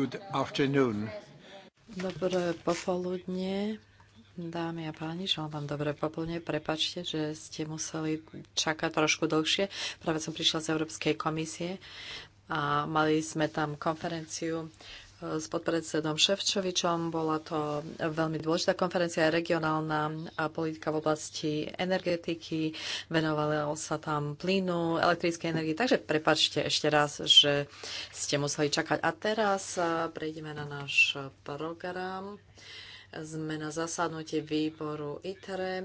Good afternoon. Dobré popoludne, dámy a páni, želám vám dobré popoludne. Prepačte, že ste museli čakať trošku dlhšie. Práve som prišla z Európskej komisie a mali sme tam konferenciu s podpredsedom Ševčovičom. Bola to veľmi dôležitá konferencia, aj regionálna politika v oblasti energetiky. Venovalo sa tam plynu, elektrické energii. Takže prepačte ešte raz, že ste museli čakať. A teraz eh, prejdeme na náš program. Sme na zasadnutie výboru ITRE. Eh,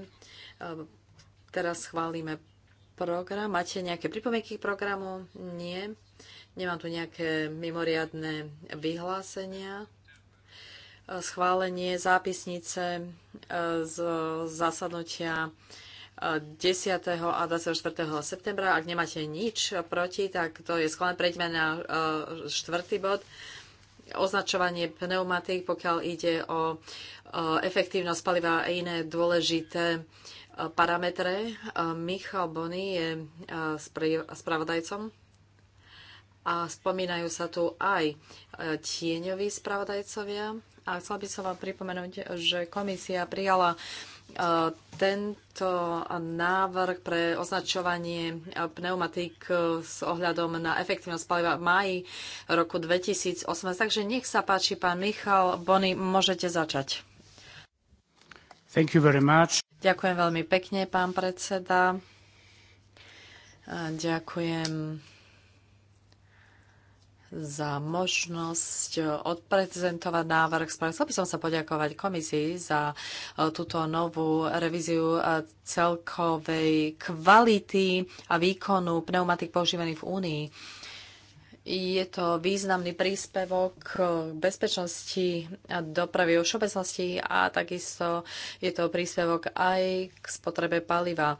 teraz schválime program. Máte nejaké pripomienky k programu? Nie. Nemám tu nejaké mimoriadné vyhlásenia. Schválenie zápisnice e, z zasadnutia 10. E, a 24. septembra. Ak nemáte nič proti, tak to je schválené. Prejdeme na e, štvrtý bod. Označovanie pneumatík, pokiaľ ide o efektívnosť paliva a iné dôležité parametre. Michal Bony je spravodajcom a spomínajú sa tu aj e, tieňoví spravodajcovia. A chcela by som vám pripomenúť, že komisia prijala e, tento návrh pre označovanie e, pneumatík s ohľadom na efektívnosť paliva v máji roku 2018. Takže nech sa páči, pán Michal Bony, môžete začať. Thank you very much. Ďakujem veľmi pekne, pán predseda. Ďakujem za možnosť eh, odprezentovať návrh. Chcel by som sa poďakovať komisii za eh, túto novú revíziu eh, celkovej kvality a výkonu pneumatik používaných v Únii. Je to významný príspevok k bezpečnosti a dopravy o všeobecnosti a takisto je to príspevok aj k spotrebe paliva.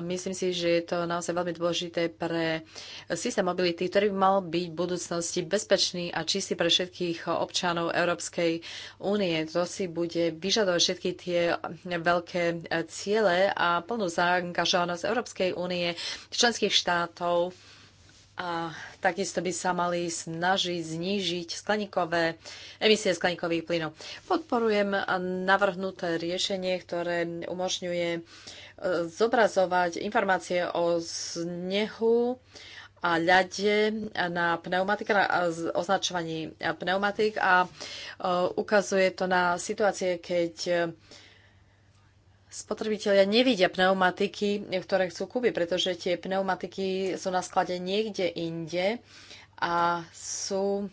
Myslím si, že je to naozaj veľmi dôležité pre systém mobility, ktorý by mal byť v budúcnosti bezpečný a čistý pre všetkých občanov Európskej únie. To si bude vyžadovať všetky tie veľké ciele a plnú zaangažovanosť Európskej únie, členských štátov a takisto by sa mali snažiť znížiť skleníkové, emisie skleníkových plynov. Podporujem navrhnuté riešenie, ktoré umožňuje zobrazovať informácie o snehu a ľade na pneumatik, na označovaní pneumatik a e, ukazuje to na situácie, keď e, spotrebitelia nevidia pneumatiky, ktoré chcú kúpiť, pretože tie pneumatiky sú na sklade niekde inde a sú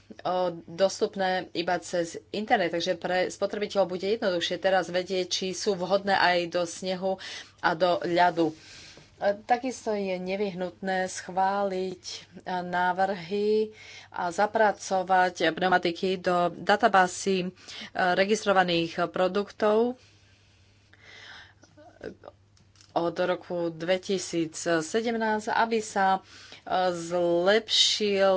dostupné iba cez internet, takže pre spotrebiteľov bude jednoduchšie teraz vedieť, či sú vhodné aj do snehu a do ľadu. Takisto je nevyhnutné schváliť návrhy a zapracovať pneumatiky do databásy e, registrovaných produktov od roku 2017, aby sa zlepšil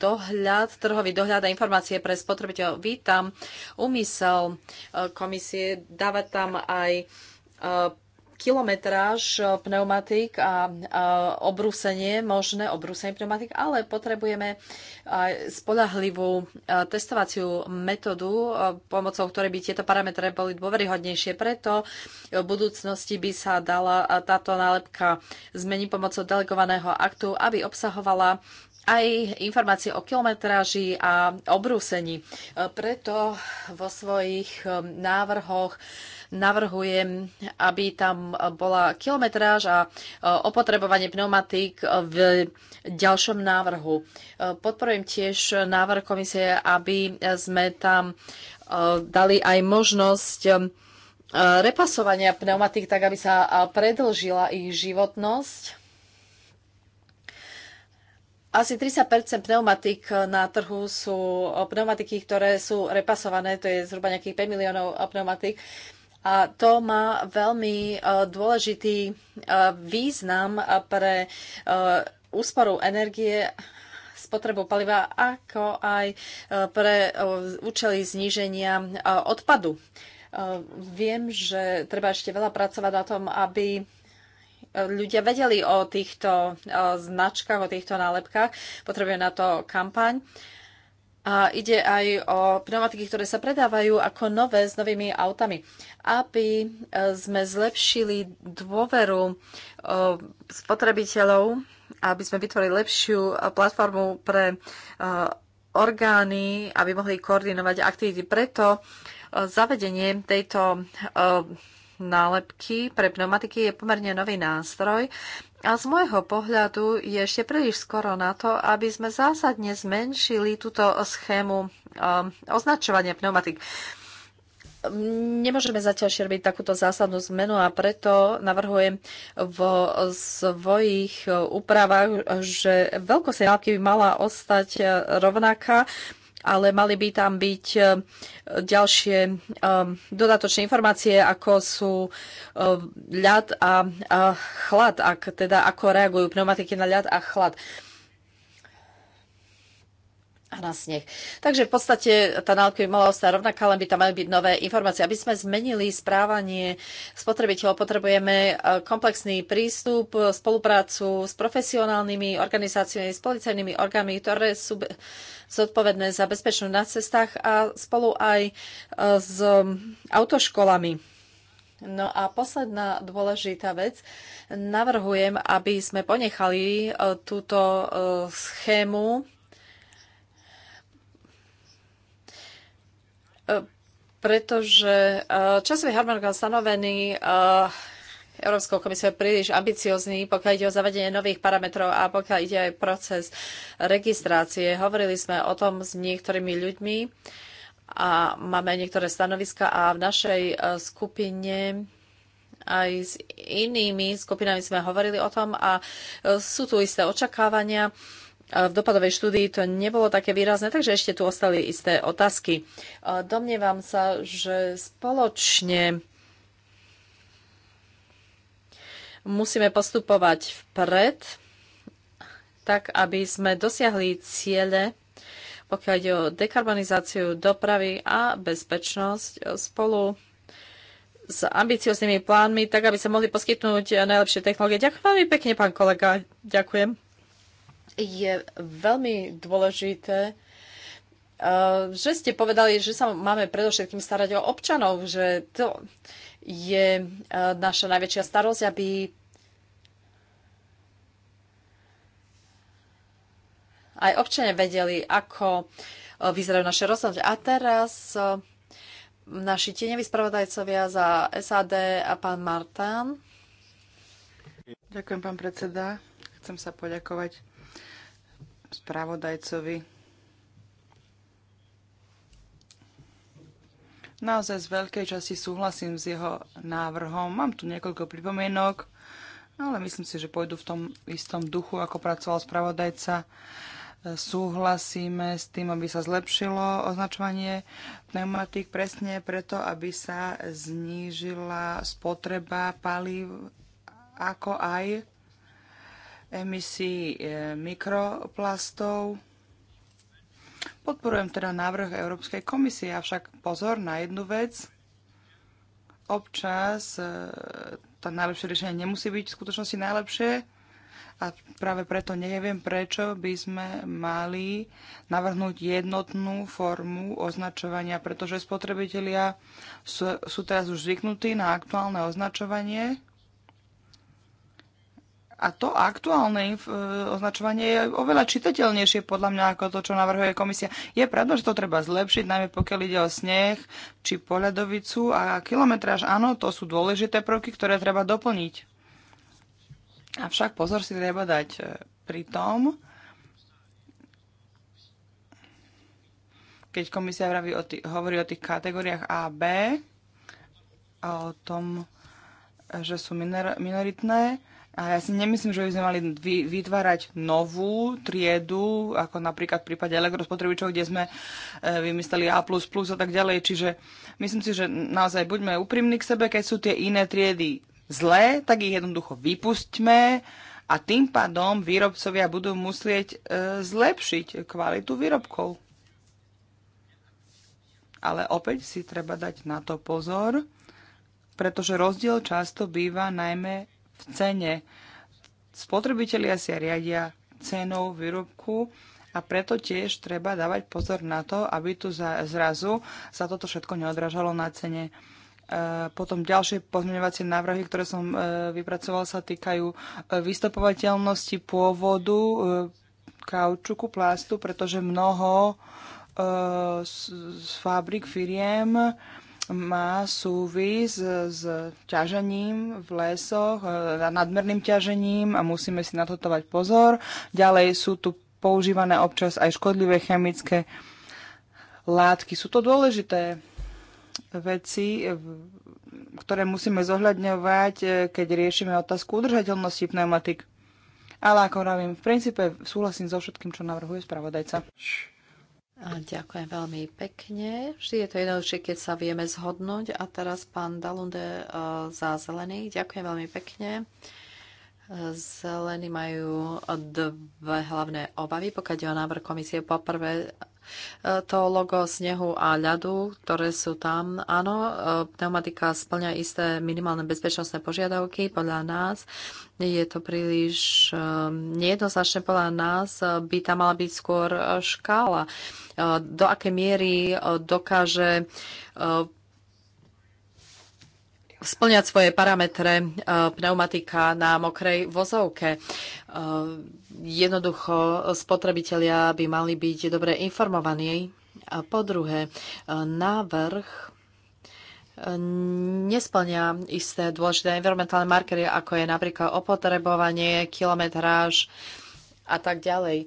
dohľad, trhový dohľad a informácie pre spotrebiteľov. Vítam úmysel eh, komisie dávať tam aj eh, kilometráž eh, pneumatik a obrúsenie, možné obrúsenie pneumatik, ale potrebujeme aj spolahlivú eh, testovaciu metódu, eh, pomocou ktorej by tieto parametre boli dôveryhodnejšie. Preto v budúcnosti by sa dala táto nálepka zmeniť pomocou delegovaného aktu, aby obsahovala aj informácie o kilometráži a obrúsení. Preto vo svojich návrhoch navrhujem, aby tam bola kilometráž a e, opotrebovanie pneumatík v ďalšom návrhu. E, podporujem tiež návrh komisie, aby sme tam e, dali aj možnosť repasovania pneumatík, tak aby sa predlžila ich životnosť. Asi 30 pneumatík na trhu sú pneumatiky, ktoré sú repasované, to je zhruba nejakých 5 miliónov pneumatík. A to má veľmi e, dôležitý e, význam pre e, úsporu energie spotrebu paliva, ako aj pre účely zníženia odpadu. Viem, že treba ešte veľa pracovať na tom, aby ľudia vedeli o týchto značkách, o týchto nálepkách. Potrebujú na to kampaň. A ide aj o pneumatiky, ktoré sa predávajú ako nové s novými autami. Aby e, sme zlepšili dôveru e, spotrebiteľov, aby sme vytvorili lepšiu e, platformu pre orgány, aby mohli koordinovať aktivity. Preto zavedenie tejto nálepky pre pneumatiky je pomerne nový nástroj a z môjho pohľadu je ešte príliš skoro na to, aby sme zásadne zmenšili túto schému um, označovania pneumatik nemôžeme zatiaľ ešte robiť takúto zásadnú zmenu a preto navrhujem vo svojich úpravách, že veľkosť nálepky by mala ostať rovnaká ale mali by tam byť e, ďalšie e, dodatočné informácie, ako sú e, ľad a chlad, ak, teda ako reagujú pneumatiky na ľad a chlad a na sneh. Takže v podstate tá nálepka by mala ostať rovnaká, len by tam mali byť nové informácie. Aby sme zmenili správanie spotrebiteľov, potrebujeme e, komplexný prístup, e, spoluprácu s profesionálnymi organizáciami, s policajnými orgánmi, ktoré sú zodpovedné za bezpečnú na cestách a spolu aj e, s autoškolami. No a posledná dôležitá vec. Navrhujem, aby sme ponechali túto schému pretože e, časový harmonogram stanovený e, Európskou komisiou je príliš ambiciozný, pokiaľ ide o zavedenie nových parametrov a pokiaľ ide aj proces registrácie. Hovorili sme o tom s niektorými ľuďmi a máme niektoré stanoviska a v našej e, skupine aj s inými skupinami sme hovorili o tom a sú tu isté očakávania v dopadovej štúdii to nebolo také výrazné, takže ešte tu ostali isté otázky. Domnievam sa, že spoločne musíme postupovať vpred, tak aby sme dosiahli ciele, pokiaľ ide o dekarbonizáciu dopravy a bezpečnosť spolu s ambicioznými plánmi, tak aby sa mohli poskytnúť najlepšie technológie. Ďakujem veľmi pekne, pán kolega. Ďakujem je veľmi dôležité, eh, že ste povedali, že sa máme predovšetkým starať o občanov, že to je eh, naša najväčšia starosť, aby aj občania vedeli, ako eh, vyzerajú naše rozhodnutia. A teraz naši tieňoví spravodajcovia za SAD a pán Martán. Ďakujem, pán predseda. Chcem sa poďakovať spravodajcovi. Naozaj z veľkej časti súhlasím s jeho návrhom. Mám tu niekoľko pripomienok, ale myslím si, že pôjdu v tom istom duchu, ako pracoval spravodajca súhlasíme s tým, aby sa zlepšilo označovanie pneumatík presne preto, aby sa znížila spotreba palív, ako aj emisí e, mikroplastov. Podporujem teda návrh Európskej komisie, avšak pozor na jednu vec. Občas e, to najlepšie riešenie nemusí byť v skutočnosti najlepšie a práve preto neviem, prečo by sme mali navrhnúť jednotnú formu označovania, pretože spotrebitelia sú, sú teraz už zvyknutí na aktuálne označovanie a to aktuálne e, označovanie je oveľa čitateľnejšie podľa mňa ako to, čo navrhuje komisia. Je pravda, že to treba zlepšiť, najmä pokiaľ ide o sneh či poľadovicu a kilometráž. Áno, to sú dôležité prvky, ktoré treba doplniť. Avšak pozor si treba dať e, pri tom, keď komisia o hovorí o tých kategóriách A, B, a o tom, že sú minor, minoritné, a ja si nemyslím, že by sme mali vytvárať novú triedu, ako napríklad v prípade elektrospotrebičov, kde sme e, vymysleli A++ a tak ďalej. Čiže myslím si, že naozaj buďme úprimní k sebe, keď sú tie iné triedy zlé, tak ich jednoducho vypustme a tým pádom výrobcovia budú musieť e, zlepšiť kvalitu výrobkov. Ale opäť si treba dať na to pozor, pretože rozdiel často býva najmä v cene. Spotrebitelia si riadia cenou výrobku a preto tiež treba dávať pozor na to, aby tu za, zrazu sa toto všetko neodražalo na cene. E, potom ďalšie pozmeňovacie návrhy, ktoré som e, vypracoval, sa týkajú e, vystopovateľnosti pôvodu e, kaučuku, plastu, pretože mnoho e, z, z fabrik, firiem e, má súvis s ťažením v lesoch, e, nadmerným ťažením a musíme si na to dávať pozor. Ďalej sú tu používané občas aj škodlivé chemické látky. Sú to dôležité veci, e, ktoré musíme zohľadňovať, e, keď riešime otázku udržateľnosti pneumatik. Ale ako hovorím, v princípe súhlasím so všetkým, čo navrhuje spravodajca ďakujem veľmi pekne. Vždy je to jednoduchšie, keď sa vieme zhodnúť. A teraz pán Dalunde eh, za zelený. Ďakujem veľmi pekne. Zelení majú dve hlavné obavy, pokiaľ je o návrh komisie. Poprvé, to logo snehu a ľadu, ktoré sú tam. Áno, e, pneumatika splňa isté minimálne bezpečnostné požiadavky podľa nás. Je to príliš e, nejednoznačné podľa nás. By tam mala byť skôr e, škála. Do akej miery dokáže splňať svoje parametre e, pneumatika na mokrej vozovke. E, jednoducho spotrebitelia by mali byť dobre informovaní. A po druhé, e, návrh nesplňa isté dôležité environmentálne markery, ako je napríklad opotrebovanie, kilometráž, a tak ďalej. E,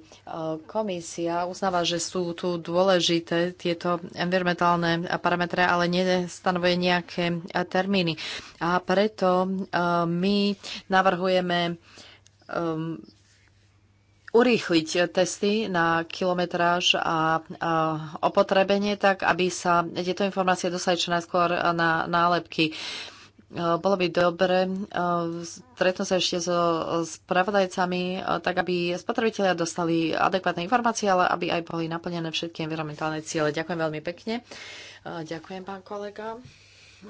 komisia uznáva, že sú tu dôležité tieto environmentálne parametre, ale nestanovuje nejaké termíny. A preto e, my navrhujeme um, urýchliť testy na kilometráž a, opotrebenie tak, aby sa tieto informácie dostali čo najskôr na nálepky. Na Eh, bolo by dobre eh, stretnúť sa ešte so spravodajcami, eh, tak aby spotrebitelia dostali adekvátne informácie, ale aby aj boli naplnené všetky environmentálne ciele. Ďakujem veľmi pekne. Ďakujem, pán kolega,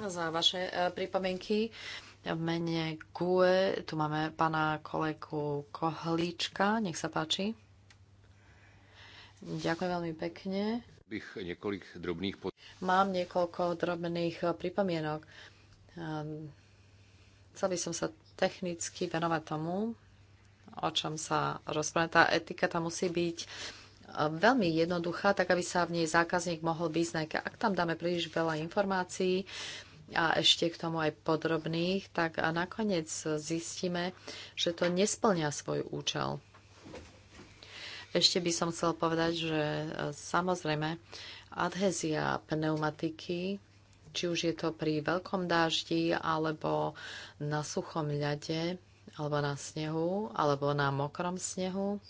za vaše pripomienky. V mene GUE tu máme pána kolegu Kohlíčka. Nech sa páči. Ďakujem veľmi pekne. Mám niekoľko drobných pripomienok. Ehm, chcel by som sa technicky venovať tomu, o čom sa rozpráva. Tá etika tam musí byť ehm, veľmi jednoduchá, tak aby sa v nej zákazník mohol vyznať. Ak tam dáme príliš veľa informácií a ešte k tomu aj podrobných, tak a nakoniec zistíme, že to nesplňa svoj účel. Ešte by som chcel povedať, že ehm, samozrejme adhézia pneumatiky či už je to pri veľkom dáždi, alebo na suchom ľade, alebo na snehu, alebo na mokrom snehu,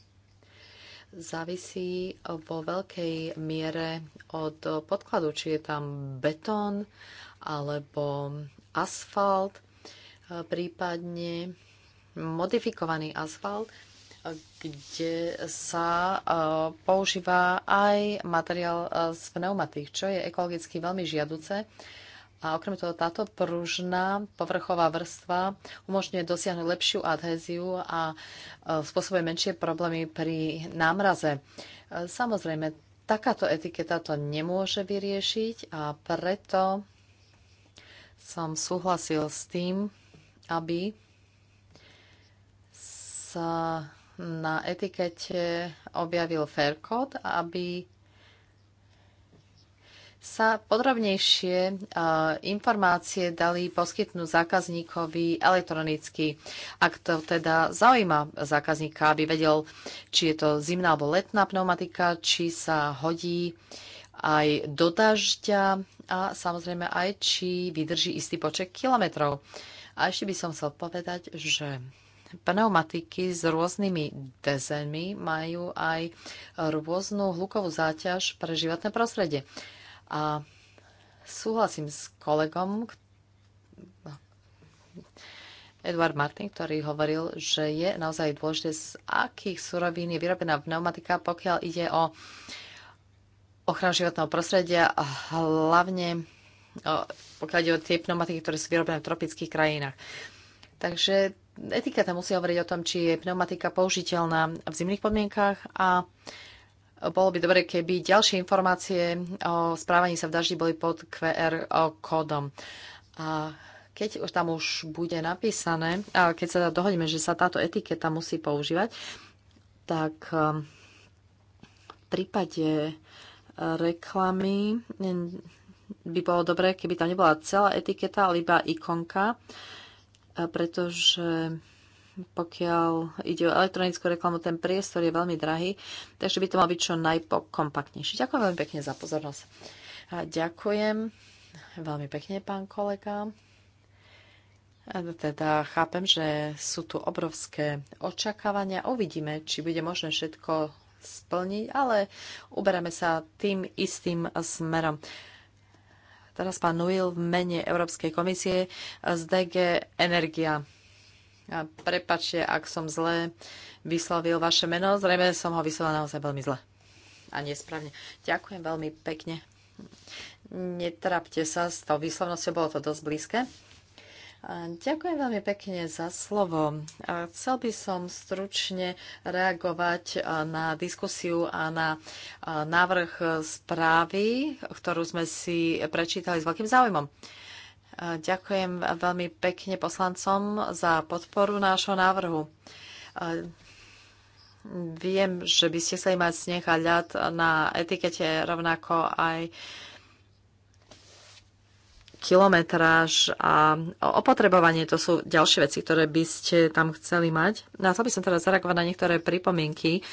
závisí vo veľkej miere od podkladu, či je tam betón alebo asfalt, prípadne modifikovaný asfalt kde sa e, používa aj materiál e, z pneumatík, čo je ekologicky veľmi žiaduce. A okrem toho táto pružná povrchová vrstva umožňuje dosiahnuť lepšiu adhéziu a e, spôsobuje menšie problémy pri námraze. Samozrejme, takáto etiketa to nemôže vyriešiť a preto som súhlasil s tým, aby sa na etikete objavil Faircode, aby sa podrobnejšie e, informácie dali poskytnúť zákazníkovi elektronicky, ak to teda zaujíma zákazníka, aby vedel, či je to zimná alebo letná pneumatika, či sa hodí aj do dažďa a samozrejme aj, či vydrží istý počet kilometrov. A ešte by som chcel povedať, že pneumatiky s rôznymi dezemi majú aj rôznu hlukovú záťaž pre životné prostredie. A súhlasím s kolegom Edward Martin, ktorý hovoril, že je naozaj dôležité, z akých surovín je vyrobená pneumatika, pokiaľ ide o ochranu životného prostredia, a hlavne pokiaľ ide o tie pneumatiky, ktoré sú vyrobené v tropických krajinách. Takže etiketa musí hovoriť o tom, či je pneumatika použiteľná v zimných podmienkách a bolo by dobre, keby ďalšie informácie o správaní sa v daždi boli pod QR kódom. A keď už tam už bude napísané, a keď sa dohodneme, že sa táto etiketa musí používať, tak um, v prípade uh, reklamy by bolo dobré, keby tam nebola celá etiketa, ale iba ikonka, pretože pokiaľ ide o elektronickú reklamu, ten priestor je veľmi drahý, takže by to mal byť čo najkompaktnejšie. Ďakujem veľmi pekne za pozornosť. A ďakujem veľmi pekne, pán kolega. Teda chápem, že sú tu obrovské očakávania. Uvidíme, či bude možné všetko splniť, ale ubereme sa tým istým smerom. Teraz pán Nuil v mene Európskej komisie z DG Energia. A prepačte, ak som zle vyslovil vaše meno. Zrejme som ho vyslovil naozaj veľmi zle. A nesprávne. Ďakujem veľmi pekne. Netrapte sa s tou výslovnosťou, bolo to dosť blízke. Ďakujem veľmi pekne za slovo. Chcel by som stručne reagovať na diskusiu a na návrh správy, ktorú sme si prečítali s veľkým záujmom. Ďakujem veľmi pekne poslancom za podporu nášho návrhu. Viem, že by ste chceli mať sneh a ľad na etikete rovnako aj kilometráž a opotrebovanie, to sú ďalšie veci, ktoré by ste tam chceli mať. No a chcel by som teraz zareagovať na niektoré pripomienky.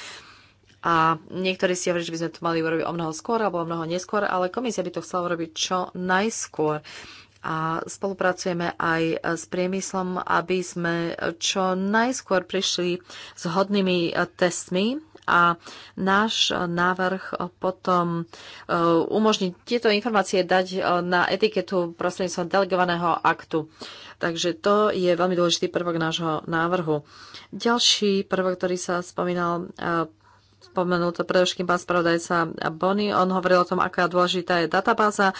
A niektorí si hovorí, že by sme to mali urobiť o mnoho skôr alebo o mnoho neskôr, ale komisia by to chcela urobiť čo najskôr. A spolupracujeme aj s priemyslom, aby sme čo najskôr prišli s hodnými testmi a náš návrh potom eh, umožní tieto informácie dať eh, na etiketu prostredníctvom delegovaného aktu. Takže to je veľmi dôležitý prvok nášho návrhu. Ďalší prvok, ktorý sa spomínal, eh, spomenul to predovšetkým pán spravodajca Bonny, On hovoril o tom, aká dôležitá je databáza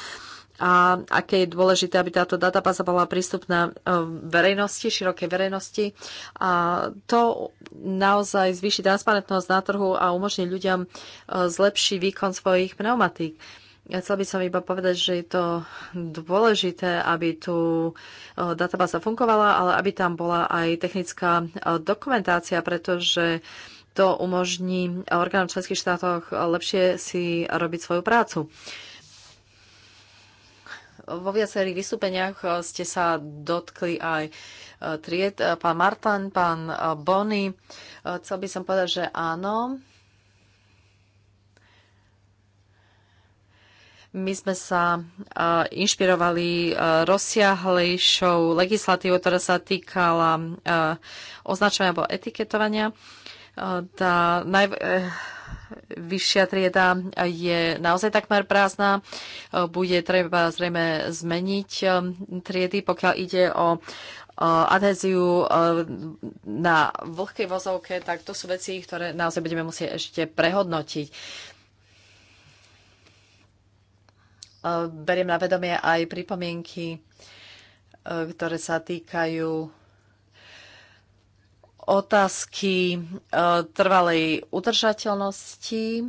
a aké je dôležité, aby táto databáza bola prístupná e, verejnosti, širokej verejnosti. A to naozaj zvýši transparentnosť na trhu a umožní ľuďom e, zlepší výkon svojich pneumatík. Ja chcel by som iba povedať, že je to dôležité, aby tu e, databáza fungovala, ale aby tam bola aj technická dokumentácia, pretože to umožní orgánom členských štátoch lepšie si robiť svoju prácu vo viacerých vystúpeniach eh, ste sa dotkli aj eh, tried. Eh, pán Martan, pán Bony, chcel by som povedať, že áno. My sme sa inšpirovali rozsiahlejšou legislatívou, ktorá sa týkala označovania alebo etiketovania. Tá naj vyššia trieda je naozaj takmer prázdna. Bude treba zrejme zmeniť um, triedy, pokiaľ ide o uh, adhéziu uh, na vlhkej vozovke, tak to sú veci, ktoré naozaj budeme musieť ešte prehodnotiť. Uh, beriem na vedomie aj pripomienky, ktoré sa týkajú otázky e, trvalej udržateľnosti. E,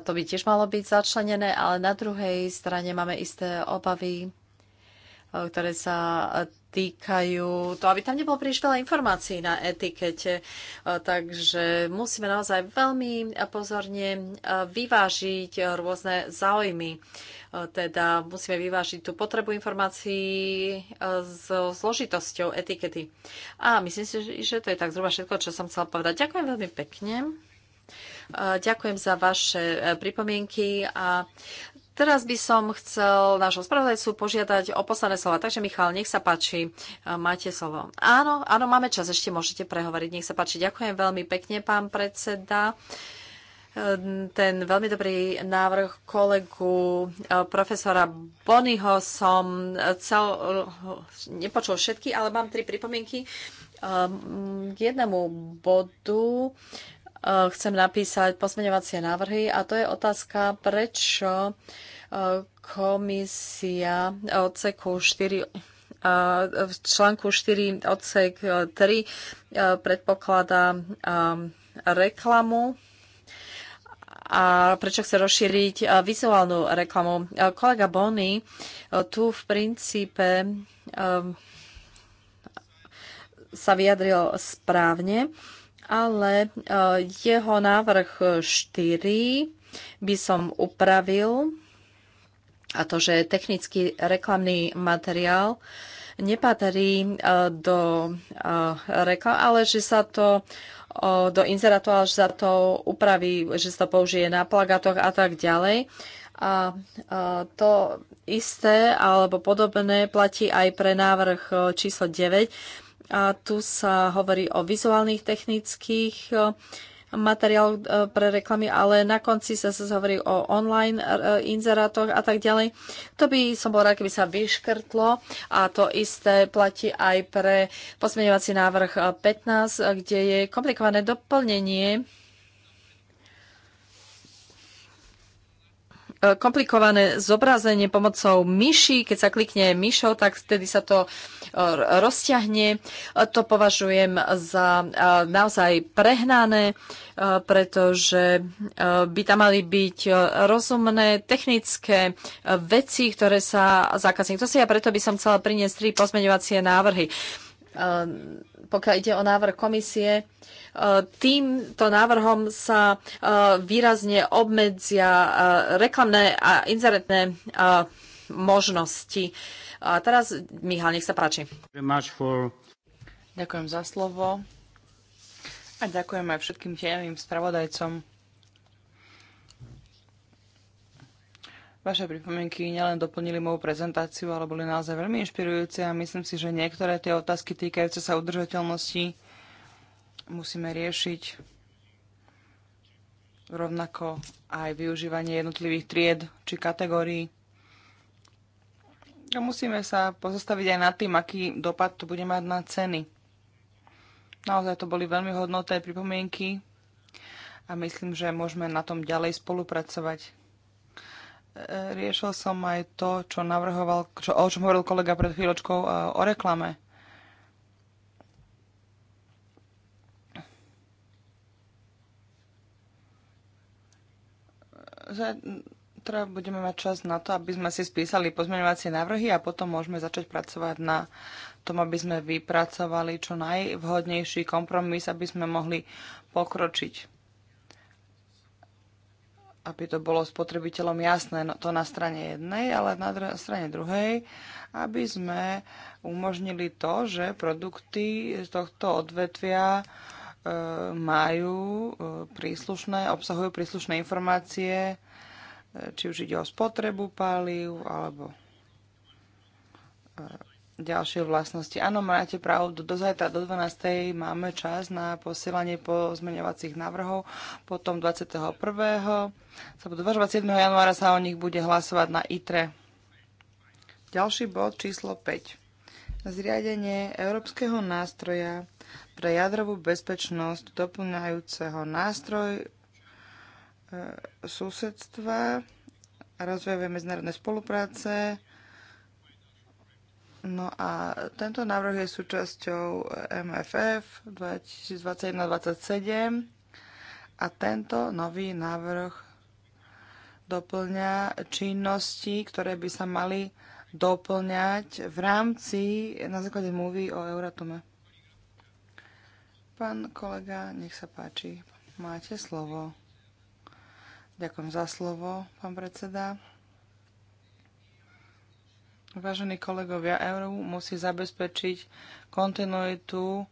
to by tiež malo byť začlenené, ale na druhej strane máme isté obavy, e, ktoré sa týkajú, to aby tam nebolo príliš veľa informácií na etikete. E, takže musíme naozaj veľmi pozorne e, vyvážiť rôzne záujmy. E, teda musíme vyvážiť tú potrebu informácií so zložitosťou etikety. A myslím si, že to je tak zhruba všetko, čo som chcela povedať. Ďakujem veľmi pekne. Ďakujem za vaše pripomienky a Teraz by som chcel nášho spravodajcu požiadať o posledné slova. Takže Michal, nech sa páči, e, máte slovo. Áno, áno, máme čas, ešte môžete prehovoriť. Nech sa páči, ďakujem veľmi pekne, pán predseda e, ten veľmi dobrý návrh kolegu e, profesora Bonyho som cel, nepočul všetky, ale mám tri pripomienky. K jednému bodu Eh, chcem napísať pozmeňovacie návrhy a to je otázka, prečo eh, komisia odseku 4 eh, v článku 4 odsek 3 predpokladá reklamu a prečo chce rozšíriť vizuálnu reklamu. Kolega Bony tu v princípe sa vyjadril správne ale eh, jeho návrh 4 by som upravil a to, že technický reklamný materiál nepatrí eh, do eh, reklam, ale že sa to do inzerátu, ale že sa to upraví, že sa to použije na plagátoch a tak ďalej. A to isté alebo podobné platí aj pre návrh číslo 9, a tu sa hovorí o vizuálnych technických e, materiál e, pre reklamy, ale na konci sa sa hovorí o online e, inzerátoch a tak ďalej. To by som bol rád, keby sa vyškrtlo a to isté platí aj pre posmeňovací návrh 15, kde je komplikované doplnenie E, komplikované zobrazenie pomocou myši. Keď sa klikne myšou, tak vtedy sa to e, rozťahne. E, to považujem za naozaj prehnané, pretože by tam mali byť rozumné technické veci, ktoré sa zákazník si a preto by som chcela priniesť tri pozmeňovacie návrhy. Pokiaľ ide o návrh komisie, Týmto návrhom sa e, výrazne obmedzia e, reklamné a inzeretné e, možnosti. A teraz, Michal, nech sa páči. Ďakujem za slovo a ďakujem aj všetkým tieňovým spravodajcom. Vaše pripomienky nielen doplnili moju prezentáciu, ale boli naozaj veľmi inšpirujúce a myslím si, že niektoré tie otázky týkajúce sa udržateľnosti musíme riešiť rovnako aj využívanie jednotlivých tried či kategórií. A musíme sa pozostaviť aj nad tým, aký dopad to bude mať na ceny. Naozaj to boli veľmi hodnoté pripomienky a myslím, že môžeme na tom ďalej spolupracovať. E, riešil som aj to, čo navrhoval, čo, o čom hovoril kolega pred chvíľočkou e, o reklame. zajtra teda budeme mať čas na to, aby sme si spísali pozmeňovacie návrhy a potom môžeme začať pracovať na tom, aby sme vypracovali čo najvhodnejší kompromis, aby sme mohli pokročiť aby to bolo spotrebiteľom jasné, no to na strane jednej, ale na dru- strane druhej, aby sme umožnili to, že produkty z tohto odvetvia E, majú e, príslušné, obsahujú príslušné informácie, e, či už ide o spotrebu palív alebo ďalšie vlastnosti. Áno, máte pravdu, do zajtra do 12. máme čas na posielanie pozmeňovacích návrhov, potom 21. sa 27. januára sa o nich bude hlasovať na ITRE. Ďalší bod číslo 5. Zriadenie Európskeho nástroja pre jadrovú bezpečnosť doplňajúceho nástroj e, susedstva, rozvojové medzinárodné spolupráce. No a tento návrh je súčasťou MFF 2021-2027 a tento nový návrh doplňa činnosti, ktoré by sa mali doplňať v rámci na základe mluvy o Euratome. Pán kolega, nech sa páči, máte slovo. Ďakujem za slovo, pán predseda. Vážení kolegovia, EU musí zabezpečiť kontinuitu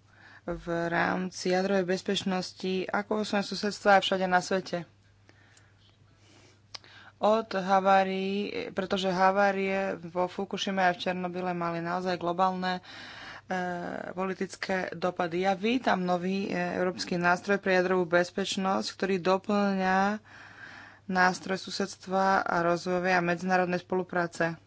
v rámci jadrovej bezpečnosti ako vo svojom susedstve a všade na svete od havárií, pretože havárie vo Fukushime a v Černobyle mali naozaj globálne Eh, politické dopady. Ja vítam nový eh, európsky nástroj pre jadrovú bezpečnosť, ktorý doplňa nástroj susedstva a rozvoja a medzinárodnej spolupráce.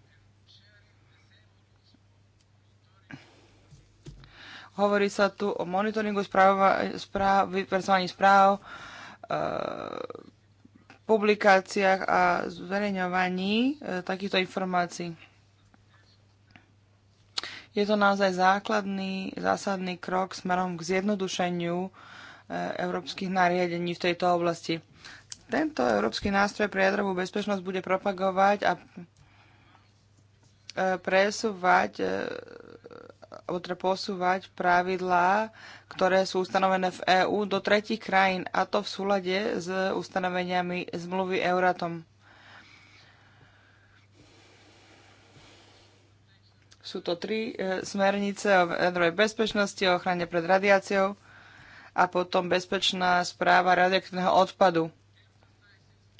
Hovorí sa tu o monitoringu, správ, správ, vypracovaní správ, eh, publikáciách a zverejňovaní takýchto informácií. Je to naozaj základný, zásadný krok smerom k zjednodušeniu e, európskych nariadení v tejto oblasti. Tento európsky nástroj pre jadrovú bezpečnosť bude propagovať a e, presúvať e, alebo teda posúvať pravidlá, ktoré sú ustanovené v EÚ do tretich krajín, a to v súlade s ustanoveniami zmluvy Euratom. Sú to tri e, smernice o jadrovej bezpečnosti, o ochrane pred radiáciou a potom bezpečná správa radioaktívneho odpadu.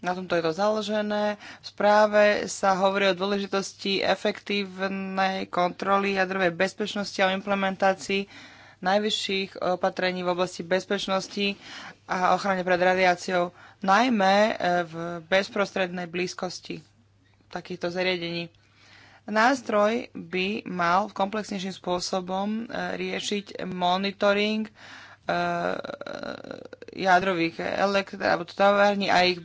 Na tomto je to založené. V správe sa hovorí o dôležitosti efektívnej kontroly jadrovej bezpečnosti a o implementácii najvyšších opatrení v oblasti bezpečnosti a ochrane pred radiáciou, najmä e, v bezprostrednej blízkosti takýchto zariadení. Nástroj by mal komplexnejším spôsobom e, riešiť monitoring e, e, jadrových elektr alebo tovární a ich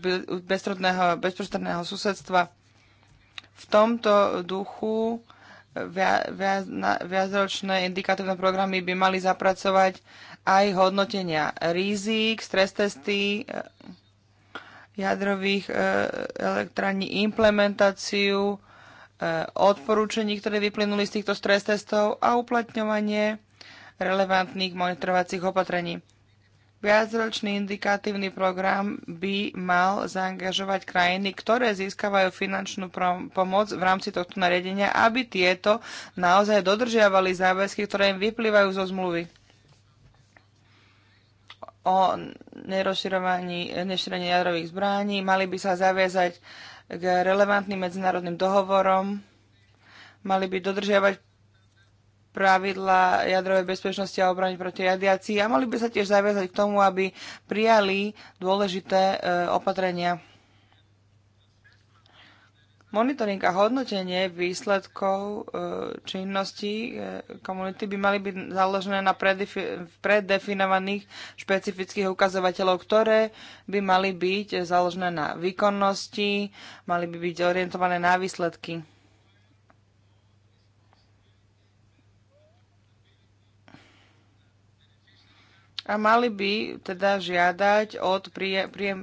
bezprostredného susedstva. V tomto duchu viacročné indikatívne programy by mali zapracovať aj hodnotenia rizik, stres testy jadrových elektrární, implementáciu Eh, odporúčení, ktoré vyplynuli z týchto stres testov a uplatňovanie relevantných monitorovacích opatrení. Viacročný indikatívny program by mal zaangažovať krajiny, ktoré získavajú finančnú pomoc v rámci tohto nariadenia, aby tieto naozaj dodržiavali záväzky, ktoré im vyplývajú zo zmluvy o nerozširovaní, jadrových zbraní. Mali by sa zaviazať k relevantným medzinárodným dohovorom, mali by dodržiavať pravidla jadrovej bezpečnosti a obrany proti radiácii a mali by sa tiež zaviazať k tomu, aby prijali dôležité e, opatrenia. Monitoring a hodnotenie výsledkov e, činností e, komunity by mali byť založené na predefinovaných špecifických ukazovateľov, ktoré by mali byť založené na výkonnosti, mali by byť orientované na výsledky. a mali by teda žiadať od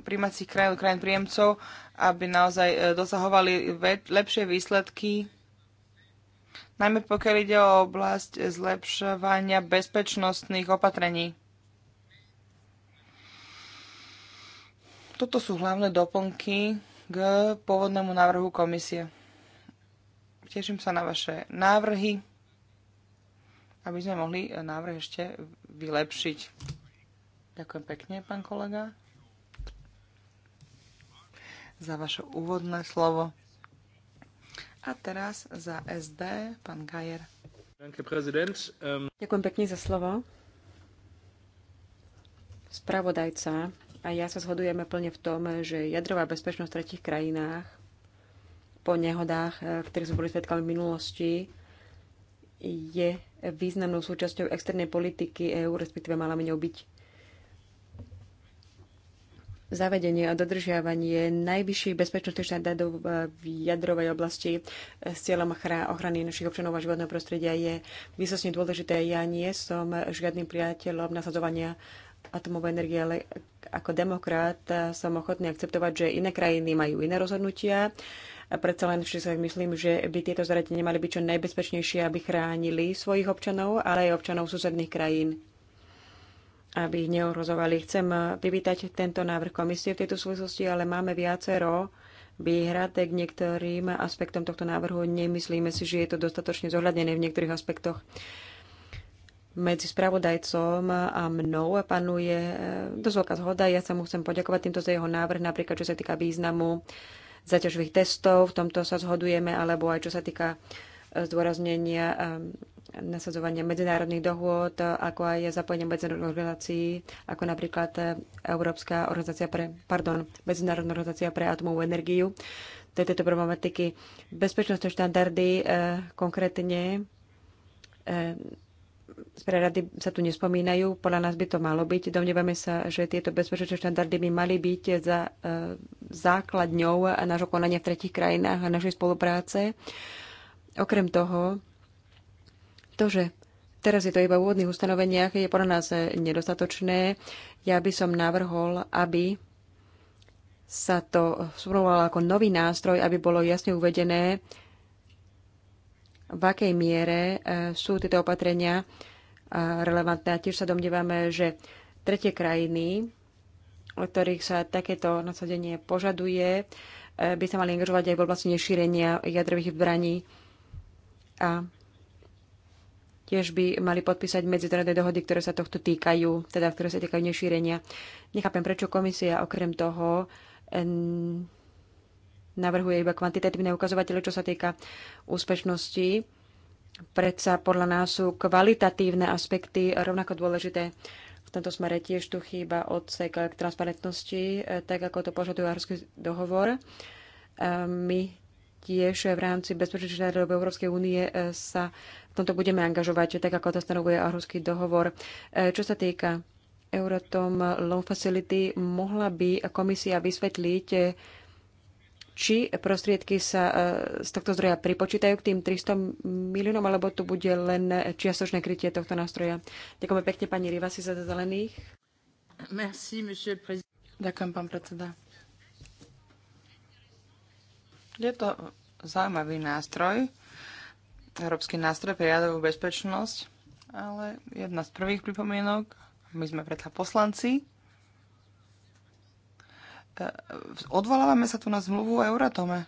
príjmacích krajín, krajín príjemcov aby naozaj e, dosahovali lepšie výsledky, najmä pokiaľ ide o oblasť zlepšovania bezpečnostných opatrení. Toto sú hlavné doplnky k pôvodnému návrhu komisie. Teším sa na vaše návrhy, aby sme mohli návrh ešte vylepšiť. Ďakujem pekne, pán kolega za vaše úvodné slovo. A teraz za SD pán Gajer. Ehm, Ďakujem pekne za slovo. Spravodajca a ja sa zhodujeme plne v tom, že jadrová bezpečnosť v tretich krajinách po nehodách, eh, v sme boli svetkami v minulosti, je významnou súčasťou externej politiky EÚ, respektíve mala by ňou byť zavedenie a dodržiavanie najvyšších bezpečnostných štandardov v jadrovej oblasti s cieľom ochrany našich občanov a životného prostredia je výsostne dôležité. Ja nie som žiadnym priateľom nasadzovania atomovej energie, ale ako demokrat som ochotný akceptovať, že iné krajiny majú iné rozhodnutia. A predsa len všetci sa myslím, že by tieto zariadenia mali byť čo najbezpečnejšie, aby chránili svojich občanov, ale aj občanov susedných krajín aby ich neohrozovali. Chcem privítať tento návrh komisie v tejto súvislosti, ale máme viacero výhrad k niektorým aspektom tohto návrhu. Nemyslíme si, že je to dostatočne zohľadnené v niektorých aspektoch. Medzi spravodajcom a mnou panuje eh, dosť veľká zhoda. Ja sa mu chcem poďakovať týmto za jeho návrh, napríklad čo sa týka významu zaťažových testov, v tomto sa zhodujeme, alebo aj čo sa týka eh, zdôraznenia eh, nasadzovania medzinárodných dohôd, ako aj zapojenie medzinárodných organizácií, ako napríklad Európska organizácia pre, pardon, Medzinárodná organizácia pre atomovú energiu, to je tejto problematiky. Bezpečnostné štandardy eh, konkrétne eh, z rady sa tu nespomínajú, podľa nás by to malo byť. Domnievame sa, že tieto bezpečnostné štandardy by mali byť za eh, základňou nášho konania v tretich krajinách a našej spolupráce. Okrem toho, to, že teraz je to iba v úvodných ustanoveniach, je pre nás nedostatočné. Ja by som navrhol, aby sa to spróbovalo ako nový nástroj, aby bolo jasne uvedené, v akej miere e, sú tieto opatrenia e, relevantné. A tiež sa domnievame, že tretie krajiny, od ktorých sa takéto nasadenie požaduje, e, by sa mali angažovať aj v oblasti nešírenia jadrových zbraní a tiež by mali podpísať medzinárodné dohody, ktoré sa tohto týkajú, teda ktoré sa týkajú nešírenia. Nechápem, prečo komisia okrem toho navrhuje iba kvantitatívne ukazovatele, čo sa týka úspešnosti. Predsa podľa nás sú kvalitatívne aspekty rovnako dôležité. V tomto smere tiež tu chýba odsek k transparentnosti, eh, tak ako to požaduje Arský dohovor. Eh, my tiež v rámci bezpečnosti Európskej únie eh, sa v tomto budeme angažovať, tak ako to stanovuje Aarhuský dohovor. E, čo sa týka Euratom Loan Facility, mohla by komisia vysvetliť, e, či prostriedky sa e, z tohto zdroja pripočítajú k tým 300 miliónom, alebo to bude len čiastočné krytie tohto nástroja. Ďakujeme pekne pani Rivasi za zelených. Merci, monsieur le président. Ďakujem, pán predseda. Je to zaujímavý nástroj, Európsky nástroj pre jadrovú bezpečnosť, ale jedna z prvých pripomienok, my sme predsa poslanci, e, odvolávame sa tu na zmluvu o Euratome.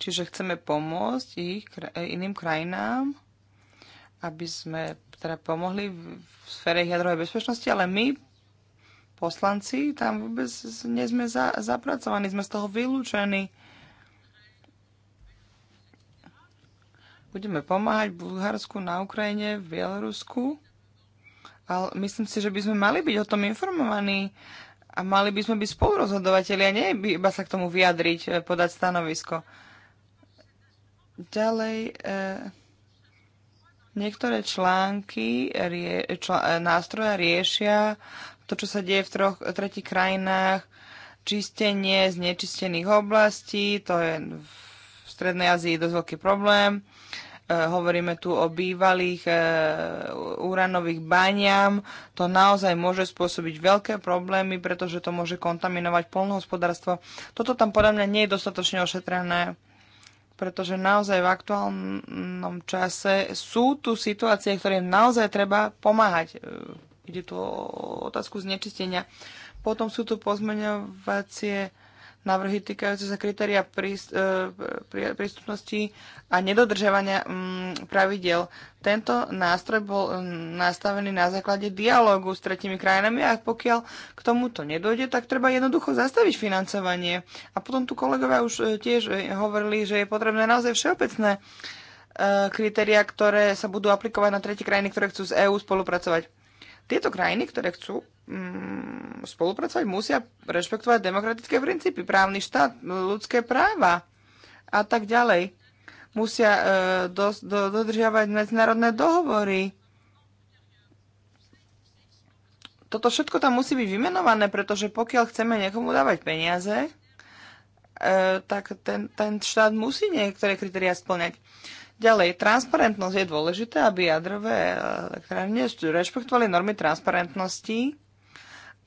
Čiže chceme pomôcť ich, e, iným krajinám, aby sme teda pomohli v sfére jadrovej bezpečnosti, ale my, poslanci, tam vôbec nie sme za, zapracovaní, sme z toho vylúčení. Budeme pomáhať v Bulharsku, na Ukrajine, v Bielorusku. Ale myslím si, že by sme mali byť o tom informovaní a mali by sme byť spolurozhodovateľi a nie iba sa k tomu vyjadriť, e, podať stanovisko. Ďalej, eh, niektoré články rie, čl- e, nástroja riešia to, čo sa deje v troch, tretich krajinách, čistenie z nečistených oblastí, to je v Strednej Azii dosť veľký problém. E, hovoríme tu o bývalých e, uranových baniam, to naozaj môže spôsobiť veľké problémy, pretože to môže kontaminovať polnohospodárstvo. Toto tam podľa mňa nie je dostatočne ošetrené, pretože naozaj v aktuálnom čase sú tu situácie, ktoré naozaj treba pomáhať. E, ide tu o otázku znečistenia. Potom sú tu pozmeňovacie návrhy týkajúce sa kritéria e, prístupnosti a nedodržiavania mm, pravidel. Tento nástroj bol mm, nastavený na základe dialógu s tretimi krajinami a pokiaľ k tomuto nedojde, tak treba jednoducho zastaviť financovanie. A potom tu kolegovia už e, tiež e, hovorili, že je potrebné naozaj všeobecné kritéria, ktoré sa budú aplikovať na tretie krajiny, ktoré chcú z EÚ spolupracovať tieto krajiny, ktoré chcú mm, spolupracovať, musia rešpektovať demokratické princípy, právny štát, ľudské práva a tak ďalej. Musia e, do, do, dodržiavať medzinárodné dohovory. Toto všetko tam musí byť vymenované, pretože pokiaľ chceme niekomu dávať peniaze, e, tak ten, ten štát musí niektoré kritéria splňať. Ďalej, transparentnosť je dôležité, aby jadrové eh, elektrárne rešpektovali normy transparentnosti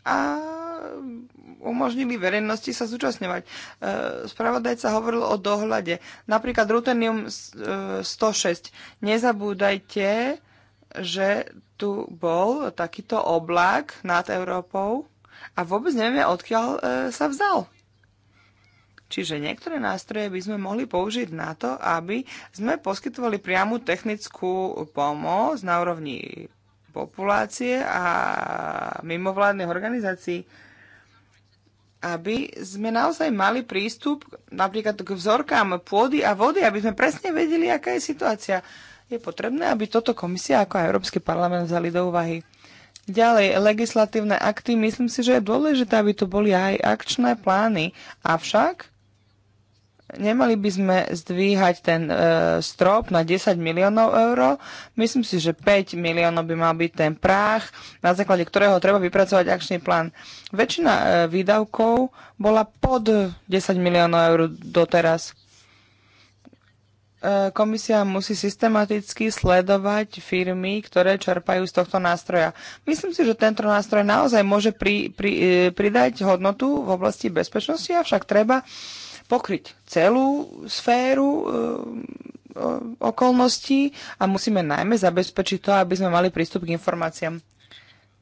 a umožnili verejnosti sa zúčastňovať. Eh, spravodajca hovoril o dohľade. Napríklad Rutenium 106. Eh, Nezabúdajte, že tu bol takýto oblak nad Európou a vôbec nevieme, odkiaľ sa vzal. Čiže niektoré nástroje by sme mohli použiť na to, aby sme poskytovali priamu technickú pomoc na úrovni populácie a mimovládnych organizácií, aby sme naozaj mali prístup napríklad k vzorkám pôdy a vody, aby sme presne vedeli, aká je situácia. Je potrebné, aby toto komisia ako aj Európsky parlament vzali do úvahy. Ďalej, legislatívne akty, myslím si, že je dôležité, aby tu boli aj akčné plány. Avšak Nemali by sme zdvíhať ten e, strop na 10 miliónov eur. Myslím si, že 5 miliónov by mal byť ten práh, na základe ktorého treba vypracovať akčný plán. Väčšina e, výdavkov bola pod 10 miliónov eur doteraz. E, komisia musí systematicky sledovať firmy, ktoré čerpajú z tohto nástroja. Myslím si, že tento nástroj naozaj môže pri, pri, e, pridať hodnotu v oblasti bezpečnosti, avšak treba pokryť celú sféru e, okolností a musíme najmä zabezpečiť to, aby sme mali prístup k informáciám.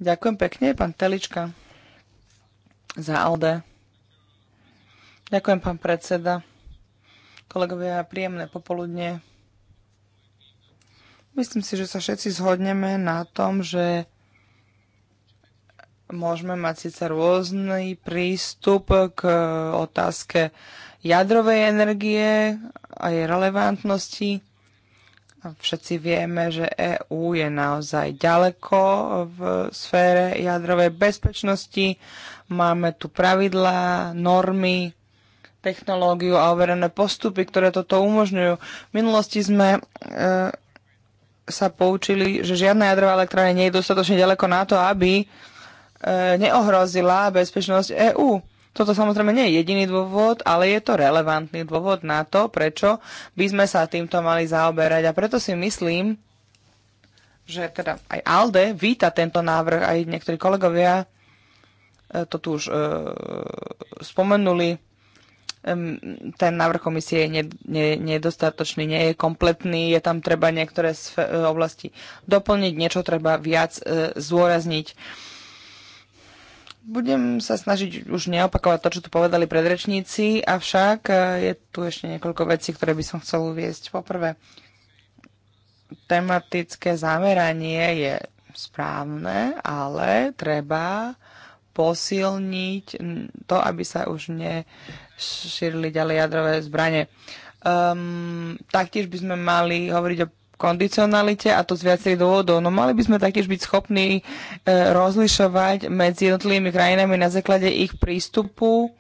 Ďakujem pekne, pán Telička, za ALDE. Ďakujem, pán predseda. Kolegovia, príjemné popoludne. Myslím si, že sa všetci zhodneme na tom, že Môžeme mať síce rôzny prístup k otázke jadrovej energie a jej relevantnosti. Všetci vieme, že EÚ je naozaj ďaleko v sfére jadrovej bezpečnosti. Máme tu pravidlá, normy, technológiu a overené postupy, ktoré toto umožňujú. V minulosti sme e, sa poučili, že žiadna jadrová elektrárne nie je dostatočne ďaleko na to, aby E, neohrozila bezpečnosť EÚ. Toto samozrejme nie je jediný dôvod, ale je to relevantný dôvod na to, prečo by sme sa týmto mali zaoberať. A preto si myslím, že teda aj ALDE víta tento návrh, aj niektorí kolegovia e, to tu už e, spomenuli. Ten návrh komisie je nedostatočný, nie je kompletný, je tam treba niektoré e, oblasti doplniť, niečo treba viac e, zdôrazniť budem sa snažiť už neopakovať to, čo tu povedali predrečníci, avšak e, je tu ešte niekoľko vecí, ktoré by som chcel uviesť. Poprvé, tematické zameranie je správne, ale treba posilniť to, aby sa už nešírili ďalej jadrové zbranie. Um, taktiež by sme mali hovoriť o kondicionalite a to z viacerých dôvodov. No mali by sme taktiež byť schopní e, rozlišovať medzi jednotlivými krajinami na základe ich prístupu,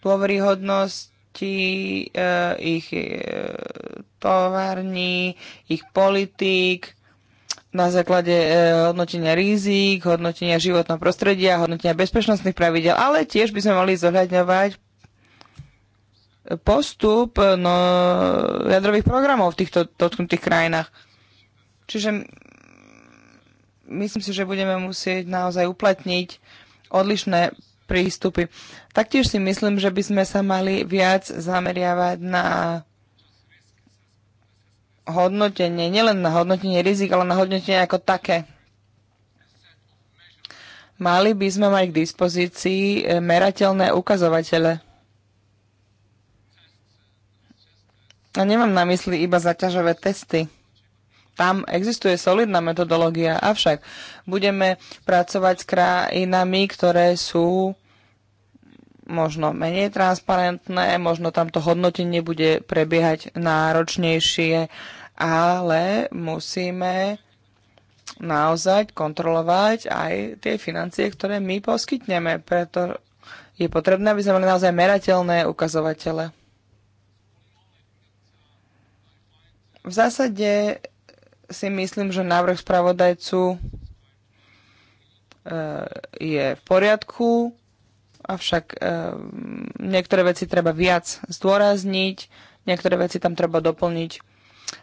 dôveryhodnosti e, ich e, tovární, ich politík, na základe e, hodnotenia rizik, hodnotenia životného prostredia, hodnotenia bezpečnostných pravidel, ale tiež by sme mali zohľadňovať postup eh, no, jadrových programov v týchto dotknutých krajinách. Čiže myslím si, že budeme musieť naozaj uplatniť odlišné prístupy. Taktiež si myslím, že by sme sa mali viac zameriavať na hodnotenie, nielen na hodnotenie rizik, ale na hodnotenie ako také. Mali by sme mať k dispozícii eh, merateľné ukazovatele. A nemám na mysli iba zaťažové testy. Tam existuje solidná metodológia, avšak budeme pracovať s krajinami, ktoré sú možno menej transparentné, možno tam to hodnotenie bude prebiehať náročnejšie, ale musíme naozaj kontrolovať aj tie financie, ktoré my poskytneme, preto je potrebné, aby sme mali naozaj merateľné ukazovatele. V zásade si myslím, že návrh spravodajcu e, je v poriadku, avšak e, niektoré veci treba viac zdôrazniť, niektoré veci tam treba doplniť.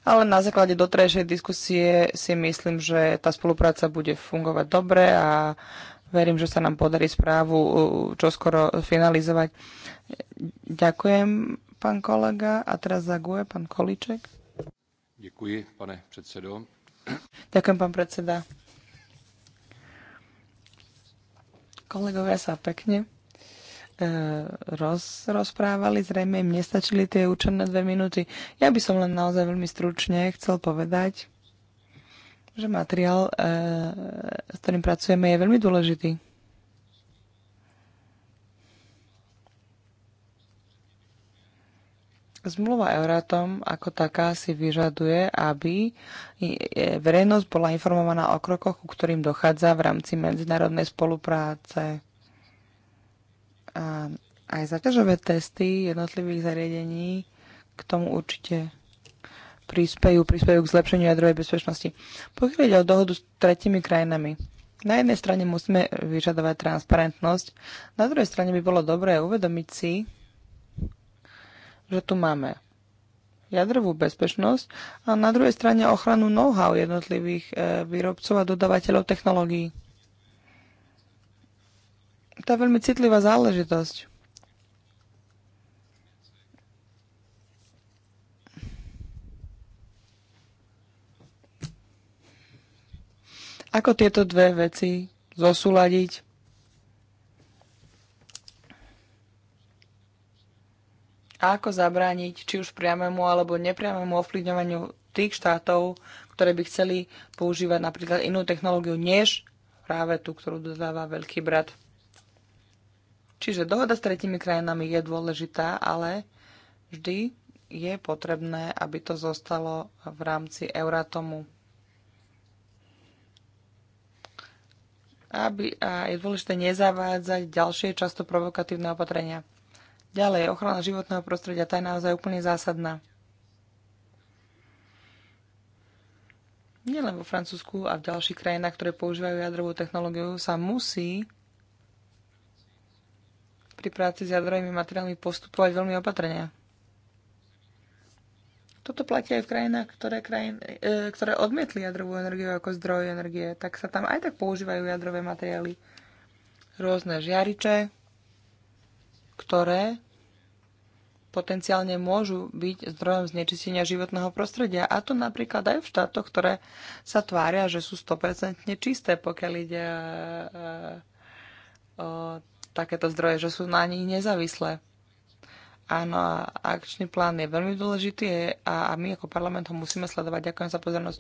Ale na základe doterajšej diskusie si myslím, že tá spolupráca bude fungovať dobre a verím, že sa nám podarí správu e, čoskoro finalizovať. Ďakujem, pán kolega. A teraz za pán Kolíček. Děkuji, pane predsedo. Ďakujem, pán predseda. Kolegovia sa pekne e, rozprávali, zrejme im nestačili tie určené dve minúty. Ja by som len naozaj veľmi stručne chcel povedať, že materiál, e, s ktorým pracujeme, je veľmi dôležitý. Zmluva Euratom ako taká si vyžaduje, aby e, verejnosť bola informovaná o krokoch, ku ktorým dochádza v rámci medzinárodnej spolupráce. A aj zaťažové testy jednotlivých zariadení k tomu určite prispejú, prispejú k zlepšeniu jadrovej bezpečnosti. Pokiaľ ide o dohodu s tretimi krajinami, na jednej strane musíme vyžadovať transparentnosť, na druhej strane by bolo dobré uvedomiť si, že tu máme jadrovú bezpečnosť a na druhej strane ochranu know-how jednotlivých e, výrobcov a dodávateľov technológií. To je veľmi citlivá záležitosť. Ako tieto dve veci zosúľadiť? A ako zabrániť či už priamému alebo nepriamému ovplyvňovaniu tých štátov, ktoré by chceli používať napríklad inú technológiu než práve tú, ktorú dodáva Veľký brat. Čiže dohoda s tretimi krajinami je dôležitá, ale vždy je potrebné, aby to zostalo v rámci Euratomu. Aby, a je dôležité nezavádzať ďalšie často provokatívne opatrenia. Ďalej, ochrana životného prostredia, tá je naozaj úplne zásadná. Nielen vo Francúzsku a v ďalších krajinách, ktoré používajú jadrovú technológiu, sa musí pri práci s jadrovými materiálmi postupovať veľmi opatrne. Toto platí aj v krajinách, ktoré, krajin, e, ktoré odmietli jadrovú energiu ako zdroj energie, tak sa tam aj tak používajú jadrové materiály. Rôzne žiariče, ktoré potenciálne môžu byť zdrojom znečistenia životného prostredia. A to napríklad aj v štátoch, ktoré sa tvária, že sú 100% čisté, pokiaľ ide e, e, o takéto zdroje, že sú na nich nezávislé. Áno, a akčný plán je veľmi dôležitý e, a my ako parlament ho musíme sledovať. Ďakujem za pozornosť.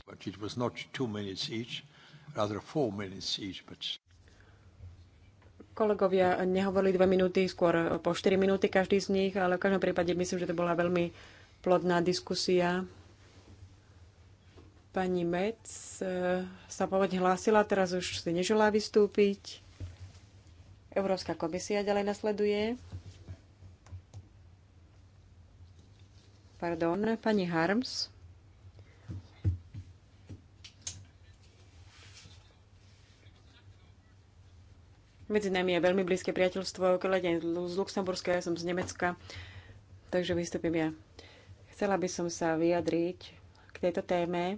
Kolegovia nehovorili dve minúty, skôr po 4 minúty každý z nich, ale v každom prípade myslím, že to bola veľmi plodná diskusia. Pani Mec eh, sa povedť hlásila, teraz už si neželá vystúpiť. Európska komisia ďalej nasleduje. Pardon, pani Harms. Medzi nami je veľmi blízke priateľstvo. Kolegyňa z Luxemburska, ja som z Nemecka, takže vystúpim ja. Chcela by som sa vyjadriť k tejto téme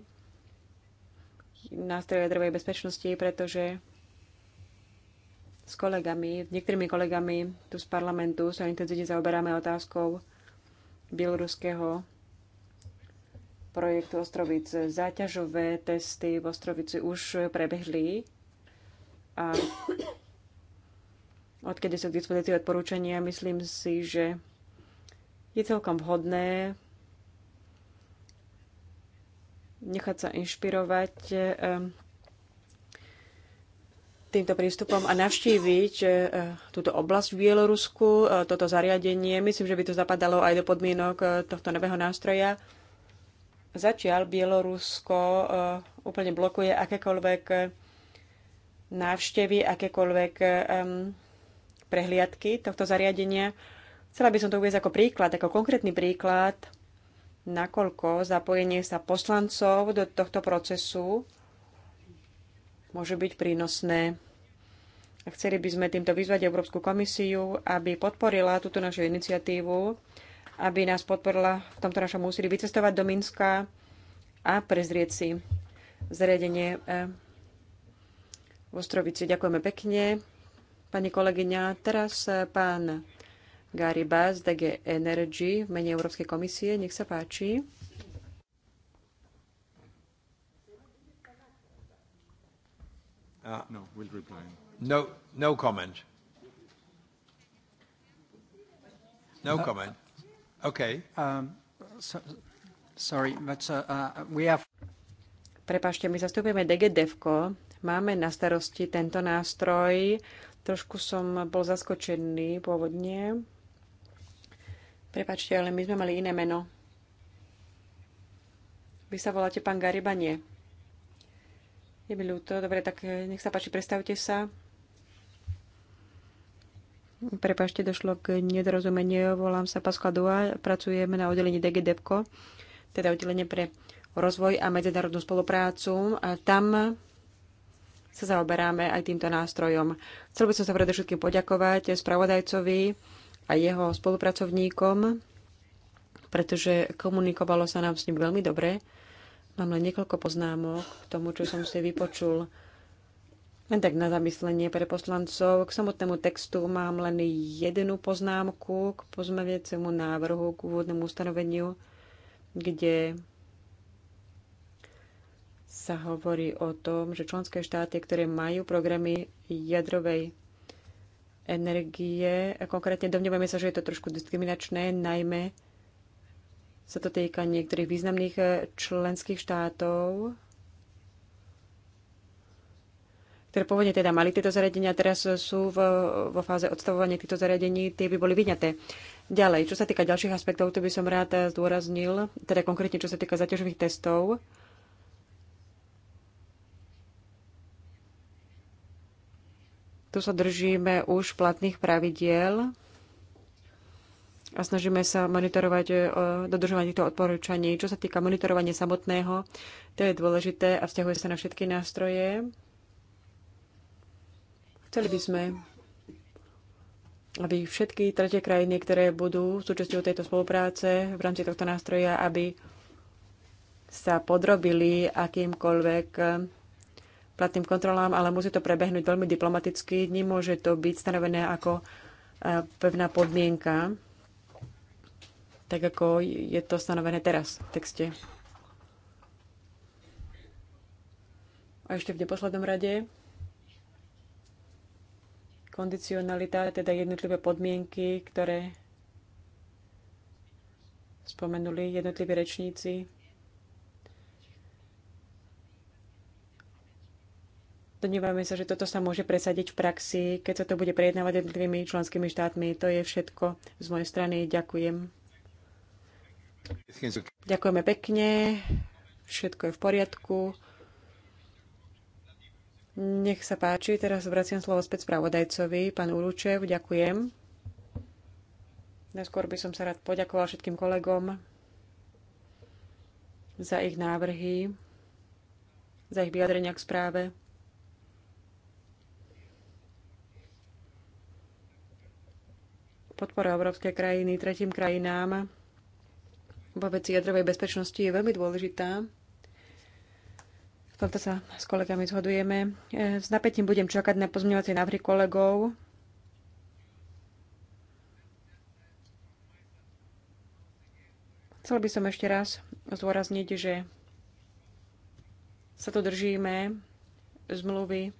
nástroje jadrovej bezpečnosti, pretože s kolegami, niektorými kolegami tu z parlamentu sa intenzívne zaoberáme otázkou bieloruského projektu Ostrovic. Záťažové testy v Ostrovici už prebehli a odkedy sú k dispozícii odporúčania, myslím si, že je celkom vhodné nechať sa inšpirovať ehm, týmto prístupom a navštíviť eh, túto oblasť v Bielorusku, eh, toto zariadenie. Myslím, že by to zapadalo aj do podmienok eh, tohto nového nástroja. Zatiaľ Bielorusko úplne blokuje akékoľvek návštevy, akékoľvek um, prehliadky tohto zariadenia. Chcela by som to uvieť ako príklad, ako konkrétny príklad, nakoľko zapojenie sa poslancov do tohto procesu môže byť prínosné. A chceli by sme týmto vyzvať Európsku komisiu, aby podporila túto našu iniciatívu, aby nás podporila v tomto našom úsilí vycestovať do Minska a prezrieť si zariadenie eh, v Ostrovici. Ďakujeme pekne. Pani kolegyňa, teraz eh, pán Gary Bass, DG Energy v mene Európskej komisie. Nech sa páči. Uh, no, No, comment. No uh, comment. Okay. Um, so, sorry, but uh, uh we have... Prepašte, my zastupujeme DG Devko. Máme na starosti tento nástroj Trošku som bol zaskočený pôvodne. Prepačte, ale my sme mali iné meno. Vy sa voláte pán Gariba? Nie. Je mi ľúto. Dobre, tak nech sa páči, predstavte sa. Prepašte, došlo k nedorozumeniu. Volám sa Paskla Dua, pracujeme na oddelení DGDEPCO, teda oddelenie pre rozvoj a medzinárodnú spoluprácu. A tam sa zaoberáme aj týmto nástrojom. Chcel by som sa predovšetkým poďakovať spravodajcovi a jeho spolupracovníkom, pretože komunikovalo sa nám s ním veľmi dobre. Mám len niekoľko poznámok k tomu, čo som si vypočul. Len tak na zamyslenie pre poslancov. K samotnému textu mám len jednu poznámku k pozmeviacemu návrhu, k úvodnému ustanoveniu, kde sa hovorí o tom, že členské štáty, ktoré majú programy jadrovej energie, konkrétne domnievame sa, že je to trošku diskriminačné, najmä sa to týka niektorých významných e, členských štátov, ktoré pôvodne teda mali tieto zariadenia, teraz sú v, vo fáze odstavovania týchto zariadení, tie by boli vyňaté. Ďalej, čo sa týka ďalších aspektov, to by som rád e, zdôraznil, teda konkrétne čo sa týka zaťažových testov. Tu sa držíme už platných pravidiel a snažíme sa monitorovať e, dodržovanie týchto odporúčaní. Čo sa týka monitorovania samotného, to je dôležité a vzťahuje sa na všetky nástroje. Chceli by sme, aby všetky tretie krajiny, ktoré budú súčasťou tejto spolupráce v rámci tohto nástroja, aby sa podrobili akýmkoľvek platným kontrolám, ale musí to prebehnúť veľmi diplomaticky. Nemôže to byť stanovené ako e, pevná podmienka, tak ako je to stanovené teraz v texte. A ešte v neposlednom rade kondicionalita, teda jednotlivé podmienky, ktoré spomenuli jednotliví rečníci. Domnievame sa, že toto sa môže presadiť v praxi, keď sa to bude prejednávať jednotlivými členskými štátmi. To je všetko z mojej strany. Ďakujem. Ďakujeme pekne. Všetko je v poriadku. Nech sa páči, teraz vraciam slovo späť spravodajcovi, pán Uručev, ďakujem. Neskôr by som sa rád poďakoval všetkým kolegom za ich návrhy, za ich vyjadrenia k správe. podpora európskej krajiny tretím krajinám vo veci jadrovej bezpečnosti je veľmi dôležitá. V tomto sa s kolegami zhodujeme. E, s napätím budem čakať na pozmeňovacie návrhy kolegov. Chcel by som ešte raz zdôrazniť, že sa tu držíme zmluvy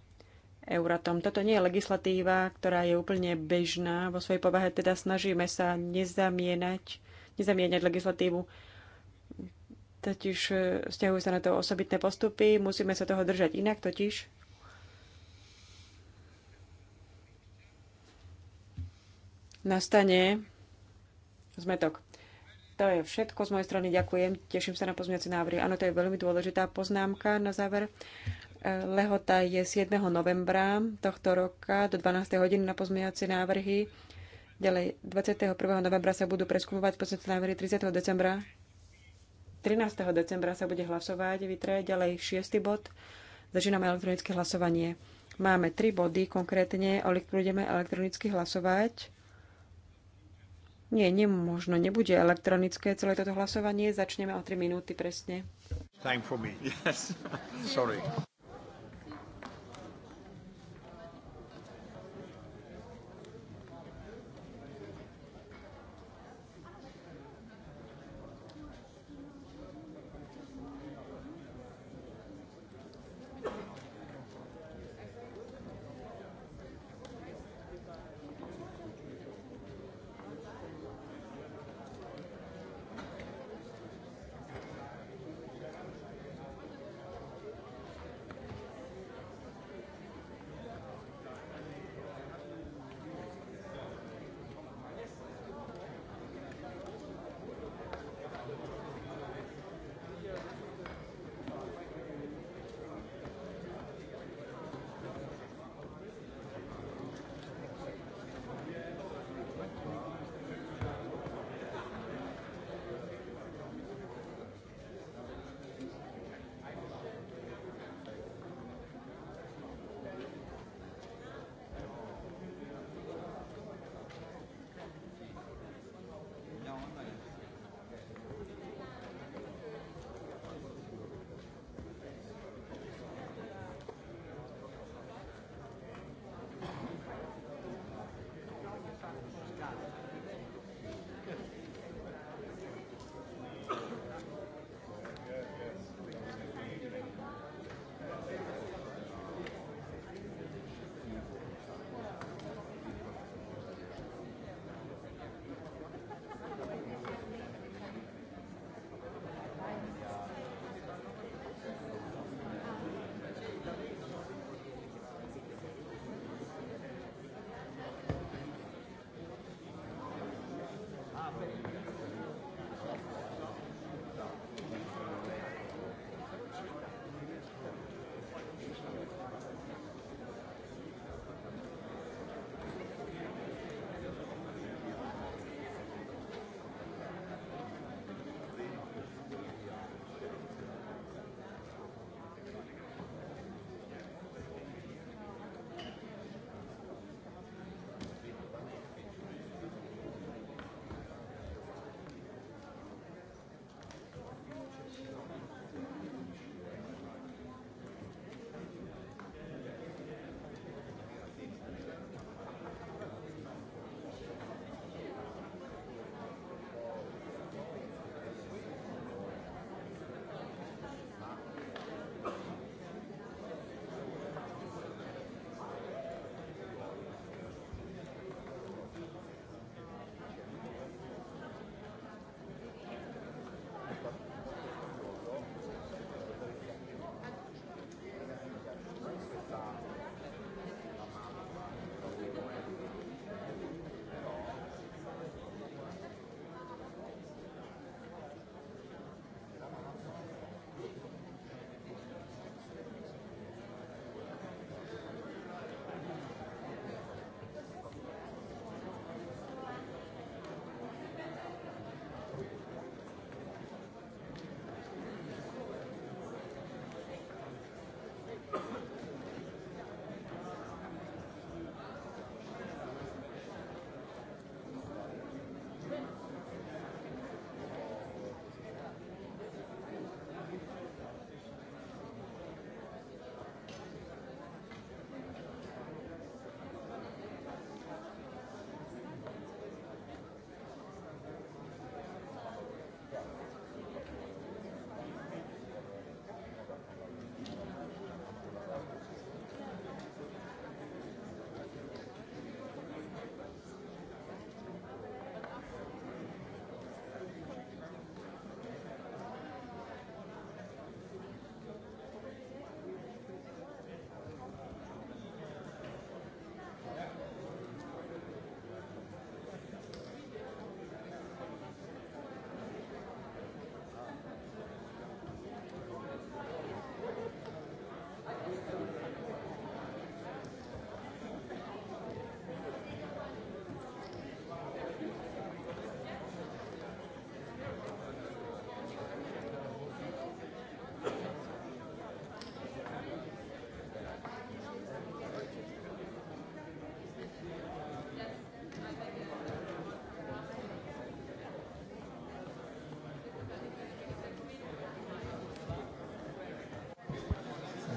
Euratom. Toto nie je legislatíva, ktorá je úplne bežná vo svojej povahe, teda snažíme sa nezamienať, nezamienať legislatívu. Totiž e, vzťahujú sa na to osobitné postupy, musíme sa toho držať inak totiž. Nastane zmetok. To je všetko z mojej strany. Ďakujem. Teším sa na pozmeňovacie návrhy. Áno, to je veľmi dôležitá poznámka na záver. Lehota je 7. novembra tohto roka do 12. hodiny na pozmeňovacie návrhy. Ďalej, 21. novembra sa budú preskúmovať pozmeňovacie návrhy 30. decembra. 13. decembra sa bude hlasovať vitre. Ďalej, 6. bod. Začíname elektronické hlasovanie. Máme tri body konkrétne, o budeme elektronicky hlasovať. Nie, nemožno, nebude elektronické celé toto hlasovanie. Začneme o 3 minúty presne. Time for me. Yes. Sorry.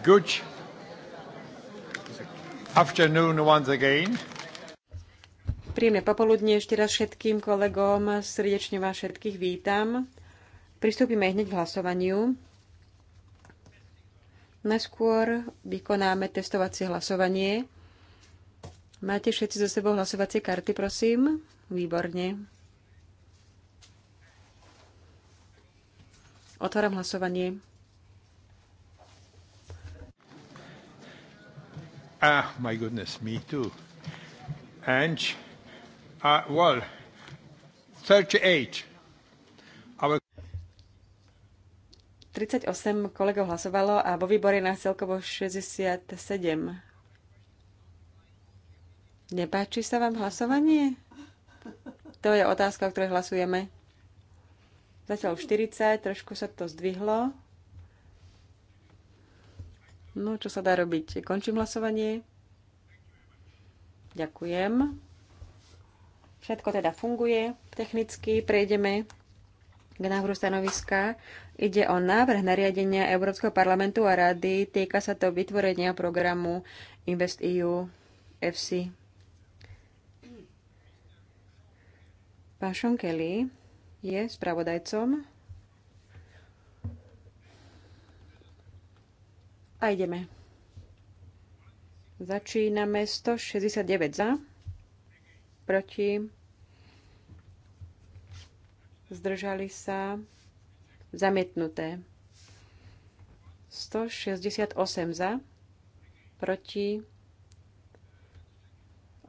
Good afternoon once again. Príjemné popoludne ešte raz všetkým kolegom. Srdečne vás všetkých vítam. Pristúpime hneď k hlasovaniu. Najskôr vykonáme testovacie hlasovanie. Máte všetci za sebou hlasovacie karty, prosím? Výborne. Otváram hlasovanie. Ah, my goodness, me too. And, uh, well, 38. Our... 38 kolegov hlasovalo a vo výbore nás celkovo 67. Nepáči sa vám hlasovanie? To je otázka, o ktorej hlasujeme. Zatiaľ 40, trošku sa to zdvihlo. No, čo sa dá robiť? Končím hlasovanie. Ďakujem. Všetko teda funguje technicky. Prejdeme k návrhu stanoviska. Ide o návrh nariadenia Európskeho parlamentu a rady. Týka sa to vytvorenia programu InvestEU FC. Pán Šonkeli je spravodajcom. A ideme. Začíname 169 za, proti, zdržali sa, zamietnuté. 168 za, proti,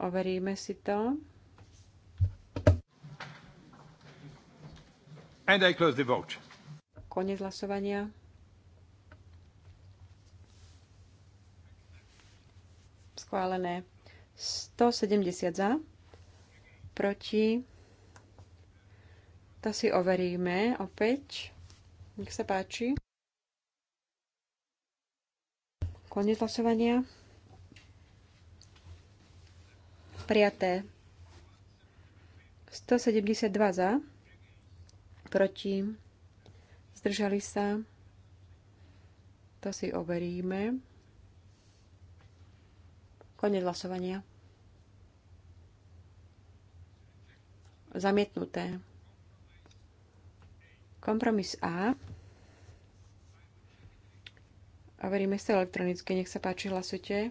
overíme si to. And I close the vote. Konec hlasovania. schválené. 170 za, proti. To si overíme opäť. Nech sa páči. Koniec hlasovania. Prijaté. 172 za. Proti. Zdržali sa. To si overíme. Konec hlasovania. Zamietnuté. Kompromis A. Veríme sa elektronicky. Nech sa páči, hlasujte.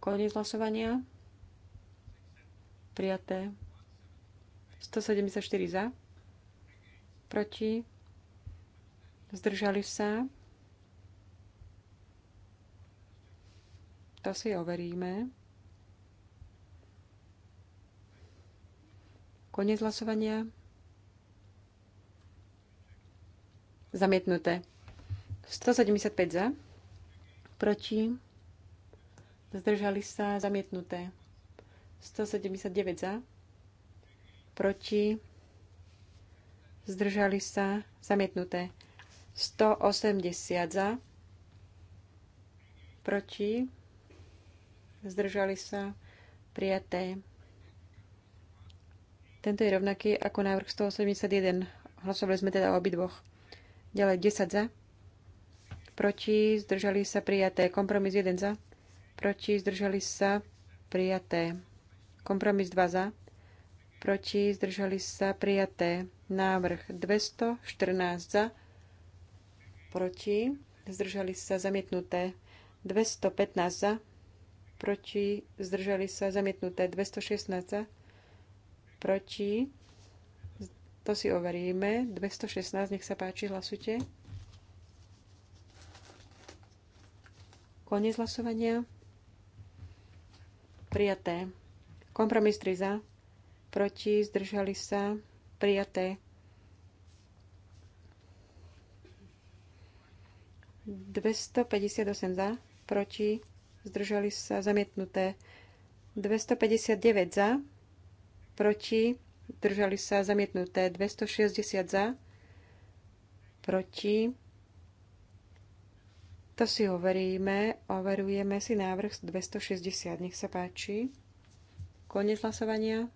Koniec hlasovania. Prijaté. 174 za. Proti. Zdržali sa? To si overíme. Konec hlasovania. Zamietnuté. 175 za. Proti. Zdržali sa. Zamietnuté. 179 za. Proti. Zdržali sa. Zamietnuté. 180 za, proti, zdržali sa, prijaté. Tento je rovnaký ako návrh 181. Hlasovali sme teda o obidvoch. Ďalej 10 za, proti, zdržali sa, prijaté. Kompromis 1 za, proti, zdržali sa, prijaté. Kompromis 2 za, proti, zdržali sa, prijaté. Návrh 214 za, proti, zdržali sa zamietnuté 215 za, proti, zdržali sa zamietnuté 216 za, proti, to si overíme, 216, nech sa páči, hlasujte. Koniec hlasovania. Prijaté. Kompromis 3 za, proti, zdržali sa, prijaté. 258 za, proti, zdržali sa zamietnuté. 259 za, proti, zdržali sa zamietnuté. 260 za, proti. To si overíme, overujeme si návrh 260, nech sa páči. Konec hlasovania.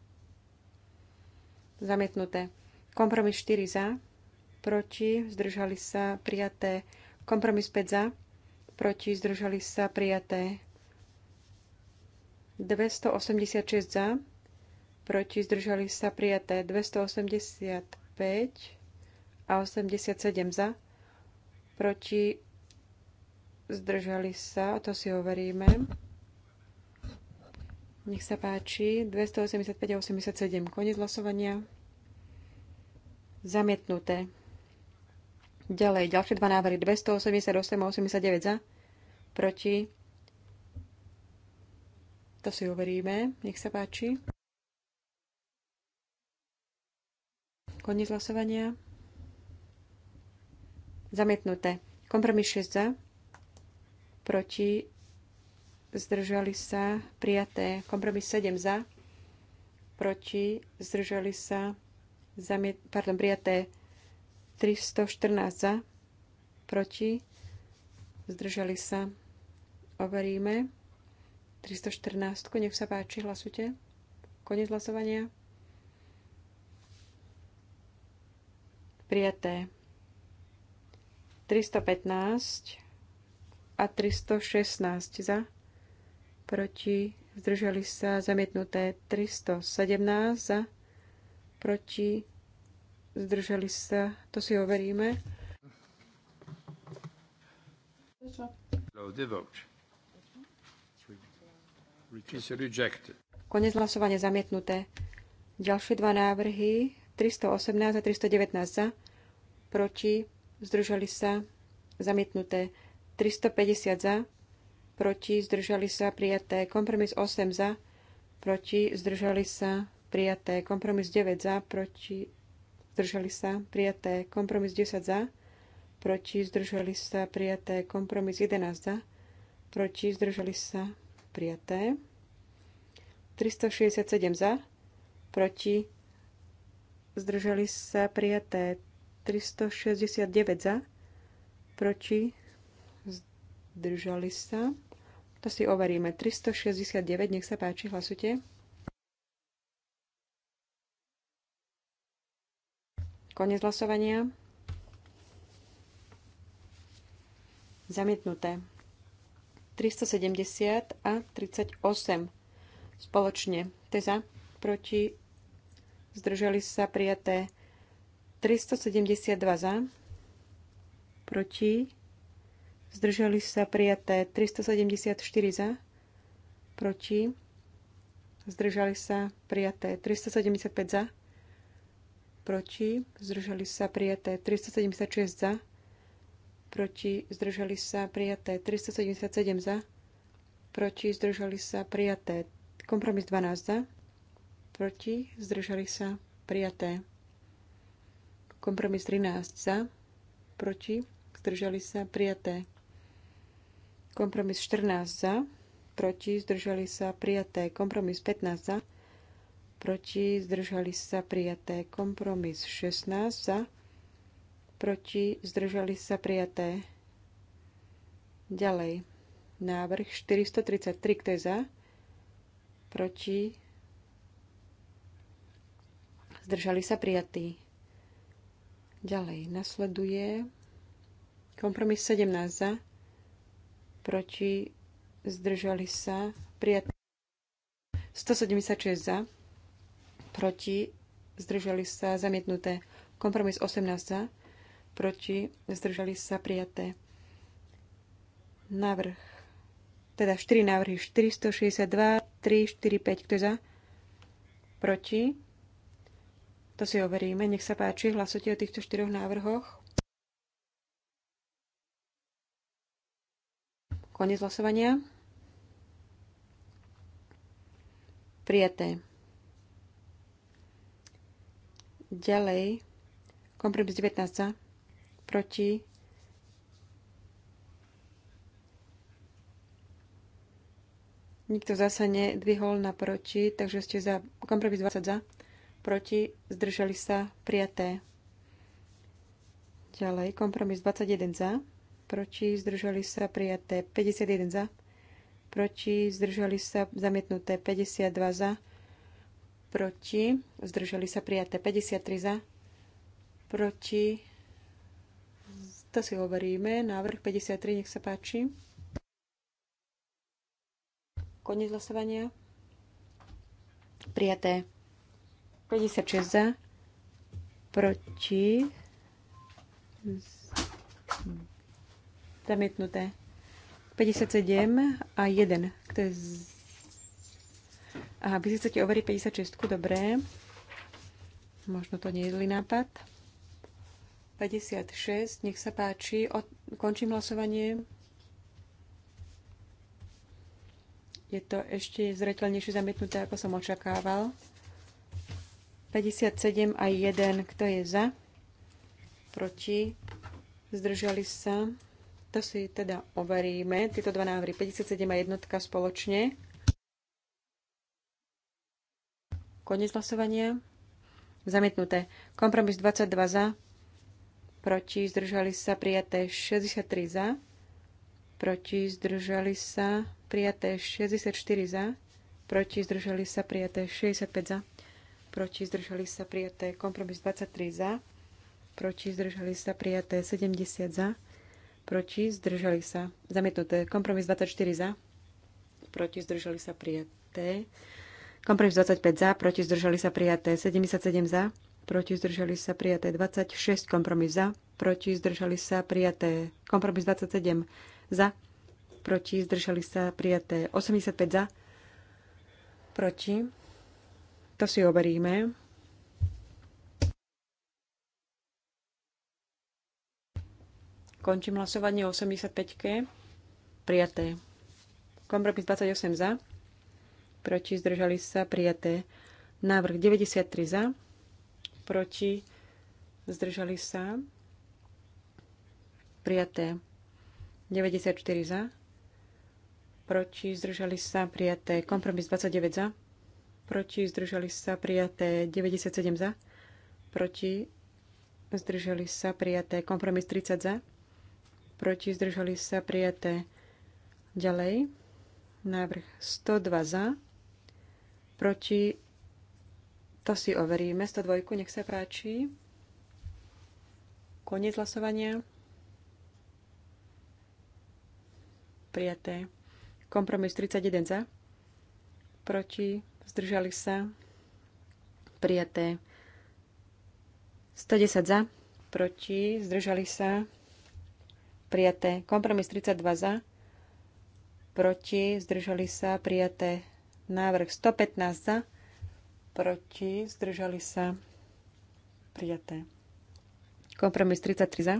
Zamietnuté. Kompromis 4 za, proti, zdržali sa prijaté Kompromis 5 za, proti zdržali sa prijaté. 286 za, proti zdržali sa prijaté. 285 a 87 za, proti zdržali sa, a to si overíme. Nech sa páči, 285 a 87, koniec hlasovania. Zamietnuté. Ďalej, ďalšie dva návrhy 288 a 89 za, proti. To si overíme, nech sa páči. Koniec hlasovania. Zamietnuté. Kompromis 6 za, proti. Zdržali sa prijaté. Kompromis 7 za, proti. Zdržali sa zamiet, pardon, prijaté 314 za, proti, zdržali sa. Overíme. 314, nech sa páči, hlasujte. Konec hlasovania. Prijaté. 315 a 316 za, proti, zdržali sa, zamietnuté 317 za, proti, Zdržali sa. To si overíme. Konec hlasovania zamietnuté. Ďalšie dva návrhy. 318 a 319 za. Proti. Zdržali sa. Zamietnuté. 350 za. Proti. Zdržali sa. Prijaté. Kompromis 8 za. Proti. Zdržali sa. Prijaté. Kompromis 9 za. Proti zdržali sa, prijaté kompromis 10 za, proti zdržali sa, prijaté kompromis 11 za, proti zdržali sa, prijaté 367 za, proti zdržali sa, prijaté 369 za, proti zdržali sa. To si overíme. 369, nech sa páči, hlasujte. Konec hlasovania. Zamietnuté. 370 a 38 spoločne. Teza za, proti, zdržali sa prijaté 372 za, proti, zdržali sa prijaté 374 za, proti, zdržali sa prijaté 375 za, proti, zdržali sa prijaté 376 za, proti, zdržali sa prijaté 377 za, proti, zdržali sa prijaté kompromis 12 za, proti, zdržali sa prijaté kompromis 13 za, proti, zdržali sa prijaté kompromis 14 za, proti, zdržali sa prijaté kompromis 15 za, proti, zdržali sa prijaté. Kompromis 16 za, proti, zdržali sa prijaté. Ďalej, návrh 433, kto je za, proti, zdržali sa prijatí. Ďalej, nasleduje kompromis 17 za, proti, zdržali sa prijatí. 176 za, proti, zdržali sa zamietnuté. Kompromis 18 za, proti, zdržali sa prijaté. Návrh, teda 4 návrhy, 462, 3, 4, 5, kto je za? Proti. To si overíme, nech sa páči, hlasujte o týchto štyroch návrhoch. Konec hlasovania. Prijaté. Ďalej, kompromis 19 za, proti, Nikto zasa nedvihol na proti, takže ste za kompromis 20 za, proti, zdržali sa, prijaté. Ďalej, kompromis 21 za, proti, zdržali sa, prijaté, 51 za, proti, zdržali sa, zamietnuté, 52 za, proti, zdržali sa prijaté 53 za, proti, to si overíme, návrh 53, nech sa páči. Koniec hlasovania. Prijaté 56 za, proti, zamietnuté 57 a 1, kto je z Aha, vy si chcete overiť 56, dobré. Možno to nie je zlý nápad. 56, nech sa páči. Od, končím hlasovanie. Je to ešte zretelnejšie zamietnuté, ako som očakával. 57 a 1, kto je za? Proti? Zdržali sa? To si teda overíme, tieto dva návrhy. 57 a jednotka spoločne. Konec hlasovania. Zamietnuté. Kompromis 22 za. Proti zdržali sa prijaté 63 za. Proti zdržali sa prijaté 64 za. Proti zdržali sa prijaté 65 za. Proti zdržali sa prijaté kompromis 23 za. Proti zdržali sa prijaté 70 za. Proti zdržali sa. Zamietnuté kompromis 24 za. Proti zdržali sa prijaté Kompromis 25 za, proti zdržali sa prijaté 77 za, proti zdržali sa prijaté 26, kompromis za, proti zdržali sa prijaté kompromis 27 za, proti zdržali sa prijaté 85 za, proti. To si overíme. Končím hlasovanie o 85. Prijaté. Kompromis 28 za proti zdržali sa prijaté. Návrh 93 za, proti zdržali sa prijaté. 94 za, proti zdržali sa prijaté. Kompromis 29 za, proti zdržali sa prijaté. 97 za, proti zdržali sa prijaté. Kompromis 30 za, proti zdržali sa prijaté. Ďalej, návrh 102 za, proti, to si overíme, 102, nech sa práči. Koniec hlasovania. Prijaté. Kompromis 31 za. Proti. Zdržali sa. Prijaté. 110 za. Proti. Zdržali sa. Prijaté. Kompromis 32 za. Proti. Zdržali sa. Prijaté. Návrh 115 za, proti, zdržali sa, prijaté. Kompromis 33 za,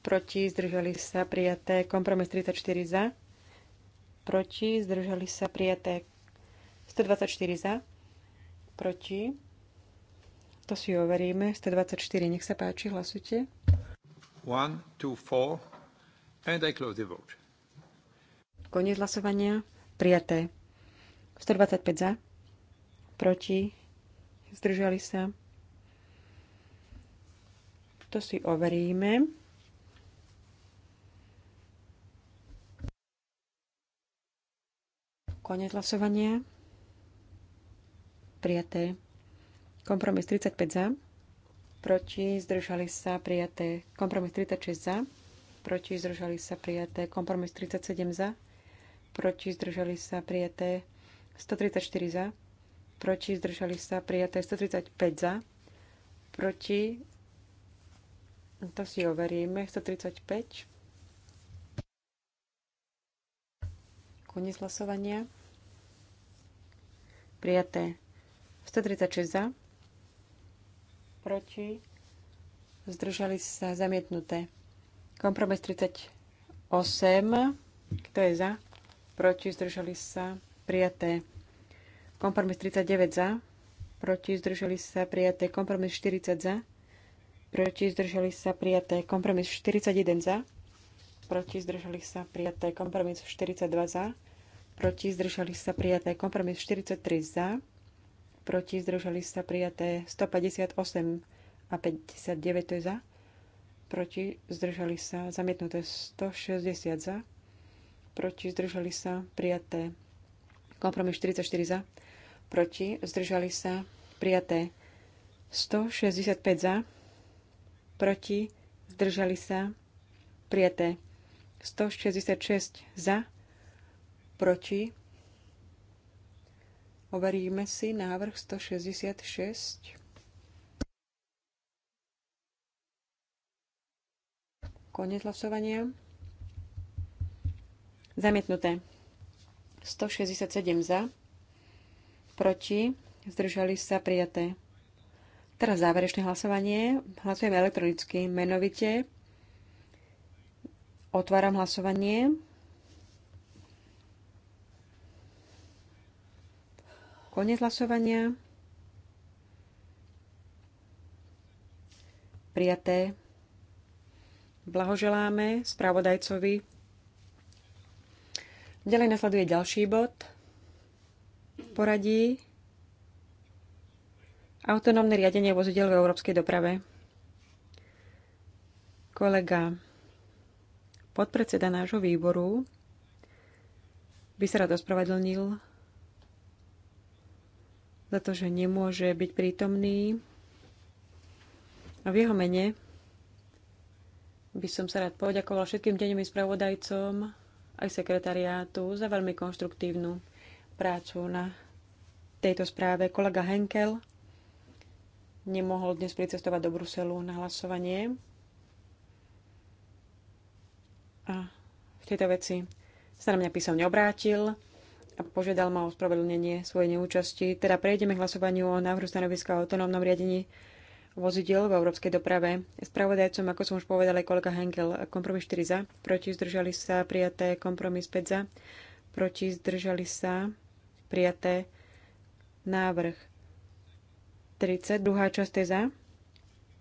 proti, zdržali sa, prijaté. Kompromis 34 za, proti, zdržali sa, prijaté. 124 za, proti, to si overíme, 124, nech sa páči, hlasujte. 1, 2, 4, and I close the vote. Koniec hlasovania, prijaté. 125 za, proti, zdržali sa. To si overíme. Konec hlasovania. Prijaté. Kompromis 35 za. Proti zdržali sa prijaté. Kompromis 36 za. Proti zdržali sa prijaté. Kompromis 37 za. Proti zdržali sa prijaté. 134 za, proti zdržali sa prijaté 135 za, proti, to si overíme, 135. Koniec hlasovania. Prijaté 136 za, proti, zdržali sa zamietnuté. Kompromis 38, kto je za, proti, zdržali sa prijaté. Kompromis 39 za, proti zdržali sa prijaté. Kompromis 40 za, proti zdržali sa prijaté. Kompromis 41 za, proti zdržali sa prijaté. Kompromis 42 za, proti zdržali sa prijaté. Kompromis 43 za, proti zdržali sa prijaté. 158 a 59 je za, proti zdržali sa zamietnuté 160 za, proti zdržali sa prijaté Kompromis 44 za. Proti. Zdržali sa. Prijaté. 165 za. Proti. Zdržali sa. Prijaté. 166 za. Proti. Overíme si návrh 166. Konec hlasovania. Zamietnuté. 167 za, proti, zdržali sa prijaté. Teraz záverečné hlasovanie. Hlasujeme elektronicky, menovite. Otváram hlasovanie. Konec hlasovania. Prijaté. Blahoželáme spravodajcovi. Ďalej nasleduje ďalší bod. Poradí autonómne riadenie vozidel v európskej doprave. Kolega, podpredseda nášho výboru, by sa rád ospravedlnil za to, že nemôže byť prítomný. A v jeho mene by som sa rád poďakoval všetkým deňovým spravodajcom, aj sekretariátu za veľmi konštruktívnu prácu na tejto správe. Kolega Henkel nemohol dnes pricestovať do Bruselu na hlasovanie. A v tejto veci sa na mňa písomne obrátil a požiadal ma o spravedlnenie svojej neúčasti. Teda prejdeme k hlasovaniu o návrhu stanoviska o autonómnom riadení vozidel v európskej doprave. Spravodajcom, ako som už povedala, je kolega Henkel. Kompromis 4 za, proti zdržali sa prijaté. Kompromis 5 za, proti zdržali sa prijaté. Návrh 30, druhá časť je za,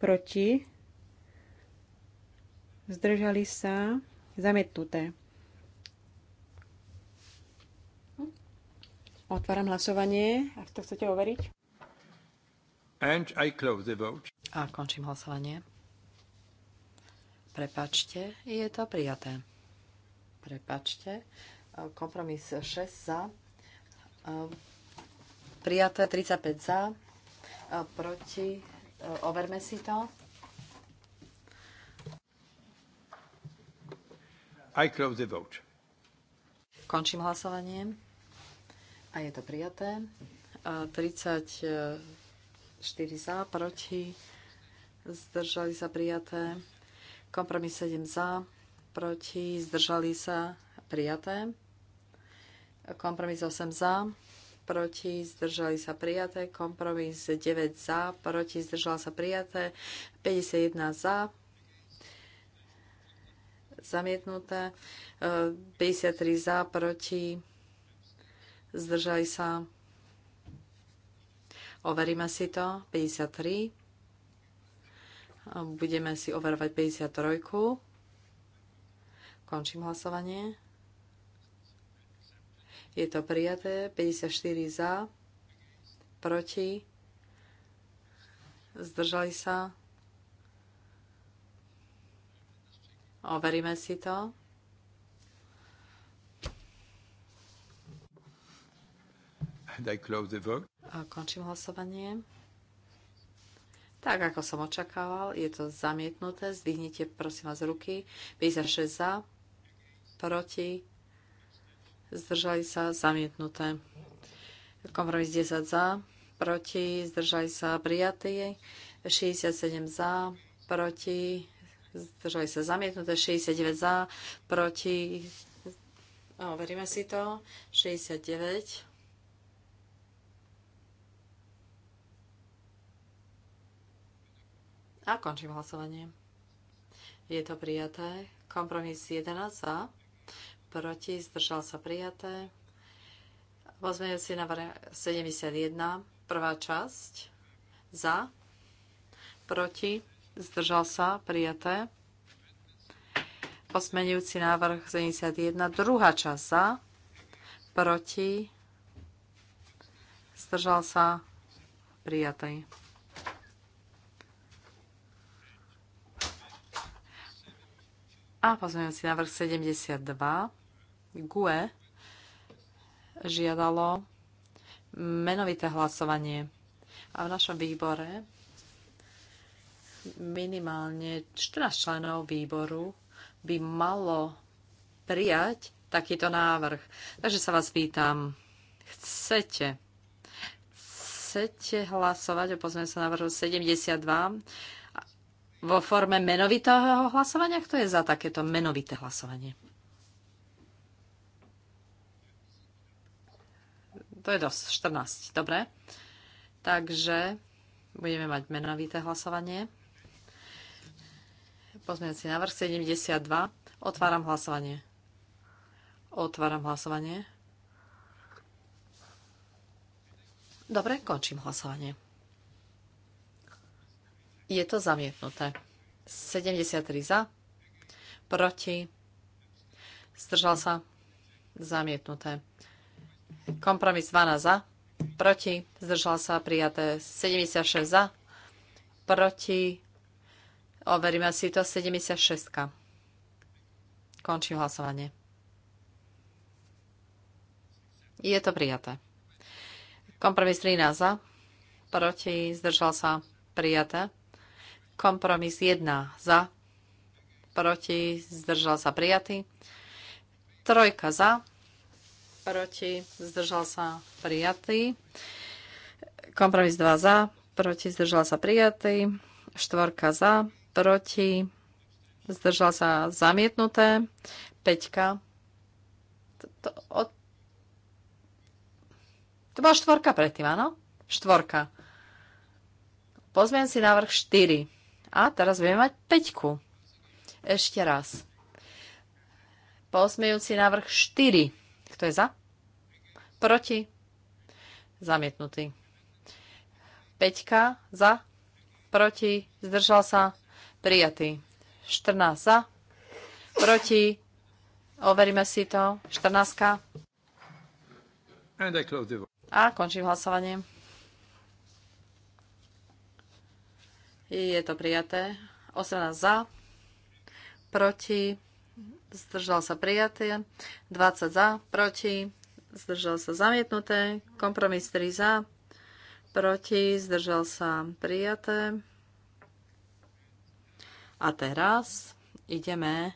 proti zdržali sa zamietnuté. Otváram hlasovanie, ak to chcete overiť. And I close the vote. A končím hlasovanie. Prepačte, je to prijaté. Prepačte. Kompromis 6 za. Prijaté 35 za. Proti. Overme si to. I close the vote. Končím hlasovanie. A je to prijaté. 37 4 za, proti, zdržali sa prijaté. Kompromis 7 za, proti, zdržali sa prijaté. Kompromis 8 za, proti, zdržali sa prijaté. Kompromis 9 za, proti, zdržala sa prijaté. 51 za, zamietnuté. 53 za, proti, zdržali sa prijaté Overíme si to. 53. Budeme si overovať 53. Končím hlasovanie. Je to prijaté. 54 za. Proti. Zdržali sa. Overíme si to. And I close the vote. Končím hlasovanie. Tak, ako som očakával, je to zamietnuté. Zdvihnite, prosím vás, ruky. 56 za, proti, zdržali sa, zamietnuté. Kompromis 10 za, proti, zdržali sa, prijatý. 67 za, proti, zdržali sa, zamietnuté. 69 za, proti, overíme si to. 69 A končím hlasovanie. Je to prijaté. Kompromis 11 za. Proti. Zdržal sa prijaté. Pozmeňujúci návrh 71. Prvá časť. Za. Proti. Zdržal sa prijaté. Pozmeňujúci návrh 71. Druhá časť za. Proti. Zdržal sa prijatý. A pozmeňujúci návrh 72. GUE žiadalo menovité hlasovanie. A v našom výbore minimálne 14 členov výboru by malo prijať takýto návrh. Takže sa vás pýtam, chcete, chcete hlasovať o pozmeňujúcom návrhu 72 vo forme menovitého hlasovania? Kto je za takéto menovité hlasovanie? To je dosť, 14, dobre. Takže budeme mať menovité hlasovanie. Pozmeňací návrh 72. Otváram hlasovanie. Otváram hlasovanie. Dobre, končím hlasovanie. Je to zamietnuté. 73 za, proti, zdržal sa, zamietnuté. Kompromis 12 za, proti, zdržal sa, prijaté 76 za, proti, overíme si to, 76. Končím hlasovanie. Je to prijaté. Kompromis 13 za, proti, zdržal sa, prijaté. Kompromis 1 za, proti, zdržal sa prijatý. Trojka za, proti, zdržal sa prijatý. Kompromis 2 za, proti, zdržal sa prijatý. Štvorka za, proti, zdržal sa zamietnuté. Peťka. To, od... to bola štvorka predtým, áno? Štvorka. Pozmiem si návrh 4. A teraz budeme mať 5. Ešte raz. Posmejúci návrh 4. Kto je za? Proti? Zamietnutý. 5 za, proti, zdržal sa, prijatý. 14 za, proti, overíme si to, 14. A končím hlasovanie. Je to prijaté. 18 za, proti, zdržal sa prijaté. 20 za, proti, zdržal sa zamietnuté. Kompromis 3 za, proti, zdržal sa prijaté. A teraz ideme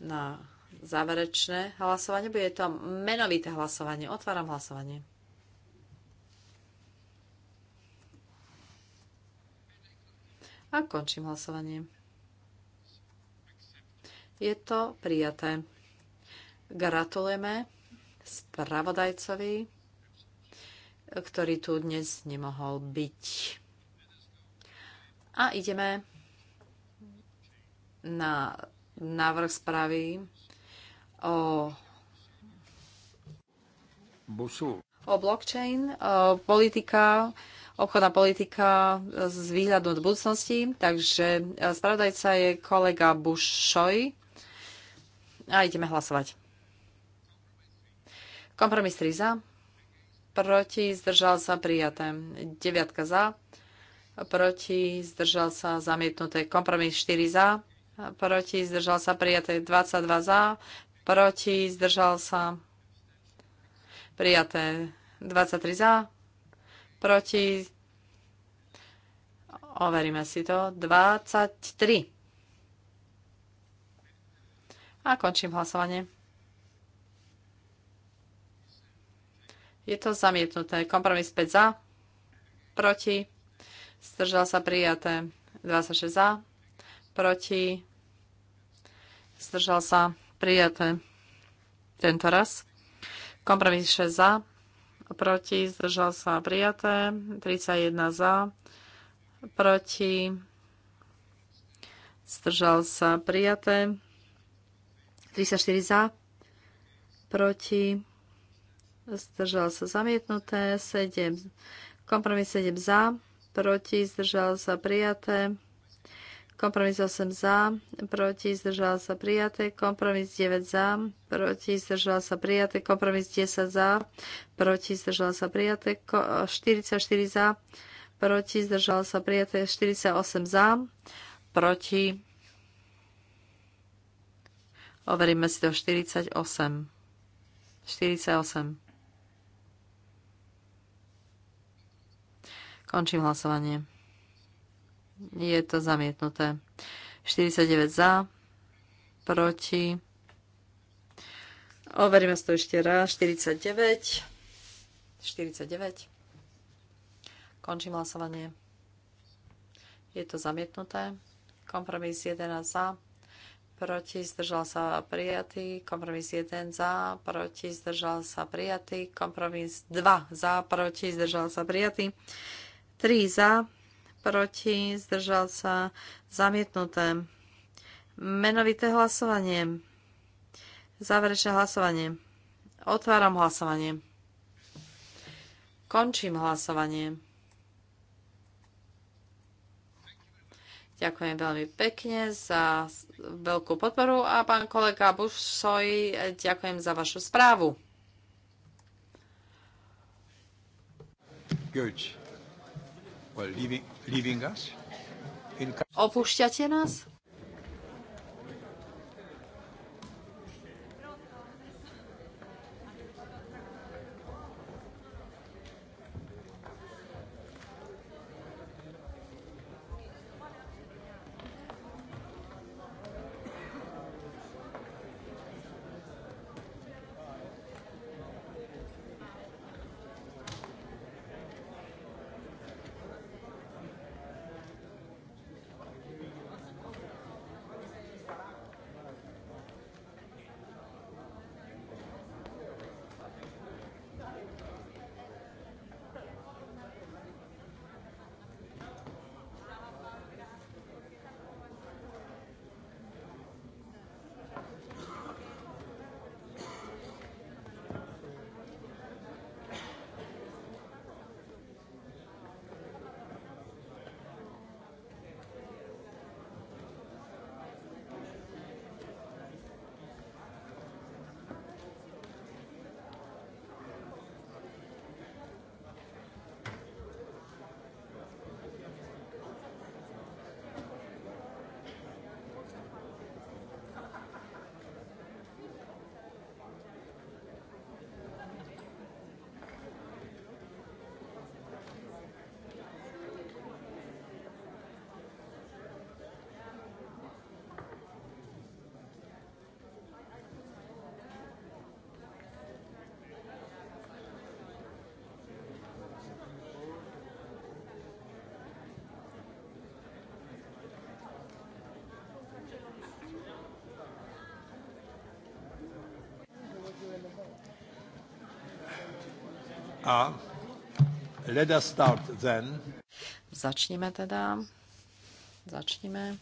na záverečné hlasovanie. Bude to menovité hlasovanie. Otváram hlasovanie. A končím hlasovanie. Je to prijaté. Gratulujeme spravodajcovi, ktorý tu dnes nemohol byť. A ideme na návrh správy o o blockchain, o politika obchodná politika s výhľadom do budúcnosti. Takže e, spravodajca je kolega Bušoj. A ideme hlasovať. Kompromis 3 za. Proti zdržal sa prijaté. 9 za. Proti zdržal sa zamietnuté. Kompromis 4 za. Proti zdržal sa prijaté. 22 za. Proti zdržal sa prijaté. 23 za proti, overíme si to, 23. A končím hlasovanie. Je to zamietnuté. Kompromis 5 za, proti, zdržal sa prijaté 26 za, proti, zdržal sa prijaté tento raz. Kompromis 6 za, proti, zdržal sa prijaté, 31 za, proti, zdržal sa prijaté, 34 za, proti, zdržal sa zamietnuté, 7, kompromis 7 za, proti, zdržal sa prijaté, Kompromis 8 za, proti, zdržala sa prijaté. Kompromis 9 za, proti, zdržala sa prijaté. Kompromis 10 za, proti, zdržala sa prijaté. 44 za, proti, zdržala sa prijaté. 48 za, proti. Overíme si to 48. 48. Končím hlasovanie je to zamietnuté. 49 za, proti. Overíme si to ešte raz. 49. 49. Končím hlasovanie. Je to zamietnuté. Kompromis 11 za, proti, zdržal sa prijatý. Kompromis 1 za, proti, zdržal sa prijatý. Kompromis 2 za, proti, zdržal sa prijatý. 3 za, proti, zdržal sa, zamietnuté. Menovité hlasovanie. Záverečné hlasovanie. Otváram hlasovanie. Končím hlasovanie. Ďakujem veľmi pekne za veľkú podporu a pán kolega Bušoj, ďakujem za vašu správu. Good. Opúšťate nás? Let us start then. Začnime teda. Začnime.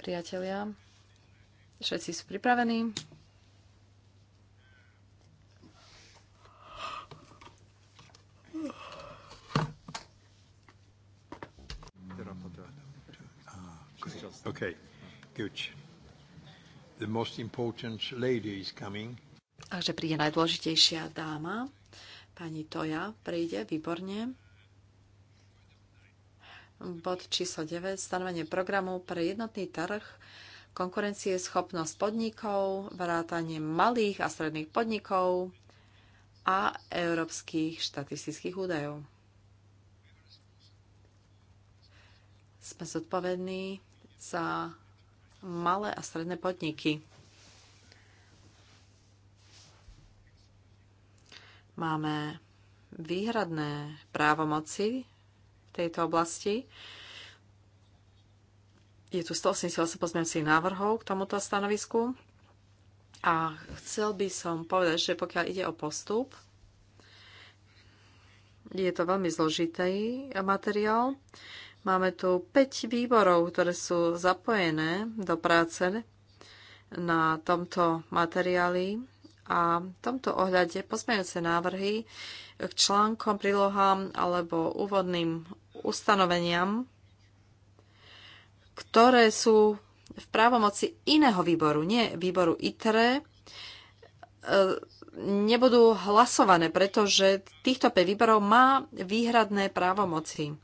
Priatelia, všetci sú pripravení. Ah, okay, good. The most important lady is coming. Takže príde najdôležitejšia dáma. Pani Toja príde, výborne. Bod číslo 9. Stanovenie programu pre jednotný trh, konkurencie, schopnosť podnikov, vrátanie malých a stredných podnikov a európskych štatistických údajov. Sme zodpovední za malé a stredné podniky. Máme výhradné právomoci v tejto oblasti. Je tu 188 pozmeňujúcich návrhov k tomuto stanovisku. A chcel by som povedať, že pokiaľ ide o postup, je to veľmi zložitý materiál. Máme tu 5 výborov, ktoré sú zapojené do práce na tomto materiáli. A v tomto ohľade pozmejúce návrhy k článkom, prílohám alebo úvodným ustanoveniam, ktoré sú v právomoci iného výboru, nie výboru ITRE, e, nebudú hlasované, pretože týchto 5 výborov má výhradné právomoci.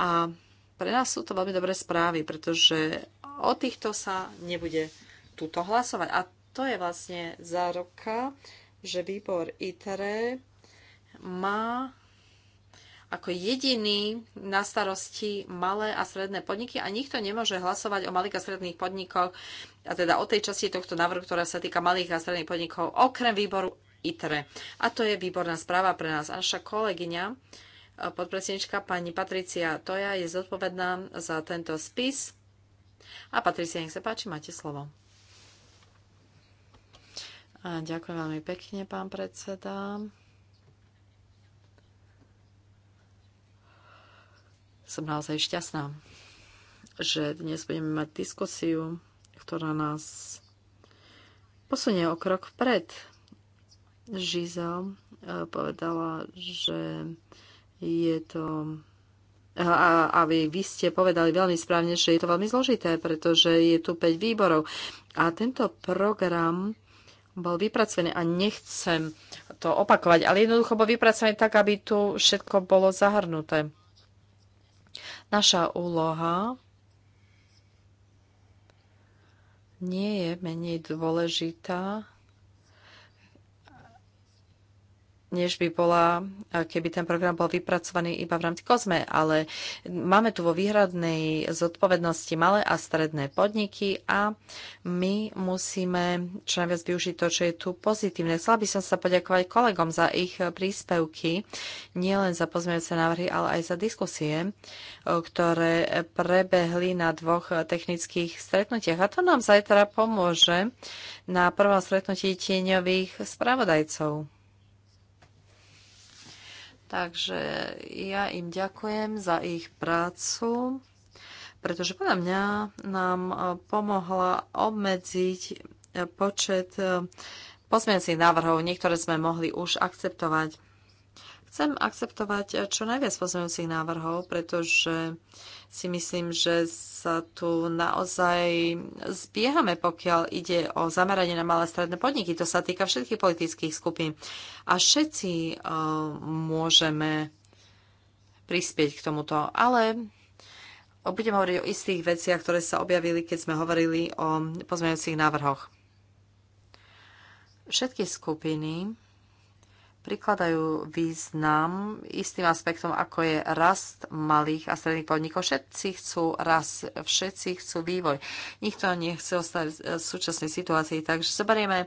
A pre nás sú to veľmi dobré správy, pretože o týchto sa nebude túto hlasovať. A to je vlastne zároka, že výbor ITRE má ako jediný na starosti malé a stredné podniky a nikto nemôže hlasovať o malých a stredných podnikoch, a teda o tej časti tohto návrhu, ktorá sa týka malých a stredných podnikov, okrem výboru ITRE. A to je výborná správa pre nás. A naša kolegyňa, podpredsednička pani Patricia Toja, je zodpovedná za tento spis. A Patricia, nech sa páči, máte slovo. A ďakujem veľmi pekne, pán predseda. Som naozaj šťastná, že dnes budeme mať diskusiu, ktorá nás posunie o krok vpred. Žizel povedala, že je to a, a vy, vy ste povedali veľmi správne, že je to veľmi zložité, pretože je tu 5 výborov. A tento program bol vypracovaný a nechcem to opakovať, ale jednoducho bol vypracovaný tak, aby tu všetko bolo zahrnuté. Naša úloha nie je menej dôležitá než by bola, keby ten program bol vypracovaný iba v rámci kozme, ale máme tu vo výhradnej zodpovednosti malé a stredné podniky a my musíme čo najviac využiť to, čo je tu pozitívne. Chcela by som sa poďakovať kolegom za ich príspevky, nielen za pozmeňujúce návrhy, ale aj za diskusie, ktoré prebehli na dvoch technických stretnutiach. A to nám zajtra pomôže na prvom stretnutí tieňových spravodajcov. Takže ja im ďakujem za ich prácu, pretože podľa mňa nám e, pomohla obmedziť e, počet e, pozmeňacích návrhov. Niektoré sme mohli už akceptovať. Chcem akceptovať eh, čo najviac pozmeňujúcich návrhov, pretože si myslím, že sa tu naozaj zbiehame, pokiaľ ide o zameranie na malé stredné podniky. To sa týka všetkých politických skupín. A všetci uh, môžeme prispieť k tomuto. Ale budem hovoriť o istých veciach, ktoré sa objavili, keď sme hovorili o pozmeňujúcich návrhoch. Všetky skupiny prikladajú význam istým aspektom, ako je rast malých a stredných podnikov. Všetci chcú rast, všetci chcú vývoj. Nikto nechce ostať v súčasnej situácii, takže zoberieme e,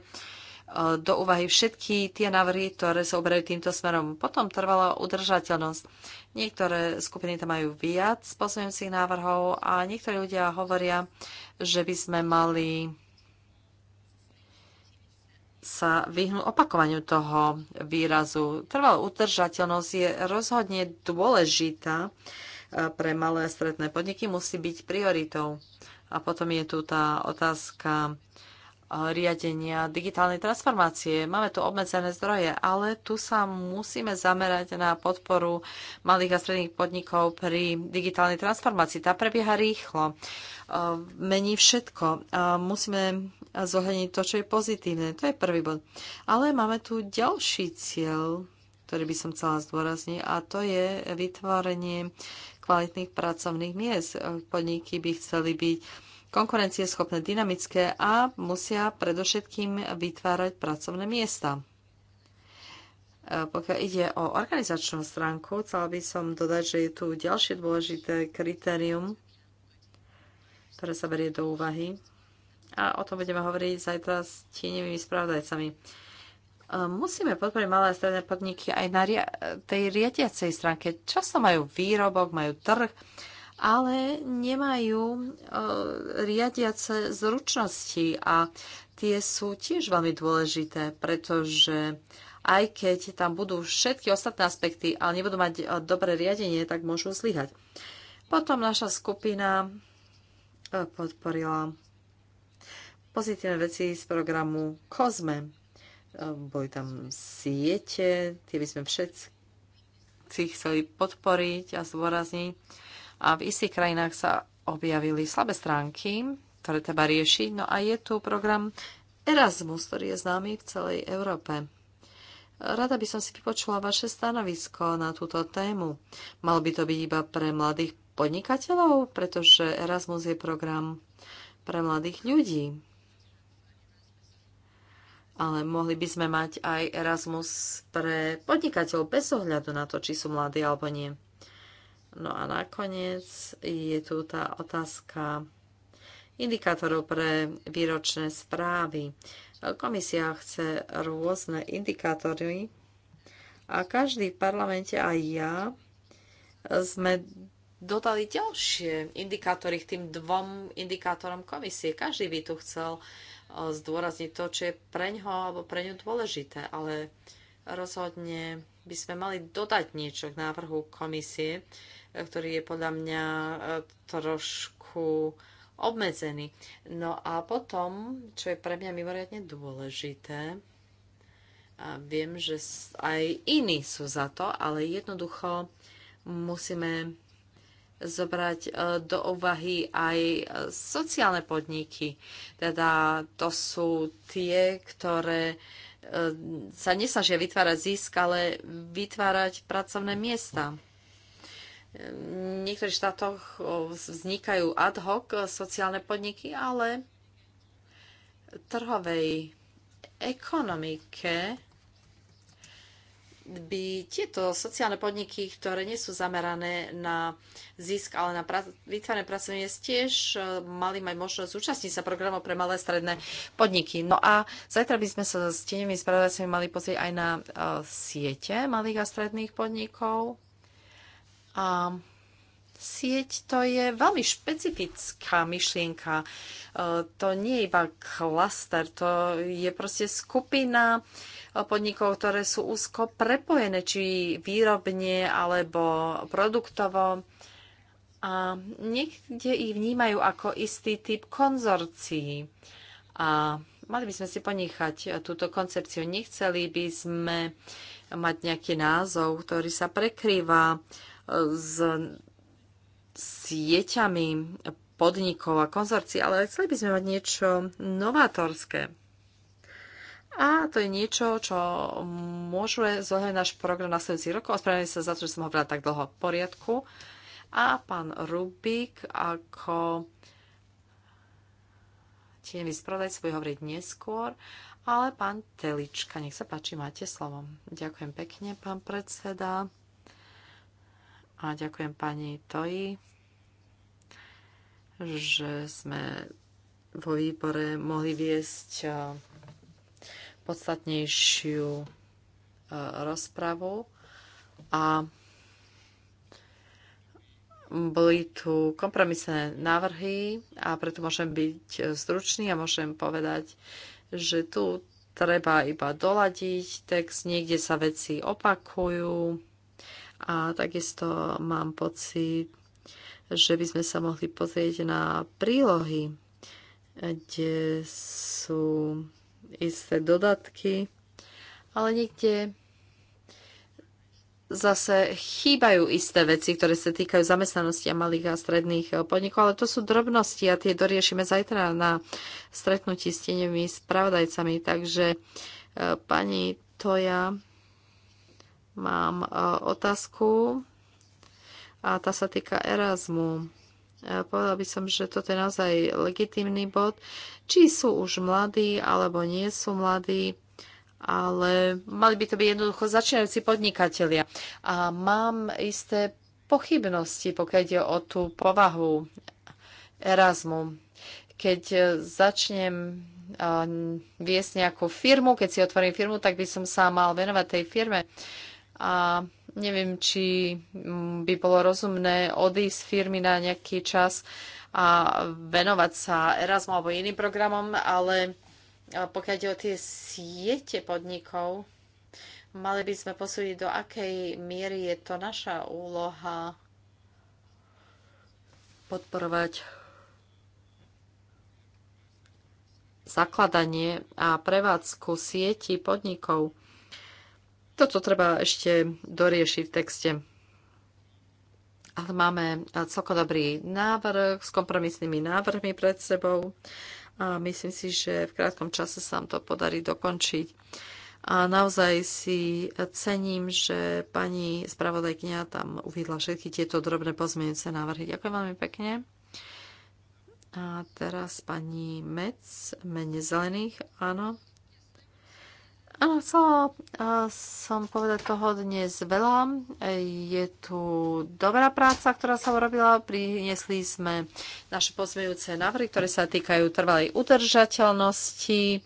do úvahy všetky tie návrhy, ktoré sa oberajú týmto smerom. Potom trvala udržateľnosť. Niektoré skupiny tam majú viac pozmeňujúcich návrhov a niektorí ľudia hovoria, že by sme mali sa vyhnú opakovaniu toho výrazu. Trvalá udržateľnosť je rozhodne dôležitá e, pre malé a stredné podniky, musí byť prioritou. A potom je tu tá otázka e, riadenia digitálnej transformácie. Máme tu obmedzené zdroje, ale tu sa musíme zamerať na podporu malých a stredných podnikov pri digitálnej transformácii. Tá prebieha rýchlo, e, mení všetko. Musíme zohľadniť to, čo je pozitívne. To je prvý bod. Ale máme tu ďalší cieľ, ktorý by som chcela zdôrazniť, a to je vytvorenie kvalitných pracovných miest. Podniky by chceli byť konkurencieschopné, dynamické a musia predovšetkým vytvárať pracovné miesta. E, pokiaľ ide o organizačnú stránku, chcela by som dodať, že je tu ďalšie dôležité kritérium, ktoré sa berie do úvahy a o tom budeme hovoriť zajtra s tieňovými spravodajcami. E, musíme podporiť malé a stredné podniky aj na tej riadiacej stránke. Často majú výrobok, majú trh, ale nemajú e, riadiace zručnosti a tie sú tiež veľmi dôležité, pretože aj keď tam budú všetky ostatné aspekty, ale nebudú mať e, dobré riadenie, tak môžu zlyhať. Potom naša skupina podporila pozitívne veci z programu COSME. E, boli tam siete, tie by sme všetci chceli podporiť a zdôrazniť. A v istých krajinách sa objavili slabé stránky, ktoré treba riešiť. No a je tu program Erasmus, ktorý je známy v celej Európe. Rada by som si vypočula vaše stanovisko na túto tému. Malo by to byť iba pre mladých podnikateľov, pretože Erasmus je program pre mladých ľudí ale mohli by sme mať aj Erasmus pre podnikateľov bez ohľadu na to, či sú mladí alebo nie. No a nakoniec je tu tá otázka indikátorov pre výročné správy. Komisia chce rôzne indikátory a každý v parlamente aj ja sme dodali ďalšie indikátory k tým dvom indikátorom komisie. Každý by tu chcel uh, E, zdôrazniť to, čo je pre ňoho alebo pre ňu dôležité, ale rozhodne by sme mali dodať niečo k návrhu komisie, e, ktorý je podľa mňa e, trošku obmedzený. No a potom, čo je pre mňa mimoriadne dôležité, a viem, že aj iní sú za to, ale jednoducho musíme zobrať e, do úvahy aj e, sociálne podniky. Teda to sú tie, ktoré e, sa nesnažia vytvárať zisk, ale vytvárať pracovné miesta. V niektorých štátoch vznikajú ad hoc sociálne podniky, ale trhovej ekonomike by tieto sociálne podniky, ktoré nie sú zamerané na zisk, ale na pra- vytvárané pracovné tiež e, mali mať možnosť zúčastniť sa programov pre malé a stredné podniky. No a zajtra by sme sa s tenými spravodajcami mali pozrieť aj na uh, siete malých a stredných podnikov. A sieť to je veľmi špecifická myšlienka. Uh, to nie je iba klaster, to je proste skupina uh, podnikov, ktoré sú úzko prepojené, či výrobne alebo produktovo. A niekde ich vnímajú ako istý typ konzorcií. A mali by sme si ponechať túto koncepciu. Nechceli by sme mať nejaký názov, ktorý sa prekrýva s sieťami podnikov a konzorcií, ale chceli by sme mať niečo novátorské. A to je niečo, čo môže zohľadniť náš program nasledujúcich rokov. Ospravedlňujem sa za to, že som hovorila tak dlho v poriadku. A pán Rubik ako mi spravodajca bude hovoriť neskôr, ale pán Telička, nech sa páči, máte slovo. Ďakujem pekne, pán predseda. A ďakujem pani Toji, že sme vo výbore mohli viesť podstatnejšiu e, rozpravu a boli tu kompromisné návrhy a preto môžem byť e, stručný a môžem povedať, že tu treba iba doladiť text, niekde sa veci opakujú a takisto mám pocit, že by sme sa mohli pozrieť na prílohy, kde sú isté dodatky, ale niekde zase chýbajú isté veci, ktoré sa týkajú zamestnanosti a malých a stredných eh, podnikov, ale to sú drobnosti a tie doriešime zajtra na stretnutí s tenými spravodajcami. Takže eh, pani Toja, mám eh, otázku a tá sa týka Erasmu. Povedal by som, že toto je naozaj legitímny bod. Či sú už mladí, alebo nie sú mladí, ale mali by to byť jednoducho začínajúci podnikatelia. A mám isté pochybnosti, pokiaľ ide o tú povahu Erasmu. Keď začnem viesť nejakú firmu, keď si otvorím firmu, tak by som sa mal venovať tej firme a neviem, či mm, by bolo rozumné odísť z firmy na nejaký čas a venovať sa Erasmu alebo iným programom, ale pokiaľ ide o tie siete podnikov, mali by sme posúdiť, do akej miery je to naša úloha podporovať zakladanie a prevádzku sieti podnikov. Toto treba ešte doriešiť v texte. Ale máme celkom dobrý návrh s kompromisnými návrhmi pred sebou a myslím si, že v krátkom čase sa vám to podarí dokončiť. A naozaj si cením, že pani spravodajkňa tam uvidla všetky tieto drobné pozmeňujúce návrhy. Ďakujem veľmi pekne. A teraz pani Mec, mene zelených, áno. Áno, chcela som povedať toho dnes veľa. Je tu dobrá práca, ktorá sa urobila. Priniesli sme naše pozmejúce návrhy, ktoré sa týkajú trvalej udržateľnosti,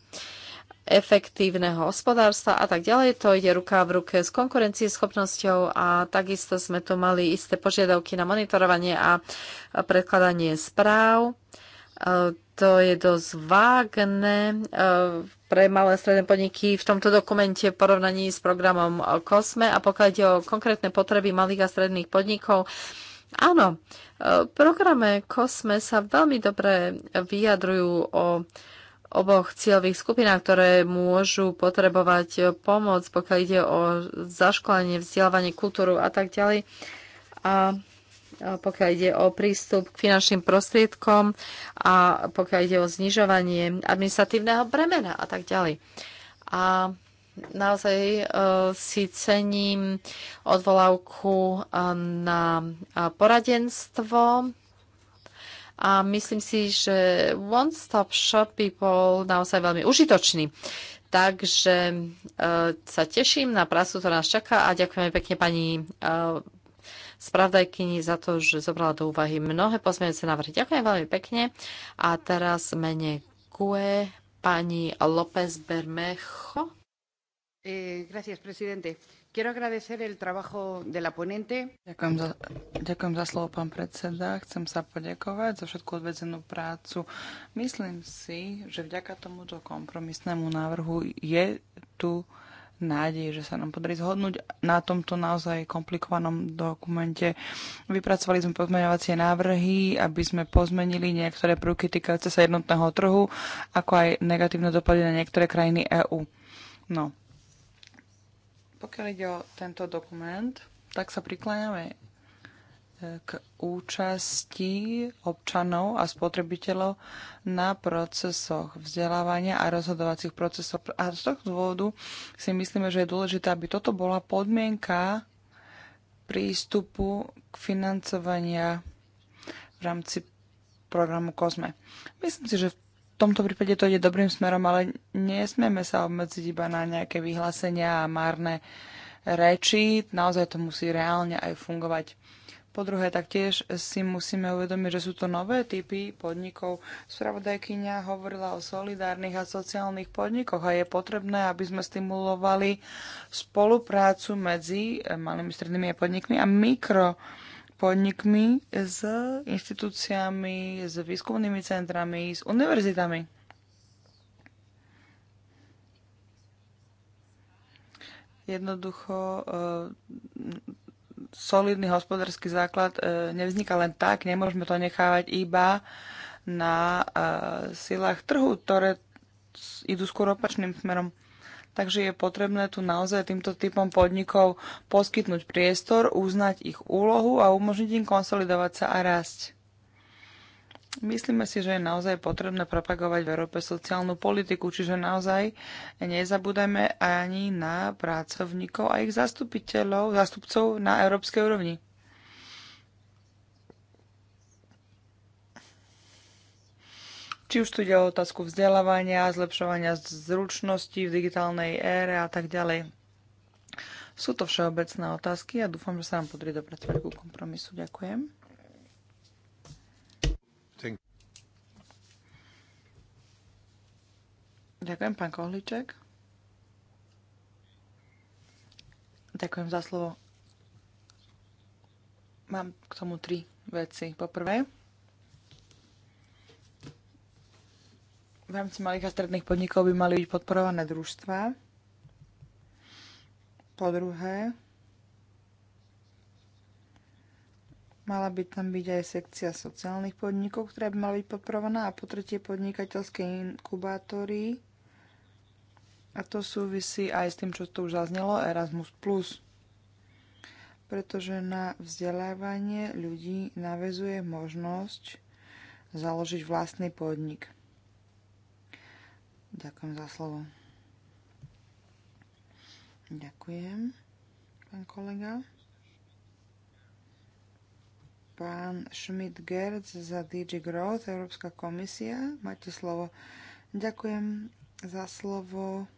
efektívneho hospodárstva a tak ďalej. To ide ruka v ruke s konkurencieschopnosťou a takisto sme tu mali isté požiadavky na monitorovanie a predkladanie správ. E, to je dosť vágne e, pre malé a stredné podniky v tomto dokumente v porovnaní s programom COSME a pokiaľ ide o konkrétne potreby malých a stredných podnikov, Áno, v e, programe COSME sa veľmi dobre vyjadrujú o oboch cieľových skupinách, ktoré môžu potrebovať pomoc, pokiaľ ide o zaškolenie, vzdelávanie, kultúru a tak ďalej. A Eh, pokiaľ ide o prístup k finančným prostriedkom a pokiaľ ide o znižovanie administratívneho bremena a tak ďalej. A naozaj eh, si cením odvolávku eh, na poradenstvo a myslím si, že One Stop Shop by bol naozaj veľmi užitočný. Takže sa teším na prácu, ktorá nás čaká a ďakujeme pekne pani spravdajkyni za to, že zobrala do úvahy mnohé pozmeňujúce návrhy. Ďakujem veľmi pekne. A teraz mene Kue, pani López Bermejo. Eh, gracias, presidente. Quiero agradecer el trabajo de la ponente. Ďakujem za, ďakujem za slovo, pán predseda. Chcem sa poďakovať za všetku odvedzenú prácu. Myslím si, že vďaka tomuto kompromisnému návrhu je tu nádej, že sa nám podarí zhodnúť na tomto naozaj komplikovanom dokumente. Vypracovali sme pozmeňovacie návrhy, aby sme pozmenili niektoré prvky týkajúce sa jednotného trhu, ako aj negatívne dopady na niektoré krajiny EÚ. No, pokiaľ ide o tento dokument, tak sa prikláňame k účasti občanov a spotrebiteľov na procesoch vzdelávania a rozhodovacích procesov. A z tohto dôvodu si myslíme, že je dôležité, aby toto bola podmienka prístupu k financovania v rámci programu COSME. Myslím si, že v tomto prípade to ide dobrým smerom, ale nesmieme sa obmedziť iba na nejaké vyhlásenia a márne reči. Naozaj to musí reálne aj fungovať. Po druhé, taktiež si musíme uvedomiť, že sú to nové typy podnikov. Spravodajkynia hovorila o solidárnych a sociálnych podnikoch a je potrebné, aby sme stimulovali spoluprácu medzi eh, malými strednými podnikmi a mikro podnikmi s inštitúciami, s výskumnými centrami, s univerzitami. jednoducho eh, solidný hospodársky základ e, nevzniká len tak, nemôžeme to nechávať iba na e, silách trhu, ktoré idú skôr opačným smerom. Takže je potrebné tu naozaj týmto typom podnikov poskytnúť priestor, uznať ich úlohu a umožniť im konsolidovať sa a rásť. Myslíme si, že je naozaj potrebné propagovať v Európe sociálnu politiku, čiže naozaj nezabúdajme ani na pracovníkov a ich zastupiteľov, zastupcov na európskej úrovni. Či už tu ide o otázku vzdelávania, zlepšovania zručnosti v digitálnej ére a tak ďalej. Sú to všeobecné otázky a dúfam, že sa nám podrie dopracovať ku kompromisu. Ďakujem. Ďakujem, pán Kohliček. Ďakujem za slovo. Mám k tomu tri veci. Poprvé, v rámci malých a stredných podnikov by mali byť podporované družstva. Po druhé, mala by tam byť aj sekcia sociálnych podnikov, ktorá by mala byť podporovaná. A po tretie, podnikateľské inkubátory, a to súvisí aj s tým, čo tu už zaznelo, Erasmus+. Pretože na vzdelávanie ľudí navezuje možnosť založiť vlastný podnik. Ďakujem za slovo. Ďakujem, pán kolega. Pán Schmidt-Gerz za DG Growth, Európska komisia. Máte slovo. Ďakujem za slovo.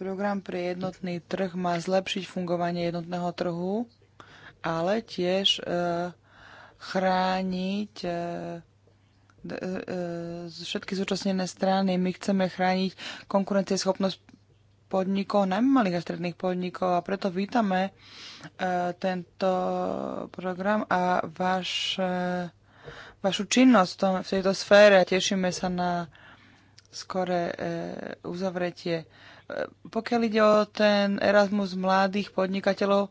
Program pre jednotný trh má zlepšiť fungovanie jednotného trhu, ale tiež e, chrániť e, e, všetky súčasnené strany. My chceme chrániť konkurencieschopnosť podnikov, najmä malých a stredných podnikov a preto vítame tento program a váš, vašu činnosť v, tejto sfére a tešíme sa na skore uzavretie pokiaľ ide o ten Erasmus mladých podnikateľov,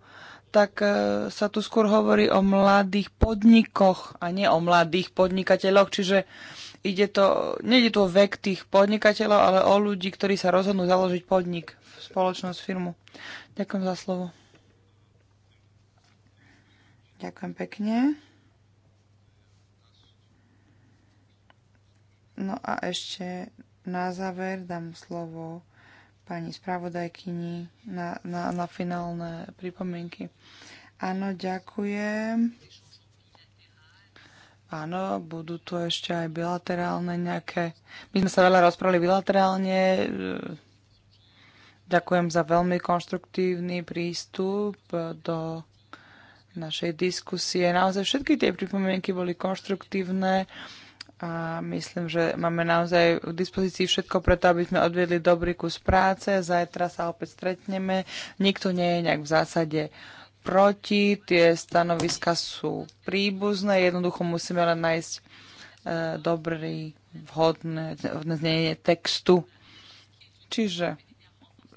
tak e, sa tu skôr hovorí o mladých podnikoch a nie o mladých podnikateľoch, čiže ide to, nejde tu o vek tých podnikateľov, ale o ľudí, ktorí sa rozhodnú založiť podnik, spoločnosť, firmu. Ďakujem za slovo. Ďakujem pekne. No a ešte na záver dám slovo pani spravodajkyni na, na, na finálne pripomienky. Áno, ďakujem. Áno, budú tu ešte aj bilaterálne nejaké. My sme sa veľa rozprávali bilaterálne. Ďakujem za veľmi konštruktívny prístup do našej diskusie. Naozaj všetky tie pripomienky boli konštruktívne a myslím, že máme naozaj v dispozícii všetko preto, aby sme odvedli dobrý kus práce. Zajtra sa opäť stretneme. Nikto nie je nejak v zásade proti, tie stanoviska sú príbuzné, jednoducho musíme len nájsť e, dobrý, vhodné, vhodné znenie textu. Čiže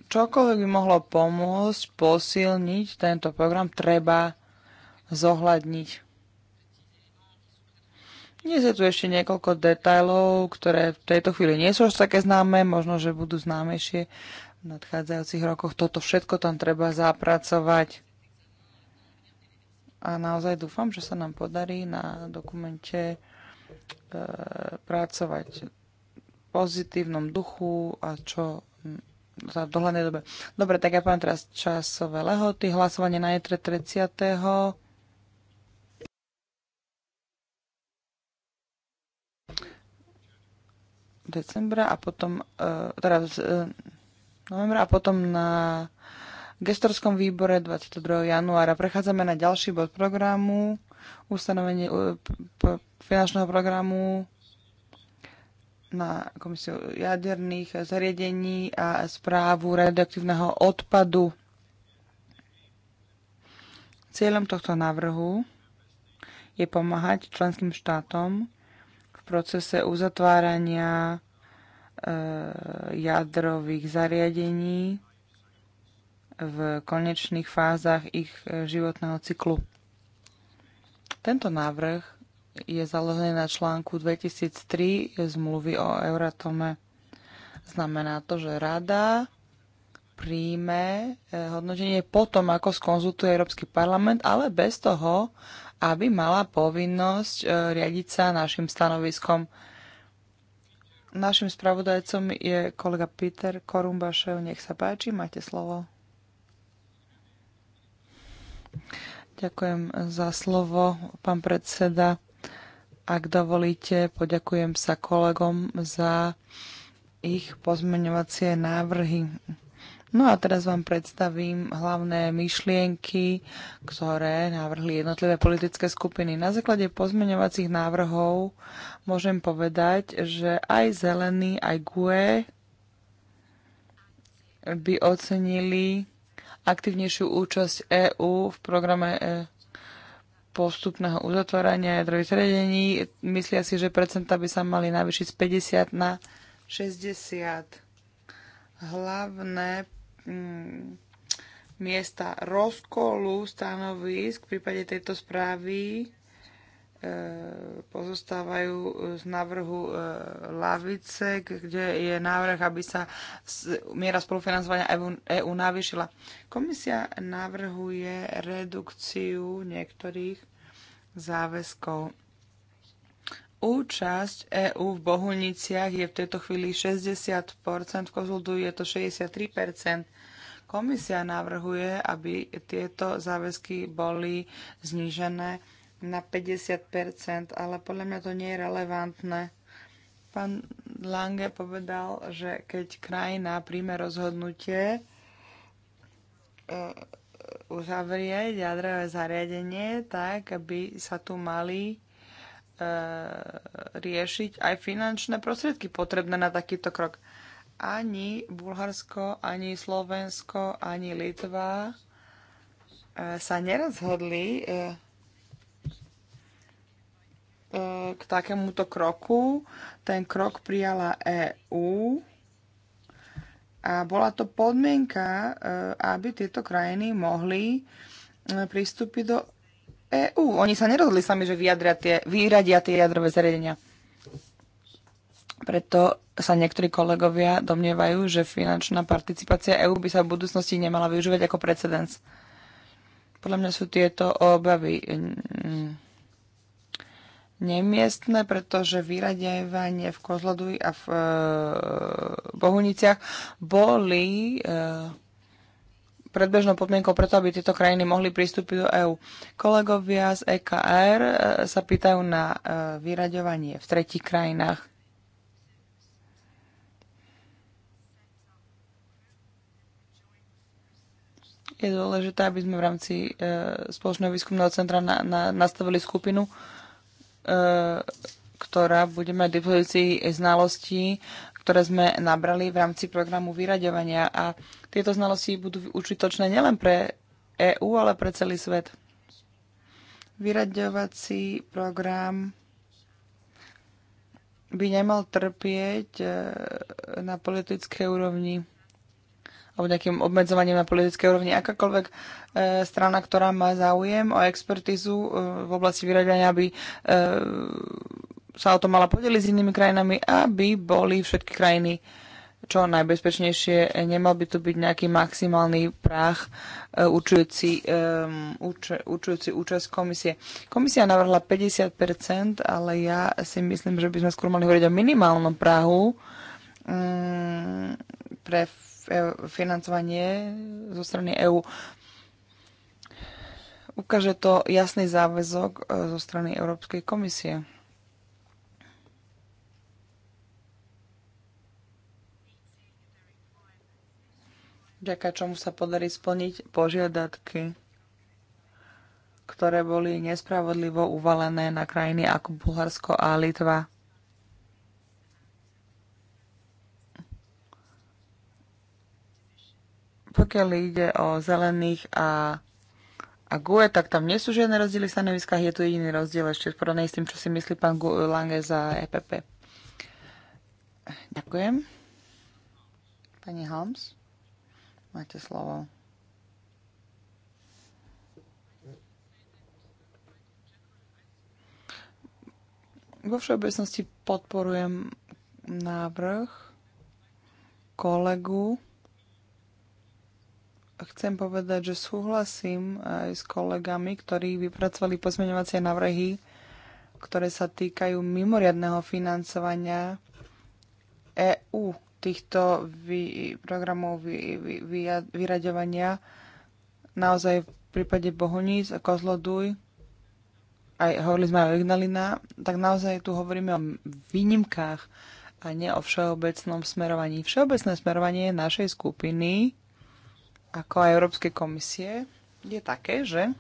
čokoľvek by mohlo pomôcť posilniť tento program, treba zohľadniť. Dnes je tu ešte niekoľko detajlov, ktoré v tejto chvíli nie sú až také známe, možno, že budú známejšie v nadchádzajúcich rokoch. Toto všetko tam treba zapracovať. A naozaj dúfam, že sa nám podarí na dokumente e, pracovať v pozitívnom duchu a čo za dohľadnej dobe. Dobre, tak ja poviem teraz časové lehoty. Hlasovanie na jetre 30. decembra a potom, e, teda z e, novembra a potom na gestorskom výbore 22. januára. Prechádzame na ďalší bod programu, ustanovenie e, finančného programu na komisiu jaderných zariadení a správu radioaktívneho odpadu. Cieľom tohto návrhu je pomáhať členským štátom procese uzatvárania e, jadrových zariadení v konečných fázach ich e, životného cyklu. Tento návrh je založený na článku 2003 zmluvy o Euratome. Znamená to, že rada príjme e, hodnotenie potom, ako skonzultuje Európsky parlament, ale bez toho, aby mala povinnosť e, riadiť sa našim stanoviskom. Našim spravodajcom je kolega Peter Korumbašev. Nech sa páči, máte slovo. Ďakujem za slovo, pán predseda. Ak dovolíte, poďakujem sa kolegom za ich pozmeňovacie návrhy. No a teraz vám predstavím hlavné myšlienky, ktoré navrhli jednotlivé politické skupiny. Na základe pozmeňovacích návrhov môžem povedať, že aj zelený, aj GUE by ocenili aktívnejšiu účasť EÚ v programe e, postupného uzatvárania jadrových zariadení. Myslia si, že percenta by sa mali navýšiť z 50 na 60. Hlavné Mm, miesta rozkolu stanovisk v prípade tejto správy e, pozostávajú z návrhu e, lavice, kde je návrh, aby sa miera spolufinancovania EÚ e navýšila. Komisia navrhuje redukciu niektorých záväzkov Účasť EÚ v Bohuniciach je v tejto chvíli 60%, v Kozuldu je to 63%. Komisia navrhuje, aby tieto záväzky boli znížené na 50%, ale podľa mňa to nie je relevantné. Pán Lange povedal, že keď krajina príjme rozhodnutie e, uzavrieť jadrové zariadenie, tak by sa tu mali E, riešiť aj finančné prostriedky potrebné na takýto krok. Ani Bulharsko, ani Slovensko, ani Litva e, sa nerozhodli e, k takémuto kroku. Ten krok prijala EÚ a bola to podmienka, aby tieto krajiny mohli pristúpiť do EÚ. Oni sa nerozhodli sami, že tie, vyradia tie jadrové zariadenia. Preto sa niektorí kolegovia domnievajú, že finančná participácia EÚ by sa v budúcnosti nemala využívať ako precedens. Podľa mňa sú tieto obavy mm, nemiestne, pretože vyraďovanie v Kozloduji a v e, Bohuniciach boli e, predbežnou podmienkou preto, aby tieto krajiny mohli pristúpiť do EÚ. Kolegovia z EKR e, sa pýtajú na e, vyraďovanie v tretich krajinách. Je dôležité, aby sme v rámci e, spoločného výskumného centra na, na, nastavili skupinu, ktorá bude mať dispozícii znalostí ktoré sme nabrali v rámci programu vyraďovania a tieto znalosti budú užitočné nielen pre EÚ, ale pre celý svet. Vyraďovací program by nemal trpieť e, na politické úrovni alebo nejakým obmedzovaním na politické úrovni. Akákoľvek e, strana, ktorá má záujem o expertizu e, v oblasti vyraďovania, aby e, sa o to mala podeliť s inými krajinami, aby boli všetky krajiny čo najbezpečnejšie. Nemal by tu byť nejaký maximálny práh e, určujúci, um, uč, určujúci účasť komisie. Komisia navrhla 50%, ale ja si myslím, že by sme skôr mali hovoriť o minimálnom práhu um, pre e, financovanie zo strany EÚ. Ukáže to jasný záväzok e, zo strany Európskej komisie. vďaka čomu sa podarí splniť požiadatky, ktoré boli nespravodlivo uvalené na krajiny ako Bulharsko a Litva. Pokiaľ ide o zelených a, a GUE, tak tam nie sú žiadne rozdiely v stanoviskách, je tu jediný rozdiel ešte v porovnaní s tým, čo si myslí pán Lange za EPP. Ďakujem. Pani Holmes. Máte slovo. Vo všeobecnosti podporujem návrh kolegu. Chcem povedať, že súhlasím aj eh, s kolegami, ktorí vypracovali pozmeňovacie návrhy, ktoré sa týkajú mimoriadného financovania EÚ týchto vy, programov vy, vy, vy, vyraďovania naozaj v prípade Bohuníc a Kozloduj, aj hovorili sme aj o Ignalina, tak naozaj tu hovoríme o výnimkách a nie o všeobecnom smerovaní. Všeobecné smerovanie našej skupiny, ako aj Európskej komisie, je také, že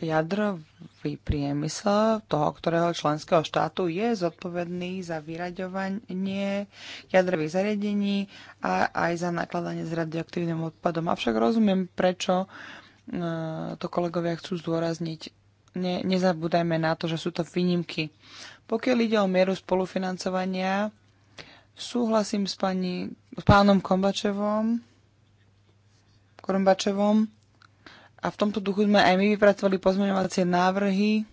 Jadrový priemysel toho, ktorého členského štátu je zodpovedný za vyraďovanie jadrových zariadení a aj za nakladanie s radioaktívnym odpadom. Avšak rozumiem, prečo e, to kolegovia chcú zdôrazniť. Ne, nezabúdajme na to, že sú to výnimky. Pokiaľ ide o mieru spolufinancovania, súhlasím s, pani, s pánom Kombačevom, Kombačevom, a v tomto duchu sme aj my vypracovali pozmeňovacie návrhy,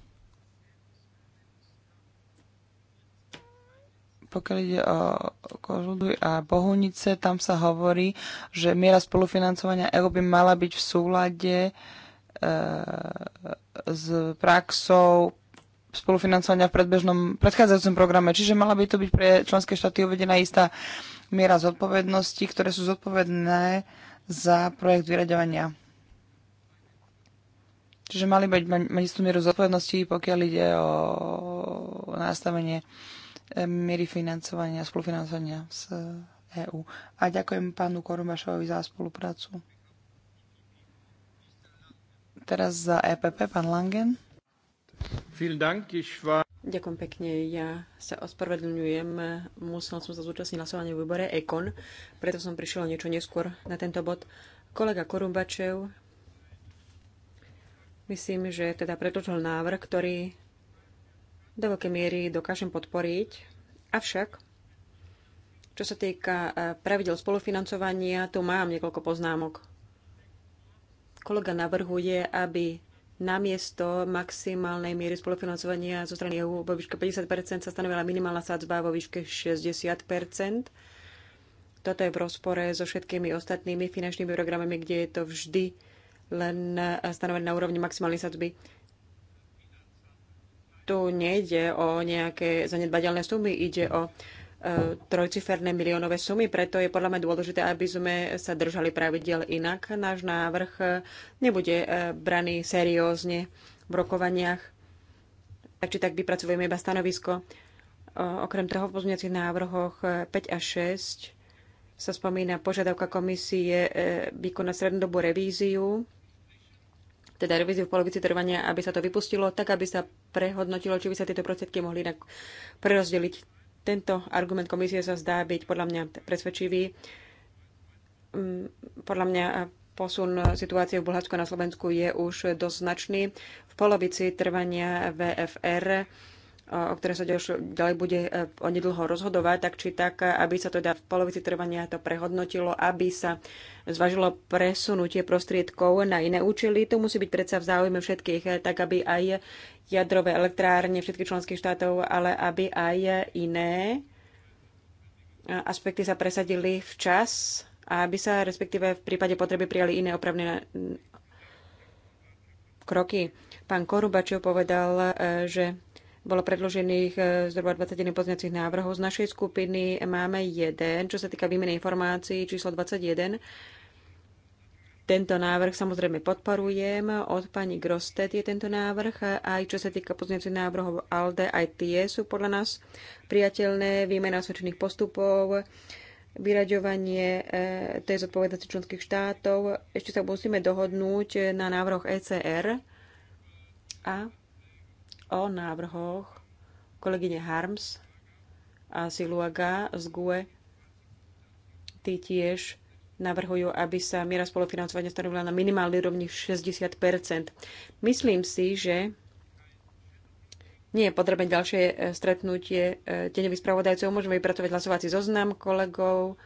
pokiaľ ide o Kožuduj a Bohunice, tam sa hovorí, že miera spolufinancovania EU by mala byť v súlade e, s praxou spolufinancovania v predbežnom predchádzajúcom programe. Čiže mala by to byť pre členské štáty uvedená istá miera zodpovednosti, ktoré sú zodpovedné za projekt vyraďovania Čiže mali mať, mať istú mieru zodpovednosti, pokiaľ ide o nastavenie eh, miery financovania, spolufinancovania z EÚ. Eh, e A ďakujem pánu Korumbašovi za spoluprácu. Teraz za EPP, pán Langen. Ďakujem pekne. Ja sa ospravedlňujem. Musel som sa zúčastniť hlasovanie v výbore EKON, preto som prišiel niečo neskôr na tento bod. Kolega Korumbačev Myslím, že teda predložil návrh, ktorý do veľkej miery dokážem podporiť. Avšak, čo sa týka e, pravidel spolufinancovania, tu mám niekoľko poznámok. Kolega navrhuje, aby namiesto maximálnej miery spolufinancovania zo strany EU vo výške 50 sa stanovila minimálna sadzba vo výške 60 Toto je v rozpore so všetkými ostatnými finančnými programami, kde je to vždy len eh, stanovené na úrovni maximálnej sadzby. Tu nejde o nejaké zanedbateľné sumy, ide o eh, trojciferné miliónové sumy, preto je podľa mňa dôležité, aby sme sa držali pravidel inak. Náš návrh eh, nebude braný seriózne v rokovaniach. Tak či tak vypracujeme iba stanovisko. Okrem toho v pozmeňacích návrhoch 5 a 6 sa spomína požiadavka komisie vykonať srednodobú revíziu teda revíziu v polovici trvania, aby sa to vypustilo, tak aby sa prehodnotilo, či by sa tieto prostriedky mohli inak prerozdeliť. Tento argument komisie sa zdá byť podľa mňa presvedčivý. Mm, podľa mňa posun situácie v Bulharsku a na Slovensku je už dosť značný. V polovici trvania VFR o ktoré sa ďalej bude e, onedlho rozhodovať, tak či tak, e, aby sa teda v polovici trvania to prehodnotilo, aby sa zvažilo presunutie prostriedkov na iné účely. To musí byť predsa v záujme všetkých, e, tak aby aj jadrové elektrárne všetkých členských štátov, ale aby aj iné aspekty sa presadili včas a aby sa respektíve v prípade potreby prijali iné opravné kroky. Pán Korubačov povedal, že bolo predložených e, zhruba 21 pozňacích návrhov. Z našej skupiny máme jeden, čo sa týka výmeny informácií, číslo 21. Tento návrh samozrejme podporujem. Od pani Grostet je tento návrh. Aj čo sa týka pozňacích návrhov ALDE, aj tie sú podľa nás priateľné. Výmena osvedčených postupov, vyraďovanie e, tej zodpovednosti členských štátov. Ešte sa musíme dohodnúť na návrhoch ECR a o návrhoch kolegyne Harms a Siluaga z GUE. Tí tiež navrhujú, aby sa miera spolufinancovania stanovila na minimálnej úrovni 60 Myslím si, že nie je potrebné ďalšie e, stretnutie deňových e, spravodajcov. Môžeme vypracovať hlasovací zoznam kolegov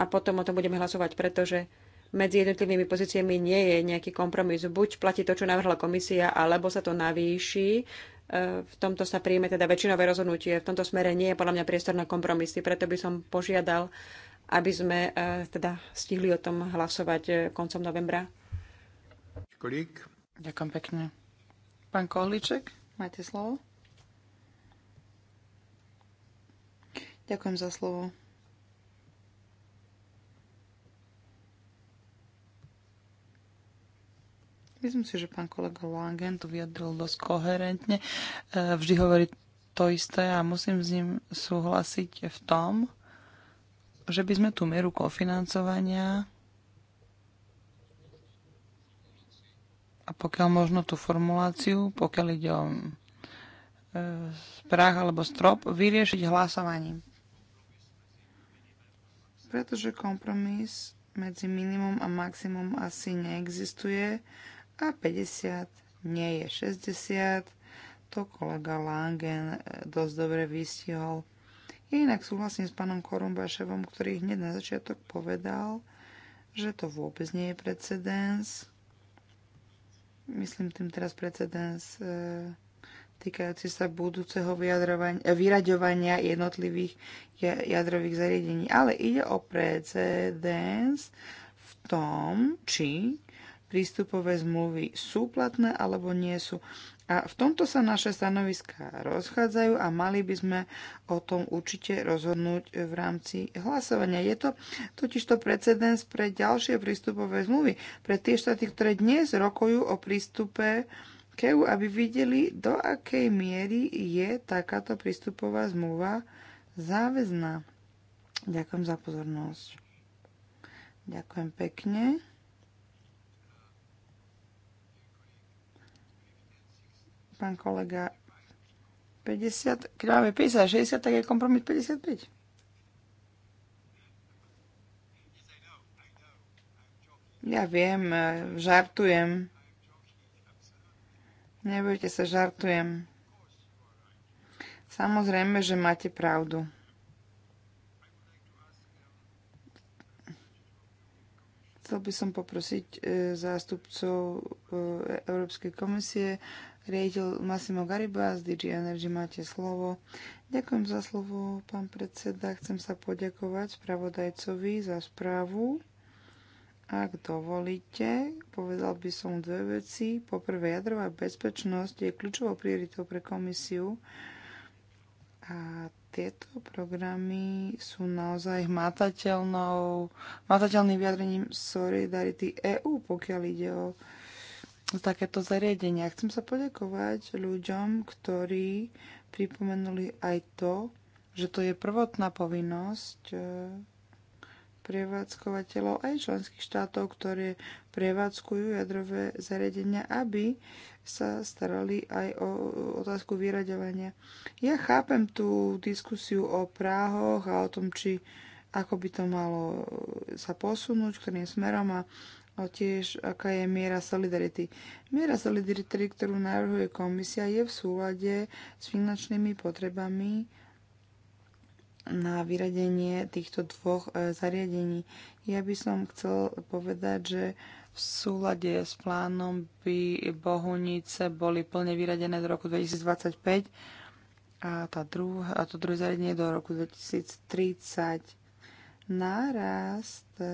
a potom o tom budeme hlasovať, pretože medzi jednotlivými pozíciami nie je nejaký kompromis. Buď platí to, čo navrhla komisia, alebo sa to navýši. E, v tomto sa príjme teda väčšinové rozhodnutie. V tomto smere nie je podľa mňa priestor na kompromisy, preto by som požiadal, aby sme e, teda stihli o tom hlasovať e, koncom novembra. Kolík. Ďakujem pekne. Pán Kohliček, máte slovo. Ďakujem za slovo. Myslím si, že pán kolega Langen to vyjadril dosť koherentne. E, vždy hovorí to isté a musím s ním súhlasiť v tom, že by sme tú mieru kofinancovania a pokiaľ možno tú formuláciu, pokiaľ ide o e, prach alebo strop, vyriešiť hlasovaním. Pretože kompromis medzi minimum a maximum asi neexistuje, a 50 nie je 60. To kolega Langen e, dosť dobre vystihol. Ja inak súhlasím s pánom Korumbaševom, ktorý hneď na začiatok povedal, že to vôbec nie je precedens. Myslím tým teraz precedens e, týkajúci sa budúceho e, vyraďovania jednotlivých jadrových zariadení. Ale ide o precedens v tom, či prístupové zmluvy sú platné alebo nie sú. A v tomto sa naše stanoviská rozchádzajú a mali by sme o tom určite rozhodnúť v rámci hlasovania. Je to totiž to precedens pre ďalšie prístupové zmluvy, pre tie štáty, ktoré dnes rokujú o prístupe k EU, aby videli, do akej miery je takáto prístupová zmluva záväzná. Ďakujem za pozornosť. Ďakujem pekne. pán kolega 50, keď máme 50, 60, tak je kompromis 55. Ja viem, e, žartujem. Nebojte sa, žartujem. Samozrejme, že máte pravdu. Chcel by som poprosiť e, zástupcov e, Európskej komisie, riaditeľ Massimo Gariba z DG Energy, máte slovo. Ďakujem za slovo, pán predseda. Chcem sa poďakovať spravodajcovi za správu. Ak dovolíte, povedal by som dve veci. Po prvé, jadrová bezpečnosť je kľúčovou prioritou pre komisiu a tieto programy sú naozaj hmatateľnou, hmatateľným vyjadrením solidarity EÚ, pokiaľ ide o takéto zariadenia. Chcem sa poďakovať ľuďom, ktorí pripomenuli aj to, že to je prvotná povinnosť e, prevádzkovateľov aj členských štátov, ktoré prevádzkujú jadrové zariadenia, aby sa starali aj o otázku vyraďovania. Ja chápem tú diskusiu o práhoch a o tom, či ako by to malo sa posunúť, ktorým smerom a a tiež aká je miera solidarity. Miera solidarity, ktorú navrhuje komisia, je v súlade s finančnými potrebami na vyradenie týchto dvoch e, zariadení. Ja by som chcel povedať, že v súlade s plánom by Bohunice boli plne vyradené do roku 2025 a, tá druh- a to druhé zariadenie do roku 2030 nárast e,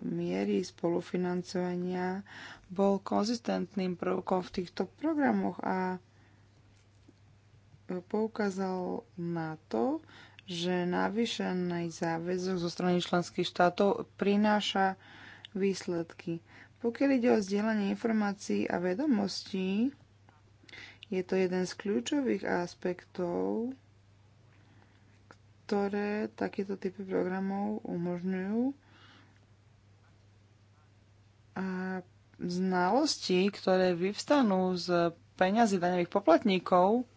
miery spolufinancovania bol konzistentným prvkom v týchto programoch a poukázal na to, že navýšený záväzok zo strany členských štátov prináša výsledky. Pokiaľ ide o zdieľanie informácií a vedomostí, je to jeden z kľúčových aspektov ktoré takéto typy programov umožňujú a znalosti, ktoré vyvstanú z peňazí daňových poplatníkov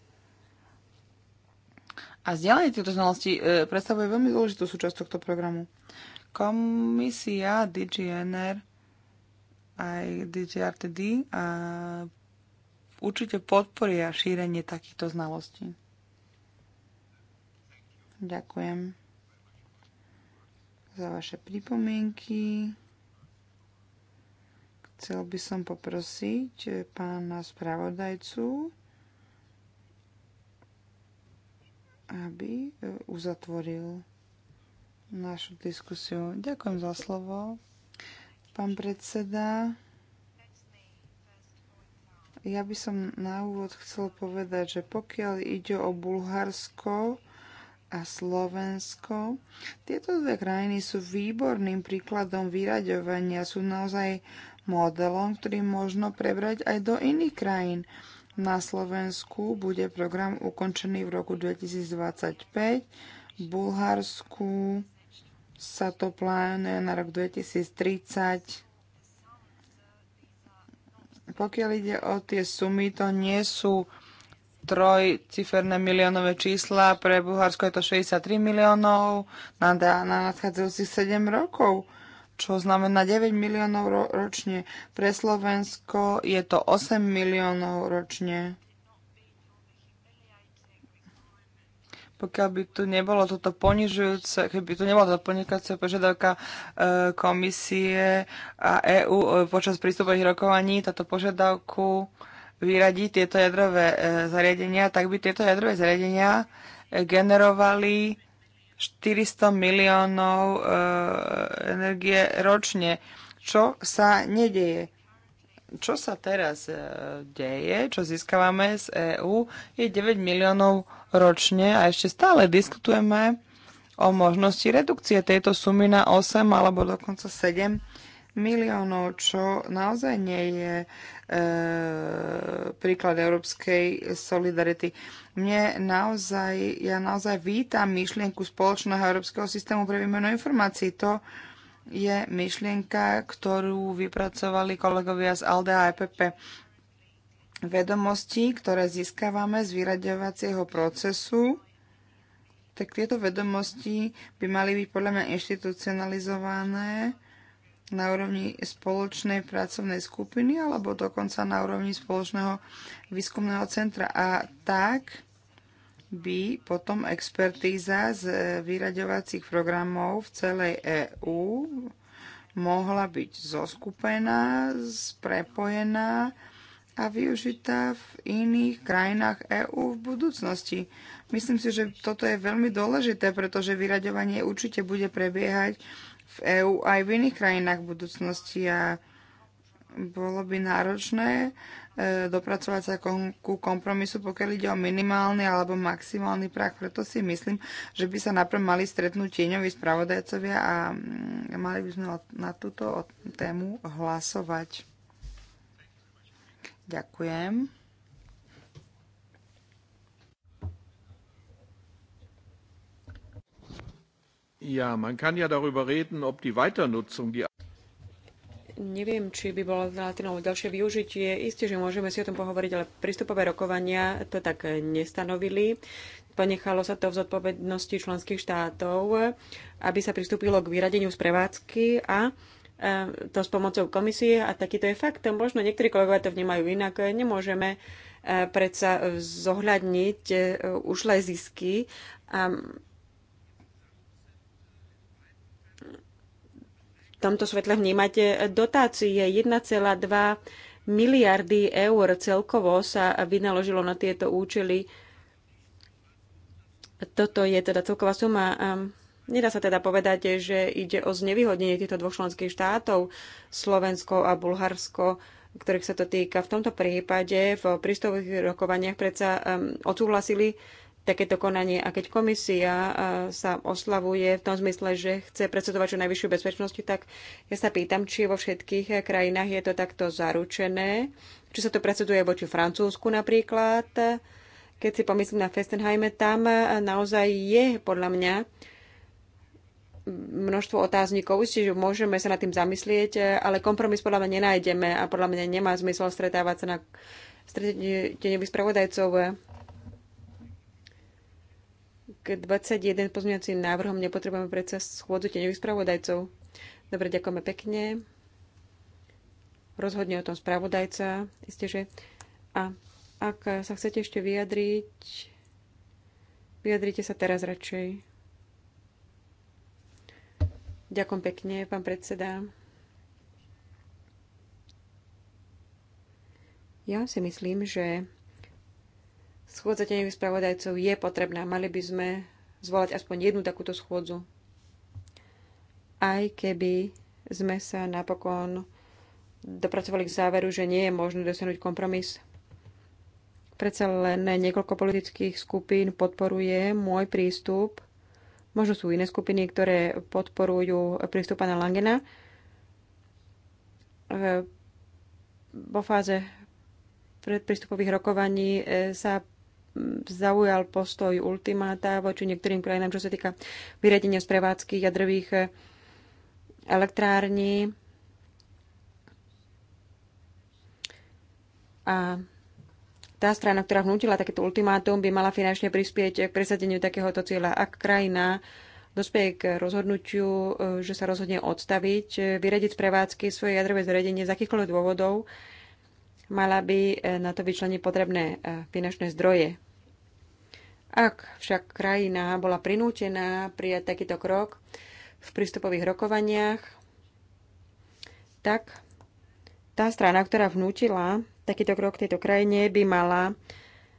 a vzdialenie týchto znalostí e, predstavuje veľmi dôležitú súčasť tohto programu. Komisia DGNR aj DGRTD a určite podporia šírenie takýchto znalostí. Ďakujem za vaše pripomienky. Chcel by som poprosiť pána spravodajcu, aby e, uzatvoril našu diskusiu. Ďakujem za slovo. Pán predseda, ja by som na úvod chcel povedať, že pokiaľ ide o Bulharsko, a Slovensko. Tieto dve krajiny sú výborným príkladom vyraďovania, sú naozaj modelom, ktorý možno prebrať aj do iných krajín. Na Slovensku bude program ukončený v roku 2025, v Bulharsku sa to plánuje na rok 2030. Pokiaľ ide o tie sumy, to nie sú trojciferné miliónové čísla, pre Bulharsko je to 63 miliónov na, na nadchádzajúcich 7 rokov, čo znamená 9 miliónov ro- ročne. Pre Slovensko je to 8 miliónov ročne. pokiaľ by tu nebolo toto ponižujúce, keby tu nebolo toto ponižujúce požiadavka e, komisie a EÚ e, počas prístupových rokovaní, táto požiadavku vyradí tieto jadrové e, zariadenia, tak by tieto jadrové zariadenia e, generovali 400 miliónov e, energie ročne, čo sa nedeje. Čo sa teraz deje, čo získavame z EÚ, je 9 miliónov ročne a ešte stále diskutujeme o možnosti redukcie tejto sumy na 8 alebo dokonca 7 miliónov, čo naozaj nie je e, príklad európskej solidarity. Mne naozaj, ja naozaj vítam myšlienku spoločného európskeho systému pre výmenu informácií. To je myšlienka, ktorú vypracovali kolegovia z ALDE a EPP. Vedomosti, ktoré získavame z vyraďovacieho procesu, tak tieto vedomosti by mali byť podľa mňa inštitucionalizované na úrovni spoločnej pracovnej skupiny alebo dokonca na úrovni spoločného výskumného centra. A tak by potom expertíza z vyraďovacích programov v celej EÚ mohla byť zoskupená, sprepojená a využitá v iných krajinách EÚ v budúcnosti. Myslím si, že toto je veľmi dôležité, pretože vyraďovanie určite bude prebiehať v EÚ aj v iných krajinách v budúcnosti a bolo by náročné e, dopracovať sa ku kompromisu, pokiaľ ide o minimálny alebo maximálny prach. Preto si myslím, že by sa naprv mali stretnúť tieňoví spravodajcovia a mm, mali by sme na túto tému hlasovať. Ďakujem. Ja, man kann ja darüber reden, ob die Weiternutzung die Neviem, či by bolo alternatívou ďalšie využitie. Isté, že môžeme si o tom pohovoriť, ale prístupové rokovania to tak nestanovili. Ponechalo sa to v zodpovednosti členských štátov, aby sa pristúpilo k vyradeniu z prevádzky a e, to s pomocou komisie a takýto je fakt. Možno niektorí kolegovia to vnímajú inak. Nemôžeme e, predsa zohľadniť e, ušlé zisky a v tomto svetle vnímať dotácie. 1,2 miliardy eur celkovo sa vynaložilo na tieto účely. Toto je teda celková suma. Nedá sa teda povedať, že ide o znevýhodnenie týchto dvoch členských štátov, Slovensko a Bulharsko, ktorých sa to týka. V tomto prípade v prístových rokovaniach predsa odsúhlasili takéto konanie. A keď komisia e, sa oslavuje v tom zmysle, že chce predsedovať čo najvyššiu bezpečnosti, tak ja sa pýtam, či vo všetkých krajinách je to takto zaručené. Či sa to predseduje voči Francúzsku napríklad. Keď si pomyslím na Festenheime, tam naozaj je podľa mňa množstvo otáznikov, čiže môžeme sa nad tým zamyslieť, ale kompromis podľa mňa nenájdeme a podľa mňa nemá zmysel stretávať sa na stretnutí spravodajcov k 21 pozmeňovacím návrhom nepotrebujeme predsa schôdzu teňových spravodajcov. Dobre, ďakujeme pekne. Rozhodne o tom spravodajca, isteže. A ak sa chcete ešte vyjadriť, vyjadrite sa teraz radšej. Ďakujem pekne, pán predseda. Ja si myslím, že schôdza tenových spravodajcov je potrebná. Mali by sme zvolať aspoň jednu takúto schôdzu. Aj keby sme sa napokon dopracovali k záveru, že nie je možné dosiahnuť kompromis. Predsa len niekoľko politických skupín podporuje môj prístup. Možno sú iné skupiny, ktoré podporujú prístup pana Langena. Vo fáze predprístupových rokovaní e, sa zaujal postoj ultimáta voči niektorým krajinám, čo sa týka vyriadenia z prevádzky jadrových eh, elektrární. A tá strana, ktorá vnútila takéto ultimátum, by mala finančne prispieť k presadeniu takéhoto cieľa. Ak krajina dospeje k rozhodnutiu, eh, že sa rozhodne odstaviť, eh, vyradiť z prevádzky svoje jadrové zariadenie z akýchkoľvek dôvodov, mala by na to vyčleniť potrebné finančné zdroje. Ak však krajina bola prinútená prijať takýto krok v prístupových rokovaniach, tak tá strana, ktorá vnútila takýto krok tejto krajine, by mala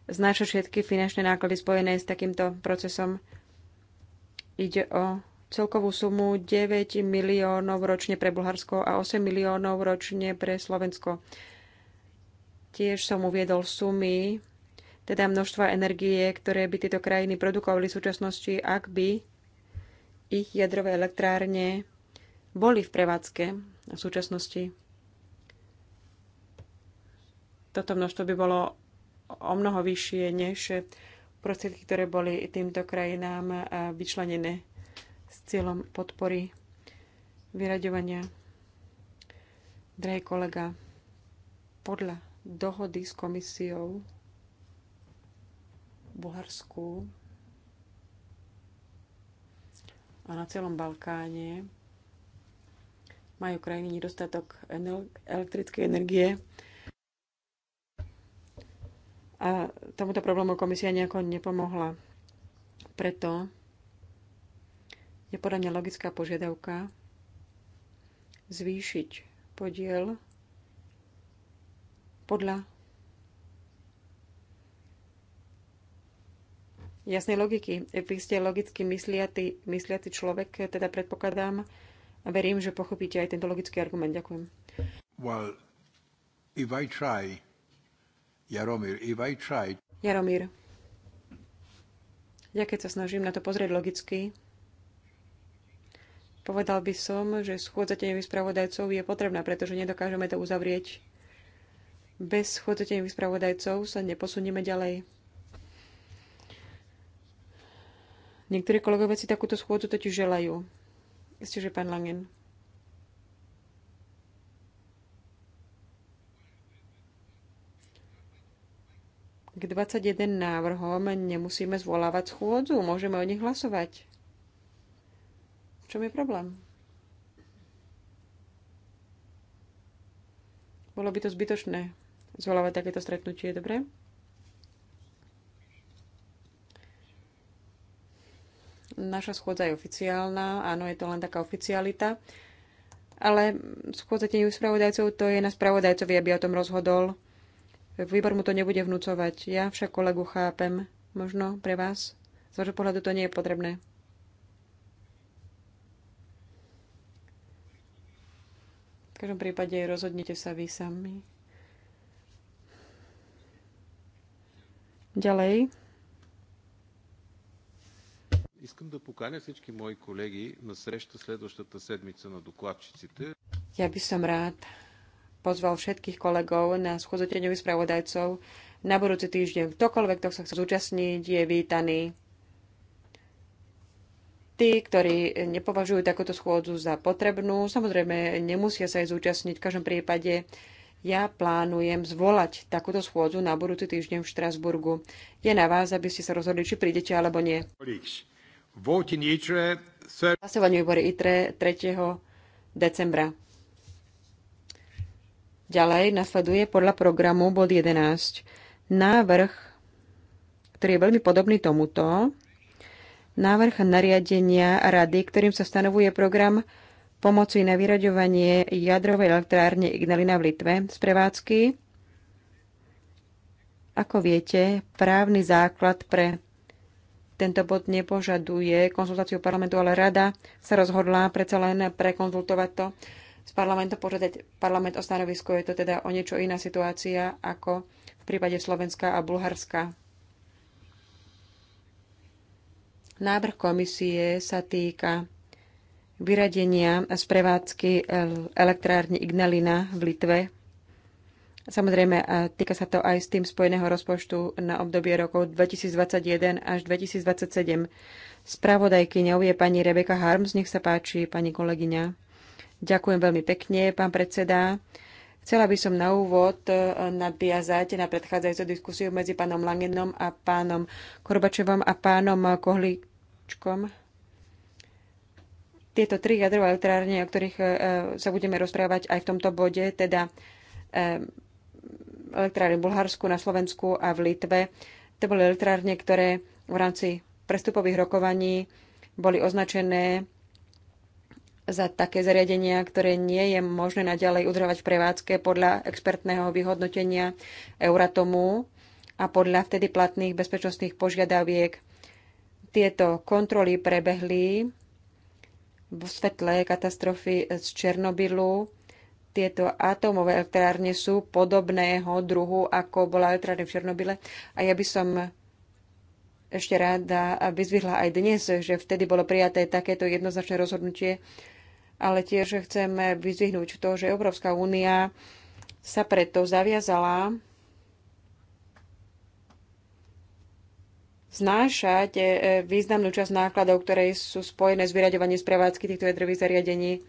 znášať všetky finančné náklady spojené s takýmto procesom. Ide o celkovú sumu 9 miliónov ročne pre Bulharsko a 8 miliónov ročne pre Slovensko. Tiež som uviedol sumy teda množstva energie, ktoré by tieto krajiny produkovali v súčasnosti, ak by ich jadrové elektrárne boli v prevádzke v súčasnosti. Toto množstvo by bolo o mnoho vyššie než prostriedky, ktoré boli týmto krajinám eh, vyčlenené s cieľom podpory vyraďovania. Drahý kolega, podľa dohody s komisiou Bulharsku a na celom Balkáne majú krajiny nedostatok elektrickej energie. A tomuto problému komisia nejako nepomohla. Preto je podľa mňa logická požiadavka zvýšiť podiel podľa jasnej logiky. Vy ste logicky mysliaci, mysliaci človek, teda predpokladám a verím, že pochopíte aj tento logický argument. Ďakujem. Well, if I try, Jaromír, if I try... Jaromír, ja keď sa snažím na to pozrieť logicky, povedal by som, že schôdza tenových spravodajcov je potrebná, pretože nedokážeme to uzavrieť. Bez schôdza tenových spravodajcov sa neposunieme ďalej. Niektorí kolegovia si takúto schôdzu totiž želajú. Ste, že pán Langen. K 21 návrhom nemusíme zvolávať schôdzu, môžeme o nich hlasovať. V čom je problém? Bolo by to zbytočné zvolávať takéto stretnutie, dobre? Naša schôdza je oficiálna, áno, je to len taká oficialita, ale schôdza tieňových spravodajcov to je na spravodajcovi, aby o tom rozhodol. Výbor mu to nebude vnúcovať. Ja však kolegu chápem. Možno pre vás. Z vášho pohľadu to nie je potrebné. V každom prípade rozhodnite sa vy sami. Ďalej. Искам да поканя всички мои колеги на среща следващата седмица на докладчиците. Ja by som rád pozval všetkých kolegov na schôdzu spravodajcov na budúci týždeň. Ktokoľvek, kto sa chce zúčastniť, je vítaný. Tí, ktorí nepovažujú takúto schôdzu za potrebnú, samozrejme nemusia sa aj zúčastniť. V každom prípade ja plánujem zvolať takúto schôdzu na budúci týždeň v Štrasburgu. Je na vás, aby ste sa rozhodli, či prídete alebo nie. Hlasovanie výbory ITRE 3. decembra. Ďalej nasleduje podľa programu bod 11 návrh, ktorý je veľmi podobný tomuto, návrh nariadenia rady, ktorým sa stanovuje program pomoci na vyraďovanie jadrovej elektrárne Ignalina v Litve z prevádzky. Ako viete, právny základ pre tento bod nepožaduje konzultáciu parlamentu, ale rada sa rozhodla predsa len prekonzultovať to s parlamentom, požiadať parlament o stanovisko. Je to teda o niečo iná situácia ako v prípade Slovenska a Bulharska. Návrh komisie sa týka vyradenia z prevádzky elektrárne Ignalina v Litve Samozrejme, týka sa to aj s tým spojeného rozpočtu na obdobie rokov 2021 až 2027. Spravodajkyňou je pani Rebeka Harms. Nech sa páči, pani kolegyňa. Ďakujem veľmi pekne, pán predseda. Chcela by som na úvod e, nadviazať na predchádzajúcu diskusiu medzi pánom Langenom a pánom Korbačevom a pánom Kohličkom. Tieto tri jadrové elektrárne, o ktorých e, sa budeme rozprávať aj v tomto bode, teda e, elektrárne v Bulharsku, na Slovensku a v Litve. To boli elektrárne, ktoré v rámci prestupových rokovaní boli označené za také zariadenia, ktoré nie je možné naďalej udržovať v prevádzke podľa expertného vyhodnotenia Euratomu a podľa vtedy platných bezpečnostných požiadaviek. Tieto kontroly prebehli v svetle katastrofy z Černobylu tieto atómové elektrárne sú podobného druhu, ako bola elektrárne v Černobyle. A ja by som ešte ráda vyzvihla aj dnes, že vtedy bolo prijaté takéto jednoznačné rozhodnutie, ale tiež chcem vyzvihnúť to, že Európska únia sa preto zaviazala znášať eh, významnú časť nákladov, ktoré sú spojené s vyraďovaním z prevádzky týchto jadrových zariadení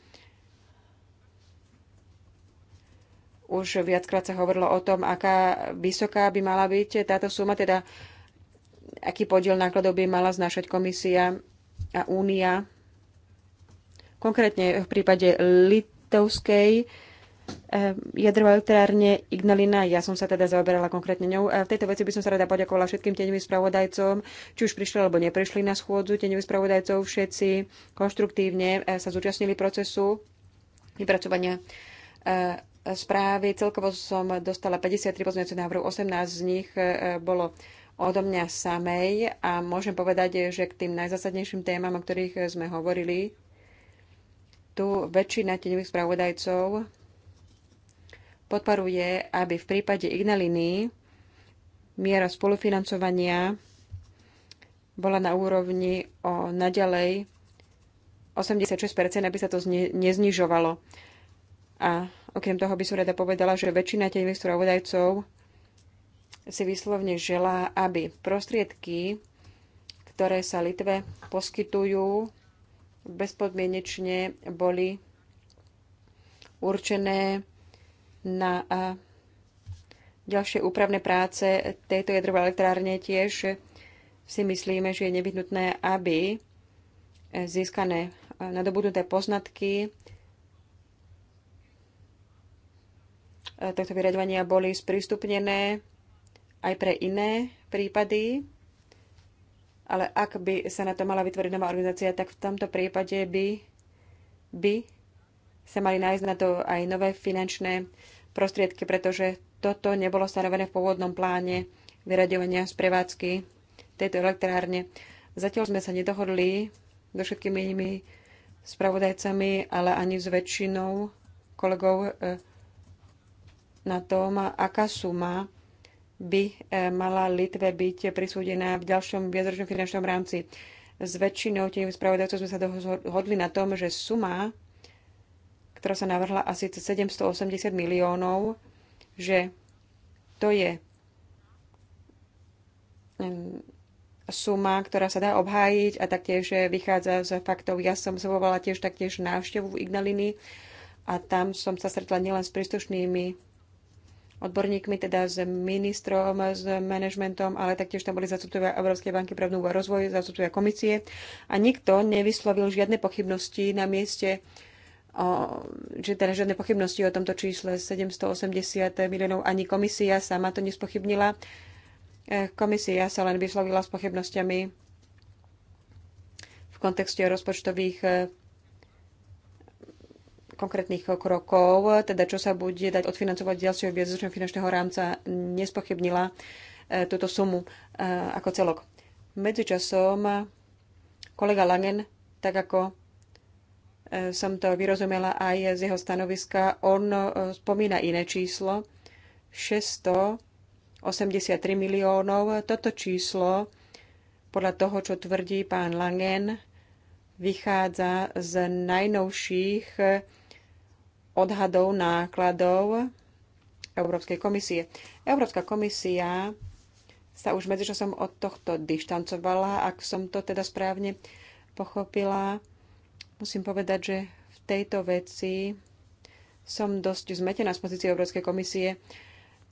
Už viackrát sa hovorilo o tom, aká vysoká by mala byť táto suma, teda aký podiel nákladov by mala znášať komisia a únia. Konkrétne v prípade litovskej eh, jadrovej elektrárne Ignalina. Ja som sa teda zaoberala konkrétne ňou. V tejto veci by som sa rada poďakovala všetkým tenevým spravodajcom, či už prišli alebo neprišli na schôdzu tenevých spravodajcov. Všetci konštruktívne eh, sa zúčastnili procesu vypracovania eh, správy. Celkovo som dostala 53 pozmeňujúcich návrhov, 18 z nich e, bolo odo mňa samej a môžem povedať, že k tým najzásadnejším témam, o ktorých sme hovorili, tu väčšina tenových spravodajcov podporuje, aby v prípade Ignaliny miera spolufinancovania bola na úrovni o naďalej 86%, aby sa to neznižovalo. A Okrem toho by som rada povedala, že väčšina tých spravodajcov si vyslovne želá, aby prostriedky, ktoré sa Litve poskytujú, bezpodmienečne boli určené na ďalšie úpravné práce tejto jadrovej elektrárne tiež si myslíme, že je nevyhnutné, aby získané nadobudnuté poznatky E, tohto vyraďovania boli sprístupnené aj pre iné prípady, ale ak by sa na to mala vytvoriť nová organizácia, tak v tomto prípade by, by sa mali nájsť na to aj nové finančné prostriedky, pretože toto nebolo stanovené v pôvodnom pláne vyraďovania z prevádzky tejto elektrárne. Zatiaľ sme sa nedohodli so všetkými inými spravodajcami, ale ani s väčšinou kolegov e, na tom, aká suma by e, mala Litve byť prisúdená v ďalšom viacročnom finančnom rámci. S väčšinou tým spravodajcov sme sa dohodli na tom, že suma, ktorá sa navrhla asi 780 miliónov, že to je suma, ktorá sa dá obhájiť a taktiež vychádza z faktov. Ja som zvolala tiež taktiež návštevu v Ignaliny a tam som sa stretla nielen s príslušnými odborníkmi, teda s ministrom, s manažmentom, ale taktiež tam boli zastupcovia Európskej banky pre obnovu a rozvoj, zastupcovia komisie a nikto nevyslovil žiadne pochybnosti na mieste, o, že teda žiadne pochybnosti o tomto čísle 780 miliónov, ani komisia sama to nespochybnila. E, komisia sa len vyslovila s pochybnosťami v kontexte rozpočtových e, konkrétnych krokov, teda čo sa bude dať odfinancovať ďalšieho viacročného finančného rámca, nespochybnila e, túto sumu e, ako celok. Medzičasom e, kolega Langen, tak ako som to vyrozumela aj z jeho stanoviska, on spomína iné číslo, 683 miliónov. Toto číslo, podľa toho, čo tvrdí pán Langen, vychádza z najnovších odhadov nákladov Európskej komisie. Európska komisia sa už medzičasom od tohto dištancovala, ak som to teda správne pochopila. Musím povedať, že v tejto veci som dosť zmetená z pozície Európskej komisie.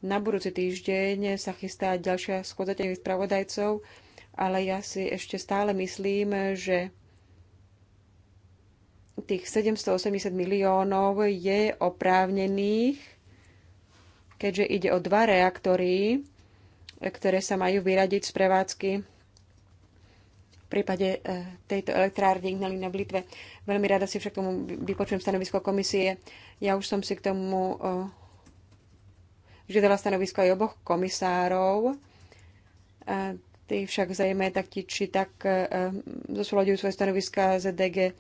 Na budúci týždeň sa chystá ďalšia schôdza spravodajcov, ale ja si ešte stále myslím, že tých 780 miliónov je oprávnených, keďže ide o dva reaktory, ktoré sa majú vyradiť z prevádzky v prípade e, tejto elektrárne Ignalina v Litve. Veľmi rada si však tomu vypočujem stanovisko komisie. Ja už som si k tomu e, žiadala stanovisko aj oboch komisárov. E, tí však zrejme tak či tak zosúľadujú svoje stanoviska ZDG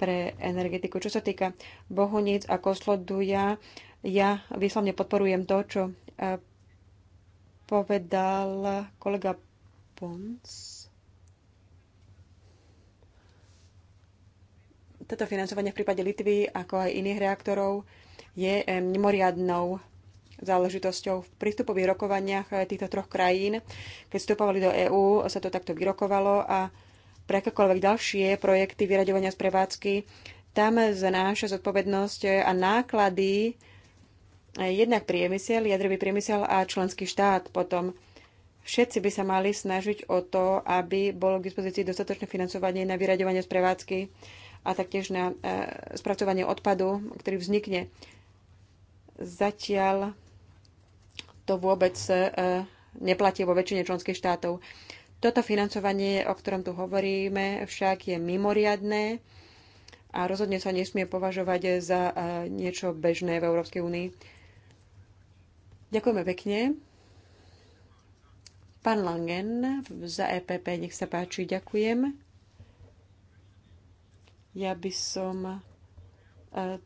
pre energetiku. Čo sa týka Bohunic a Kosloduja, ja výslovne podporujem to, čo e, povedal kolega Pons. Toto financovanie v prípade Litvy, ako aj iných reaktorov, je e, mimoriadnou záležitosťou. V prístupových rokovaniach e, týchto troch krajín, keď vstupovali do EÚ, sa to takto vyrokovalo a pre akékoľvek ďalšie projekty vyraďovania z prevádzky, tam znáša zodpovednosť a náklady jednak priemysel, jadrový priemysel a členský štát potom. Všetci by sa mali snažiť o to, aby bolo k dispozícii dostatočné financovanie na vyraďovanie z prevádzky a taktiež na e, spracovanie odpadu, ktorý vznikne. Zatiaľ to vôbec e, neplatí vo väčšine členských štátov. Toto financovanie, o ktorom tu hovoríme, však je mimoriadné a rozhodne sa nesmie považovať za e, niečo bežné v Európskej únii. Ďakujeme pekne. Pán Langen za EPP, nech sa páči, ďakujem. Ja by som e,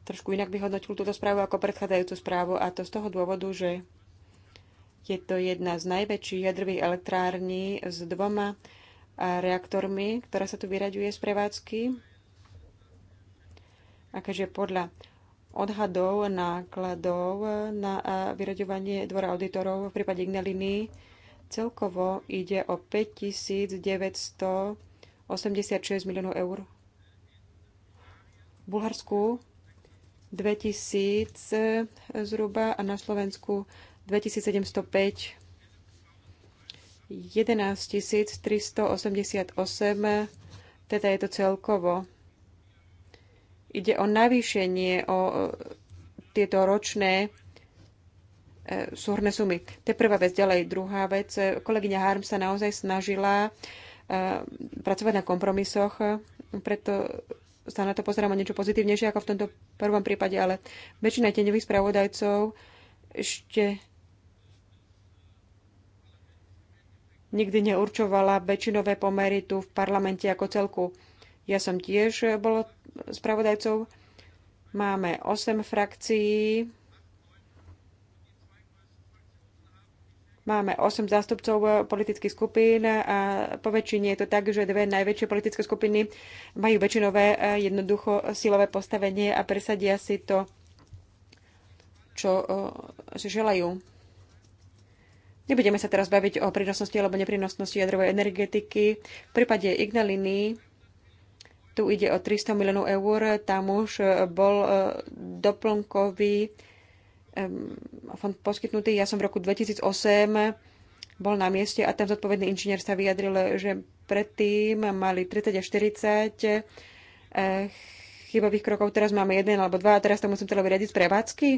trošku inak vyhodnotil túto správu ako predchádzajúcu správu a to z toho dôvodu, že je to jedna z najväčších jadrových elektrární s dvoma reaktormi, ktorá sa tu vyraďuje z prevádzky. A keďže podľa odhadov nákladov na vyraďovanie dvora auditorov v prípade Ignaliny celkovo ide o 5986 miliónov eur. V Bulharsku 2000 e, zhruba a na Slovensku 2705, 11 388, teda je to celkovo. Ide o navýšenie, o tieto ročné e, súhrné sumy. To je prvá vec. Ďalej druhá vec. Kolegyňa Harm sa naozaj snažila e, pracovať na kompromisoch, preto sa na to pozerám o niečo pozitívnejšie ako v tomto prvom prípade, ale väčšina tenových spravodajcov ešte nikdy neurčovala väčšinové pomery tu v parlamente ako celku. Ja som tiež bol spravodajcov. Máme 8 frakcií. Máme 8 zástupcov politických skupín a po väčšine je to tak, že dve najväčšie politické skupiny majú väčšinové eh, jednoducho silové postavenie a presadia si to, čo eh, si želajú Nebudeme sa teraz baviť o prínosnosti alebo neprínosnosti jadrovej energetiky. V prípade Ignaliny tu ide o 300 miliónov eur, tam už e, bol e, doplnkový fond poskytnutý. Ja som v roku 2008 bol na mieste a tam zodpovedný inžinier sa vyjadril, že predtým mali 30 až 40 chybových krokov, teraz máme jeden alebo dva a teraz to musím teda vyriadiť z prevádzky.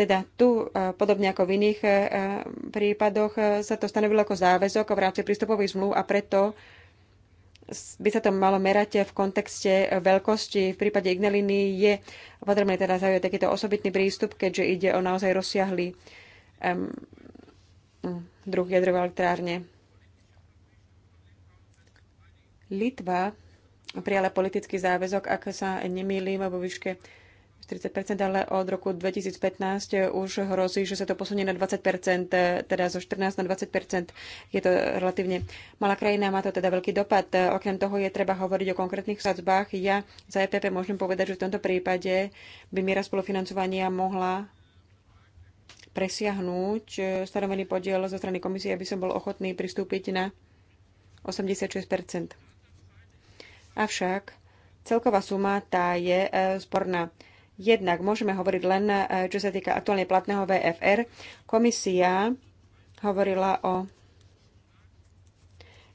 Teda tu, e, podobne ako v iných e, e, prípadoch, sa to stanovilo ako záväzok v rámci prístupových zmluv a preto by sa to malo merať v kontexte veľkosti. V prípade Ignaliny je potrebné teda zaujať takýto osobitný prístup, keďže ide o naozaj rozsiahly um, mm, druh jadrové elektrárne. Litva prijala politický záväzok, ak sa nemýlim, vo výške 40%, ale od roku 2015 už hrozí, že sa to posunie na 20%, teda zo 14 na 20%. Je to relatívne malá krajina, má to teda veľký dopad. Okrem toho je treba hovoriť o konkrétnych sadzbách. Ja za EPP môžem povedať, že v tomto prípade by miera spolufinancovania mohla presiahnuť stanovený podiel zo strany komisie, aby som bol ochotný pristúpiť na 86 Avšak celková suma tá je e, sporná. Jednak môžeme hovoriť len, e, čo sa týka aktuálne platného VFR. Komisia hovorila o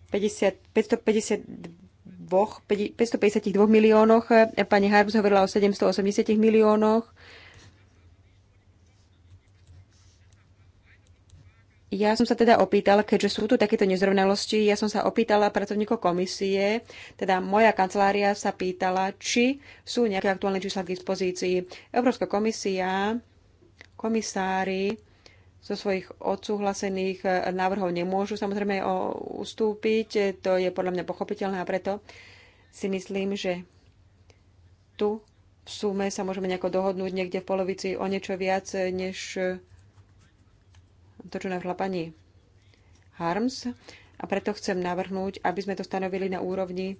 50, 552, 552 miliónoch, e, pani Harms hovorila o 780 miliónoch Ja som sa teda opýtala, keďže sú tu takéto nezrovnalosti, ja som sa opýtala pracovníkov komisie, teda moja kancelária sa pýtala, či sú nejaké aktuálne čísla k dispozícii. Európska komisia, komisári zo svojich odsúhlasených e, návrhov nemôžu samozrejme e, ustúpiť, to je podľa mňa pochopiteľné a preto si myslím, že tu v sume sa môžeme nejako dohodnúť niekde v polovici o niečo viac, než to, čo navrhla pani Harms. A preto chcem navrhnúť, aby sme to stanovili na úrovni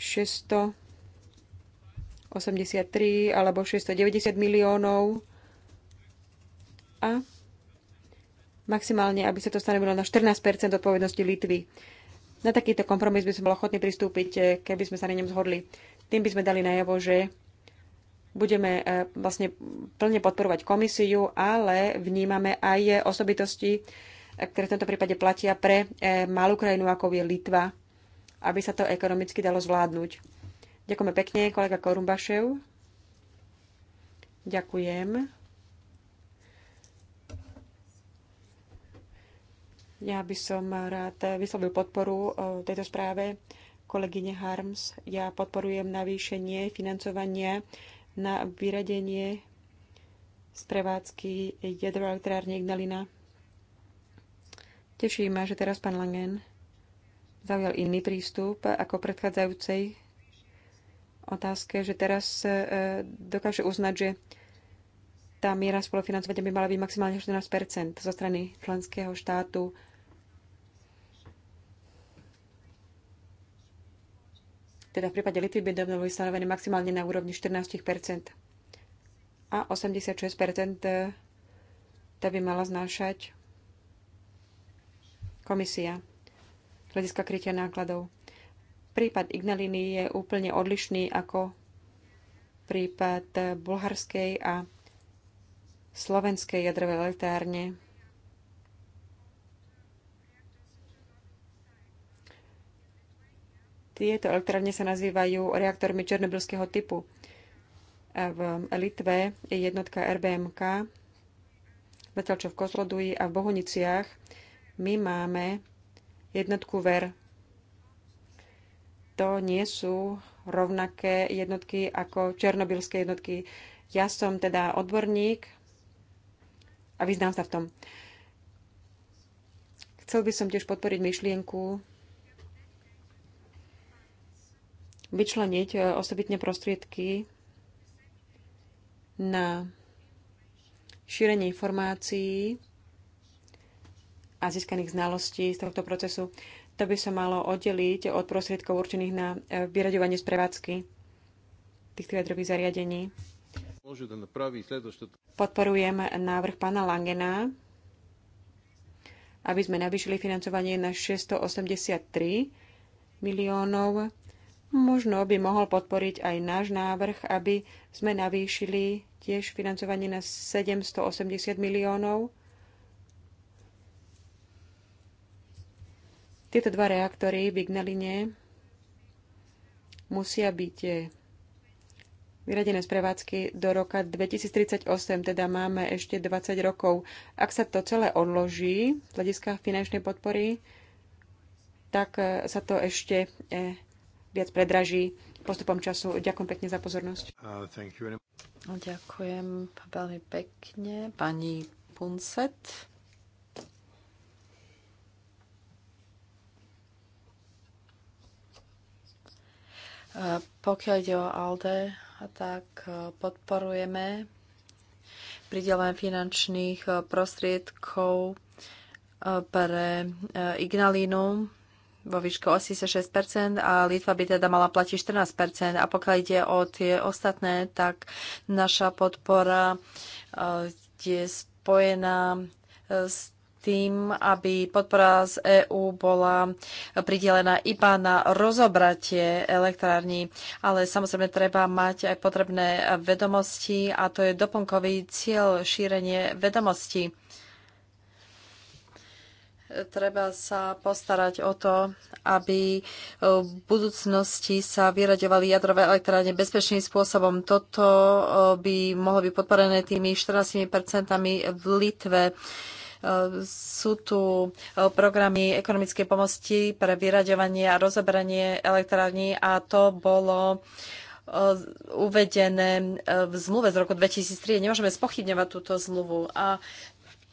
683 alebo 690 miliónov a maximálne, aby sa to stanovilo na 14 odpovednosti Litvy. Na takýto kompromis by sme bol ochotní pristúpiť, eh, keby sme sa na ňom zhodli. Tým by sme dali najavo, že budeme e, vlastne plne podporovať komisiu, ale vnímame aj osobitosti, e, ktoré v tomto prípade platia pre e, malú krajinu, ako je Litva, aby sa to ekonomicky dalo zvládnuť. Ďakujeme pekne, kolega Korumbašev. Ďakujem. Ja by som rád vyslovil podporu tejto správe kolegyne Harms. Ja podporujem navýšenie financovania na vyradenie z prevádzky elektrárne Ignalina. Teší ma, že teraz pán Langen zaujal iný prístup ako predchádzajúcej otázke, že teraz e, dokáže uznať, že tá miera spolufinancovania by mala byť maximálne 14 zo strany členského štátu Teda v prípade Litvy by boli stanovené maximálne na úrovni 14 a 86 eh, to by mala znášať komisia z hľadiska krytia nákladov. Prípad Ignaliny je úplne odlišný ako prípad bulharskej a slovenskej jadrovej elektrárne. Tieto elektrárne sa nazývajú reaktormi černobylského typu. v Litve je jednotka RBMK, zatiaľ čo v Kozloduji a v Bohuniciach my máme jednotku VER. To nie sú rovnaké jednotky ako černobylské jednotky. Ja som teda odborník a vyznám sa v tom. Chcel by som tiež podporiť myšlienku vyčleniť e, osobitne prostriedky na šírenie informácií a získaných znalostí z tohto procesu. To by sa malo oddeliť od prostriedkov určených na e, vyraďovanie z prevádzky týchto jadrových zariadení. Podporujem návrh pána Langena, aby sme navýšili financovanie na 683 miliónov Možno by mohol podporiť aj náš návrh, aby sme navýšili tiež financovanie na 780 miliónov. Tieto dva reaktory v Ignaline musia byť eh, vyradené z prevádzky do roka 2038, teda máme ešte 20 rokov. Ak sa to celé odloží z hľadiska finančnej podpory, tak eh, sa to ešte eh, viac predraží postupom času. Ďakujem pekne za pozornosť. Uh, Ďakujem veľmi pekne. Pani Punset. Uh, pokiaľ ide o ALDE, tak uh, podporujeme pridelenie finančných prostriedkov pre ignalinu vo výške 86% a Litva by teda mala platiť 14%. A pokiaľ ide o tie ostatné, tak naša podpora e, je spojená e, s tým, aby podpora z EÚ bola pridelená iba na rozobratie elektrární, ale samozrejme treba mať aj potrebné vedomosti a to je doplnkový cieľ šírenie vedomostí treba sa postarať o to, aby v budúcnosti sa vyraďovali jadrové elektrárne bezpečným spôsobom. Toto eh, by mohlo byť podporené tými 14% v Litve. Eh, sú tu eh, programy ekonomickej pomosti pre vyraďovanie a rozoberanie elektrární a to bolo uvedené v zmluve z roku 2003. Nemôžeme spochybňovať túto zmluvu. A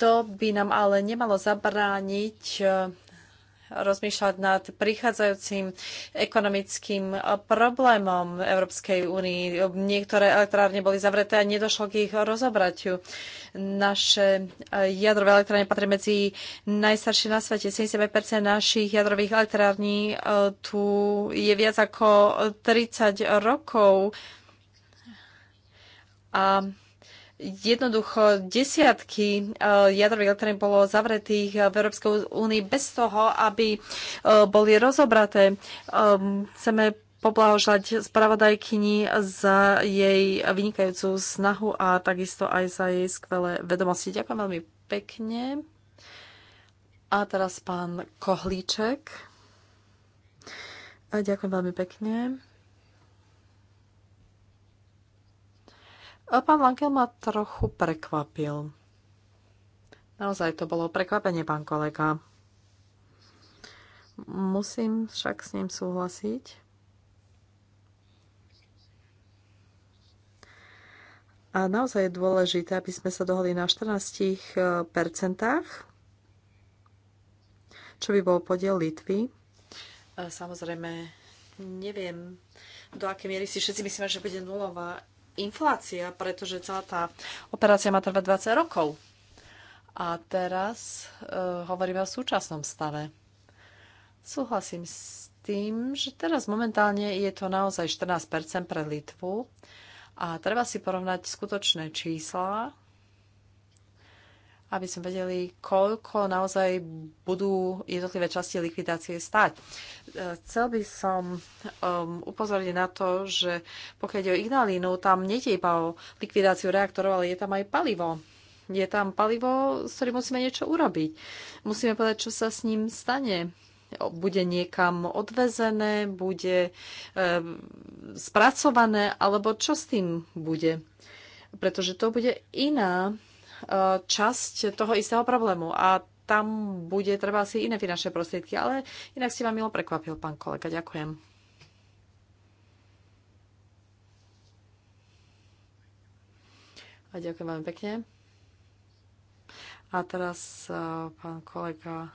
to by nám ale nemalo zabrániť e, rozmýšľať nad prichádzajúcim ekonomickým e, problémom Európskej únii. Niektoré elektrárne boli zavreté a nedošlo k ich rozobratiu. Naše e, jadrové elektrárne patrí medzi najstaršie na svete. 75% našich jadrových elektrární tu je viac ako 30 rokov. A Jednoducho desiatky eh, jadrových elektrární bolo zavretých eh, v Európskej únii bez toho, aby eh, boli rozobraté. Chceme poblahožať spravodajkyni za jej vynikajúcu snahu a takisto aj za jej skvelé vedomosti. Ďakujem veľmi pekne. A teraz pán Kohlíček. A ďakujem veľmi pekne. Pán Lankel ma trochu prekvapil. Naozaj to bolo prekvapenie, pán kolega. Musím však s ním súhlasiť. A naozaj je dôležité, aby sme sa dohodli na 14 čo by bol podiel Litvy. Samozrejme, neviem, do akej miery si všetci myslíme, že bude nulová inflácia, pretože celá tá operácia má trvať 20 rokov. A teraz e, hovoríme o súčasnom stave. Súhlasím s tým, že teraz momentálne je to naozaj 14 pre Litvu a treba si porovnať skutočné čísla aby sme vedeli, koľko naozaj budú jednotlivé časti likvidácie stať. Chcel by som um, upozorniť na to, že pokiaľ ide o Ignalínu, tam nie je iba o likvidáciu reaktorov, ale je tam aj palivo. Je tam palivo, s ktorým musíme niečo urobiť. Musíme povedať, čo sa s ním stane bude niekam odvezené, bude e, spracované, alebo čo s tým bude. Pretože to bude iná Eh, časť toho istého problému a tam bude treba asi iné finančné prostriedky, ale inak ste ma milo prekvapil, pán kolega. Ďakujem. A ďakujem veľmi pekne. A teraz eh, pán kolega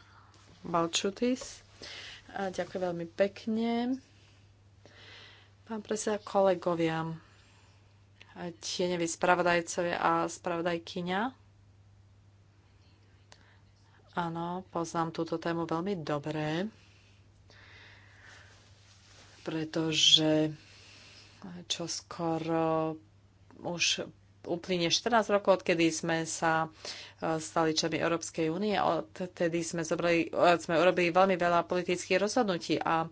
Balčutis. A ďakujem veľmi pekne. Pán predseda, kolegovia tieňoví spravodajcovia a spravodajkyňa. Áno, poznám túto tému veľmi dobre, pretože čo skoro už uplynie 14 rokov, odkedy sme sa e, stali členmi Európskej únie. Odtedy sme, zobrali, e, sme urobili veľmi veľa politických rozhodnutí a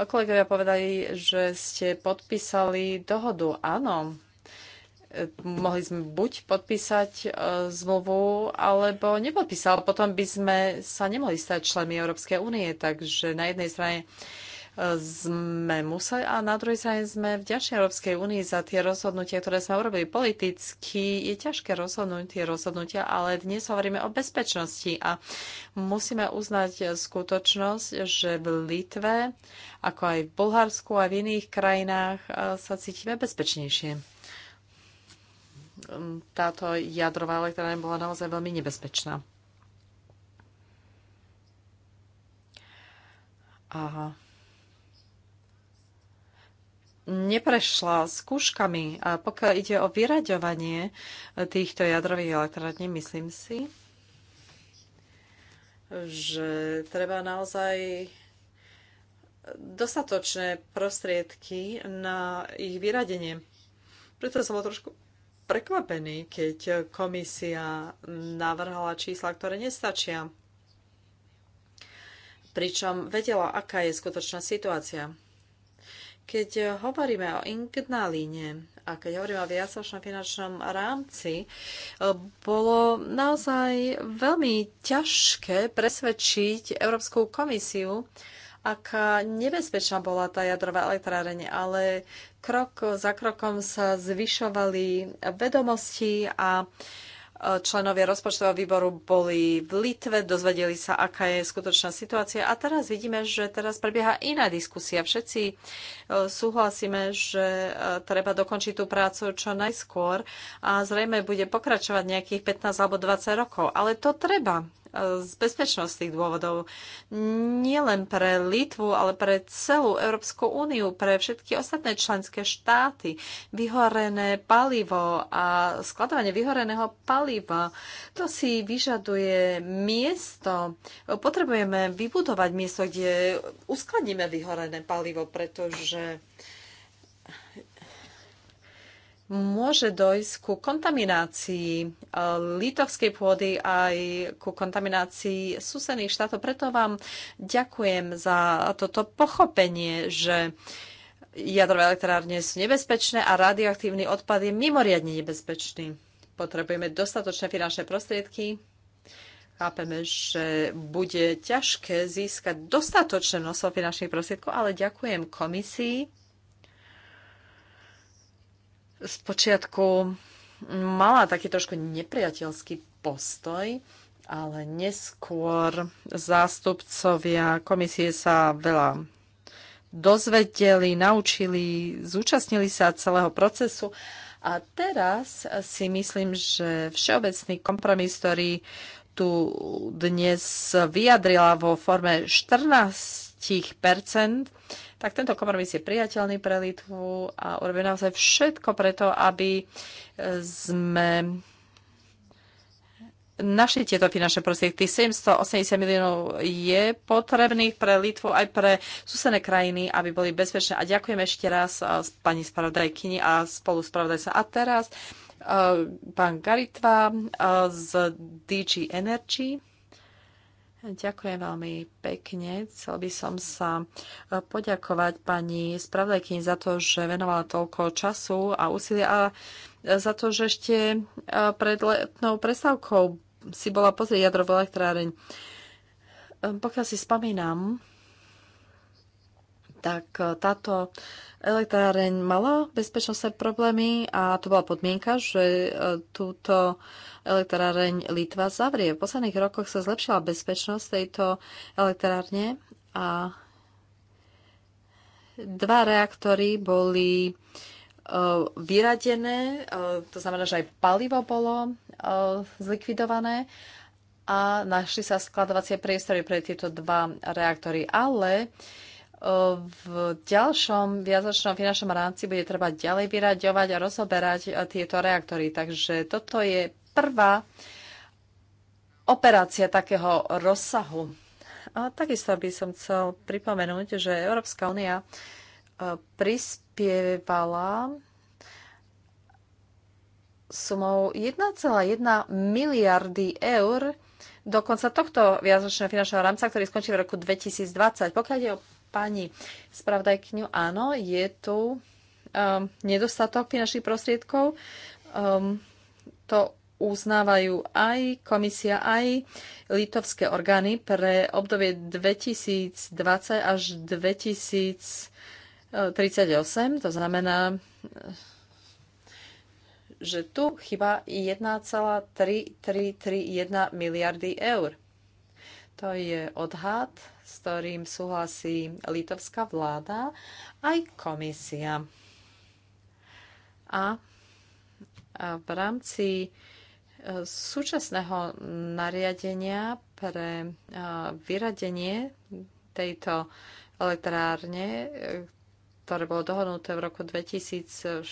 kolegovia povedali, že ste podpísali dohodu. Áno, mohli sme buď podpísať e, zmluvu, alebo ale Potom by sme sa nemohli stať členmi Európskej únie. Takže na jednej strane e, sme museli a na druhej strane sme vďační Európskej únii za tie rozhodnutia, ktoré sme urobili. Politicky je ťažké rozhodnúť tie rozhodnutia, ale dnes hovoríme o bezpečnosti a musíme uznať skutočnosť, že v Litve, ako aj v Bulharsku a v iných krajinách e, sa cítime bezpečnejšie. Ehm, táto jadrová elektrárna bola naozaj veľmi nebezpečná. A neprešla skúškami. A pokiaľ ide o vyraďovanie týchto jadrových elektrární, myslím si, že treba naozaj dostatočné prostriedky na ich vyradenie. Preto som bol trošku prekvapení, keď komisia navrhala čísla, ktoré nestačia. Pričom vedela, aká je skutočná situácia. Keď hovoríme o Ignalíne a keď hovoríme o viacročnom finančnom rámci, bolo naozaj veľmi ťažké presvedčiť Európsku komisiu, aká nebezpečná bola tá jadrová elektrárenie, ale krok za krokom sa zvyšovali vedomosti a e, členovia rozpočtového výboru boli v Litve, dozvedeli sa, aká je skutočná situácia a teraz vidíme, že teraz prebieha iná diskusia. Všetci e, súhlasíme, že e, treba dokončiť tú prácu čo najskôr a zrejme bude pokračovať nejakých 15 alebo 20 rokov, ale to treba z bezpečnostných dôvodov. Nie len pre Litvu, ale pre celú Európsku úniu, pre všetky ostatné členské štáty. Vyhorené palivo a skladovanie vyhoreného paliva, to si vyžaduje miesto. Potrebujeme vybudovať miesto, kde uskladníme vyhorené palivo, pretože môže dojsť ku kontaminácii e, litovskej pôdy aj ku kontaminácii susedných štátov. Preto vám ďakujem za toto pochopenie, že jadrové elektrárne sú nebezpečné a radioaktívny odpad je mimoriadne nebezpečný. Potrebujeme dostatočné finančné prostriedky. Chápeme, že bude ťažké získať dostatočné množstvo finančných prostriedkov, ale ďakujem komisii Spočiatku mala taký trošku nepriateľský postoj, ale neskôr zástupcovia komisie sa veľa dozvedeli, naučili, zúčastnili sa celého procesu a teraz si myslím, že všeobecný kompromis, ktorý tu dnes vyjadrila vo forme 14 tak tento kompromis je priateľný pre Litvu a urobíme naozaj všetko preto, aby e, sme našli tieto finančné prostriedky. 780 miliónov je potrebných pre Litvu aj pre susedné krajiny, aby boli bezpečné. A ďakujem ešte raz e, pani spravodajkyni a spolu spravodajca. A teraz e, pán Garitva z DG Energy. Ďakujem veľmi pekne. Chcel by som sa e, poďakovať pani spravodajkyni za to, že venovala toľko času a úsilia a za to, že ešte e, pred letnou prestávkou si bola pozrieť jadrovú elektráreň. E, pokiaľ si spomínam, tak eh, táto elektráreň mala bezpečnostné problémy a to bola podmienka, že eh, túto elektráreň Litva zavrie. V posledných rokoch sa zlepšila bezpečnosť tejto elektrárne a dva reaktory boli eh, vyradené, to znamená, že aj palivo bolo zlikvidované a našli sa skladovacie priestory pre tieto dva reaktory. Ale v ďalšom viazočnom finančnom rámci bude treba ďalej vyraďovať a rozoberať tieto reaktory. Takže toto je prvá operácia takého rozsahu. A takisto by som chcel pripomenúť, že Európska únia e, prispievala sumou 1,1 miliardy eur do konca tohto viazočného finančného rámca, ktorý skončí v roku 2020. Pokiaľ je o pani spravodajkňu. Áno, je tu um, nedostatok finančných prostriedkov. Um, to uznávajú aj komisia, aj litovské orgány pre obdobie 2020 až 2038. To znamená, že tu chyba 1,3331 miliardy eur. To je odhad s ktorým súhlasí litovská vláda aj komisia. A v rámci e, súčasného nariadenia pre e, vyradenie tejto elektrárne, e, ktoré bolo dohodnuté v roku 2014,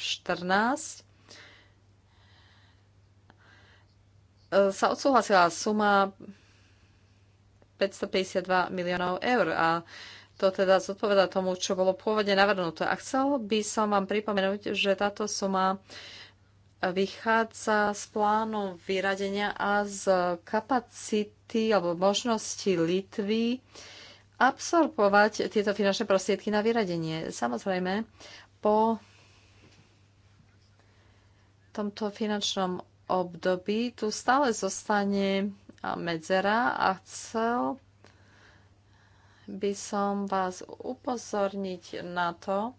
sa odsúhlasila suma 552 miliónov eur a to teda zodpoveda tomu, čo bolo pôvodne navrhnuté. A chcel by som vám pripomenúť, že táto suma vychádza z plánu vyradenia a z kapacity alebo možnosti Litvy absorbovať tieto finančné prostriedky na vyradenie. Samozrejme, po tomto finančnom období tu stále zostane medzera a chcel by som vás upozorniť na to,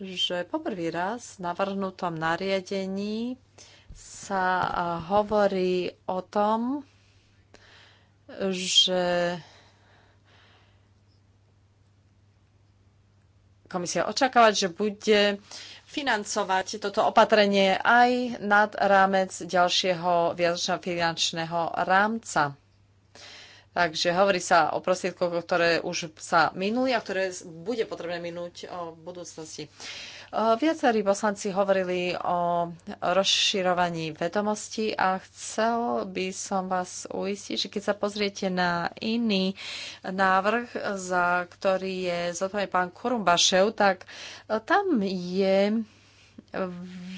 že poprvý raz v navrhnutom nariadení sa hovorí o tom, že komisia očakávať, že bude financovať toto opatrenie aj nad rámec ďalšieho viacročného finančného rámca. Takže hovorí sa o prostriedkoch, ktoré už sa minuli a ktoré bude potrebné minúť v budúcnosti. Eh, viacerí poslanci hovorili o rozširovaní vedomostí a chcel by som vás uistiť, že keď sa pozriete na iný návrh, za ktorý je zodpovedný pán Kurumbašev, tak eh, tam je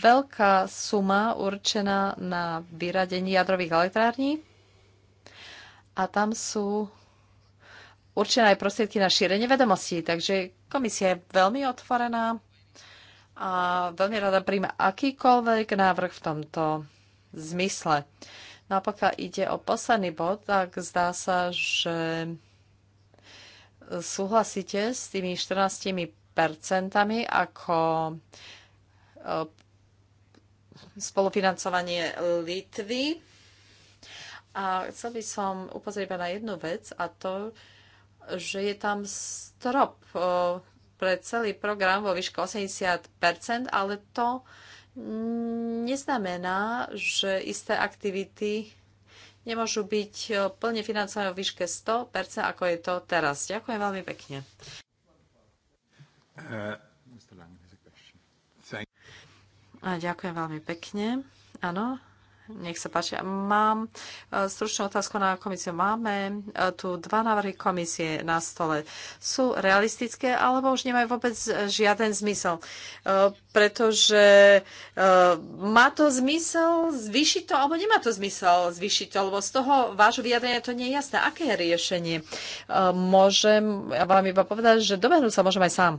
veľká suma určená na vyradenie jadrových elektrární a tam sú určené aj prostriedky na šírenie vedomostí. Takže komisia je veľmi otvorená a veľmi rada príjme akýkoľvek návrh v tomto zmysle. No a pokiaľ ide o posledný bod, tak zdá sa, že súhlasíte s tými 14 percentami ako e, spolufinancovanie Litvy. A chcel by som upozrieť na jednu vec a to, že je tam strop e, pre celý program vo výške 80 ale to neznamená, že isté aktivity nemôžu byť e, plne financované vo výške 100 ako je to teraz. Ďakujem veľmi pekne. Uh, a ďakujem veľmi pekne. Áno, nech sa páči. Mám e, stručnú otázku na komisiu. Máme e, tu dva návrhy komisie na stole. Sú realistické alebo už nemajú vôbec žiaden zmysel? E, pretože má to zmysel zvýšiť to alebo nemá to zmysel zvýšiť to? Lebo z toho vášho vyjadrenia to nie je jasné. Aké je riešenie? Môžem ja vám iba povedať, že dobehnúť sa môžem aj sám.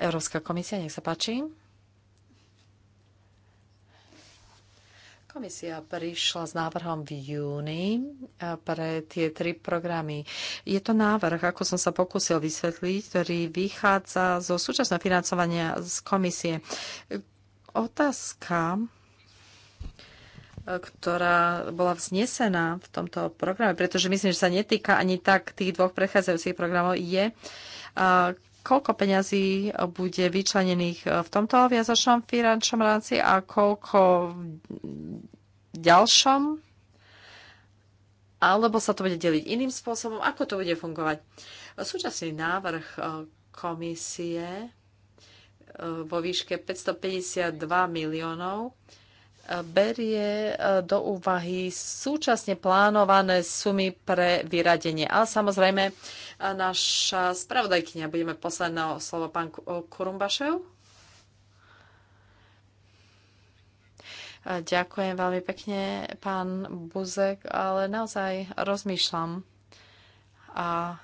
Európska komisia, nech sa páči. Komisia prišla s návrhom v júni e, pre tie tri programy. Je to návrh, ako som sa pokúsil vysvetliť, ktorý vychádza zo súčasného financovania z komisie. Otázka, e, ktorá bola vznesená v tomto programe, pretože myslím, že sa netýka ani tak tých dvoch prechádzajúcich programov, je, e, koľko peňazí bude vyčlenených v tomto viazačnom finančnom rámci a koľko v ďalšom? Alebo sa to bude deliť iným spôsobom? Ako to bude fungovať? Súčasný návrh e, komisie e, vo výške 552 miliónov berie e, do úvahy súčasne plánované sumy pre vyradenie. Ale samozrejme, e, naša spravodajkynia, budeme posledné slovo pán e, Kurumbašev. Ďakujem veľmi pekne, pán Buzek, ale naozaj rozmýšľam. A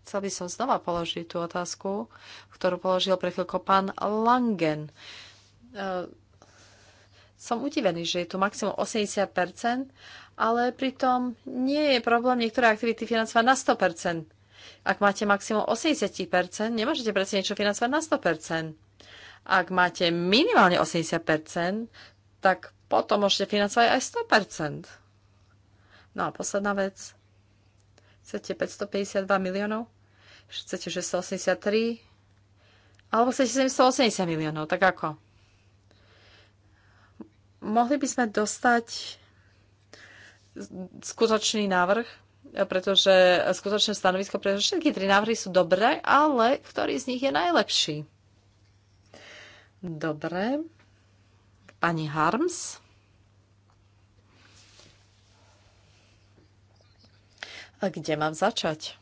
chcel by som znova položiť tú otázku, ktorú položil pre chvíľko pán Langen som udivený, že je tu maximum 80%, ale pritom nie je problém niektoré aktivity financovať na 100%. Ak máte maximum 80%, nemôžete predsa niečo financovať na 100%. Ak máte minimálne 80%, tak potom môžete financovať aj 100%. No a posledná vec. Chcete 552 miliónov? Chcete 683? Alebo chcete 780 miliónov? Tak ako? mohli by sme dostať skutočný návrh, pretože skutočné stanovisko, pretože všetky tri návrhy sú dobré, ale ktorý z nich je najlepší? Dobre. Pani Harms. A kde mám začať?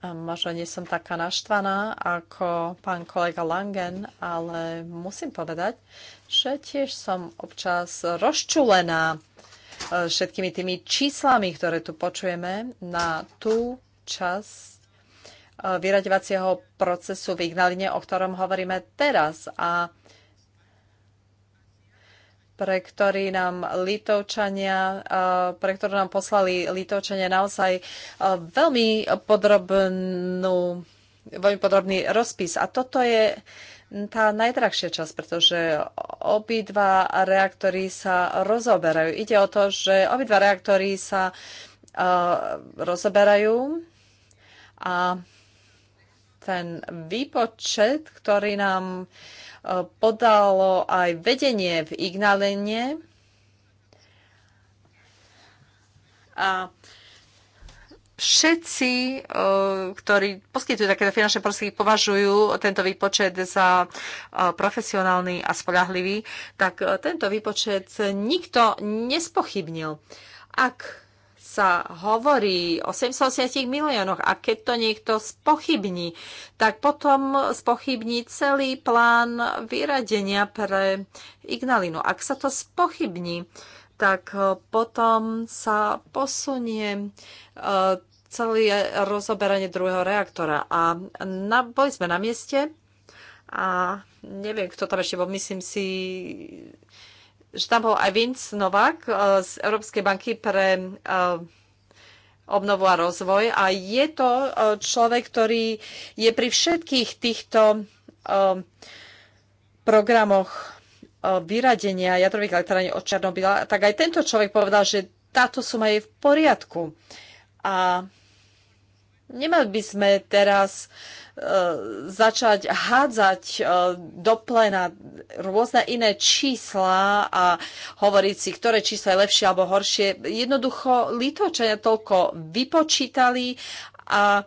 Možno nie som taká naštvaná ako pán kolega Langen, ale musím povedať, že tiež som občas rozčulená e, všetkými tými číslami, ktoré tu počujeme na tú časť e, vyraďovacieho procesu v Ignaline, o ktorom hovoríme teraz. A pre ktorý nám Litovčania, pre ktorú nám poslali Litovčania naozaj veľmi podrobnú, veľmi podrobný rozpis. A toto je tá najdrahšia časť, pretože obidva reaktory sa rozoberajú. Ide o to, že obidva reaktory sa rozoberajú a ten výpočet, ktorý nám uh, podalo aj vedenie v Ignalene. A všetci, e, ktorí poskytujú takéto finančné prostriedky, považujú tento výpočet za e, profesionálny a spolahlivý, tak e, tento výpočet nikto nespochybnil. Ak sa hovorí o 780 miliónoch a keď to niekto spochybní, tak potom spochybní celý plán vyradenia pre Ignalinu. Ak sa to spochybní, tak eh, potom sa posunie eh, celé rozoberanie druhého reaktora. A na, boli sme na mieste a neviem, kto tam ešte bol, myslím si že tam bol aj Vince Novak eh, z Európskej banky pre eh, obnovu a rozvoj a je to eh, človek, ktorý je pri všetkých týchto programoch vyradenia jadrových elektrární od Černobyla, tak aj tento človek povedal, že táto suma je v poriadku. A Nemali by sme teraz e, začať hádzať e, do plena rôzne iné čísla a hovoriť si, ktoré číslo je lepšie alebo horšie. Jednoducho Litovčania toľko vypočítali a e,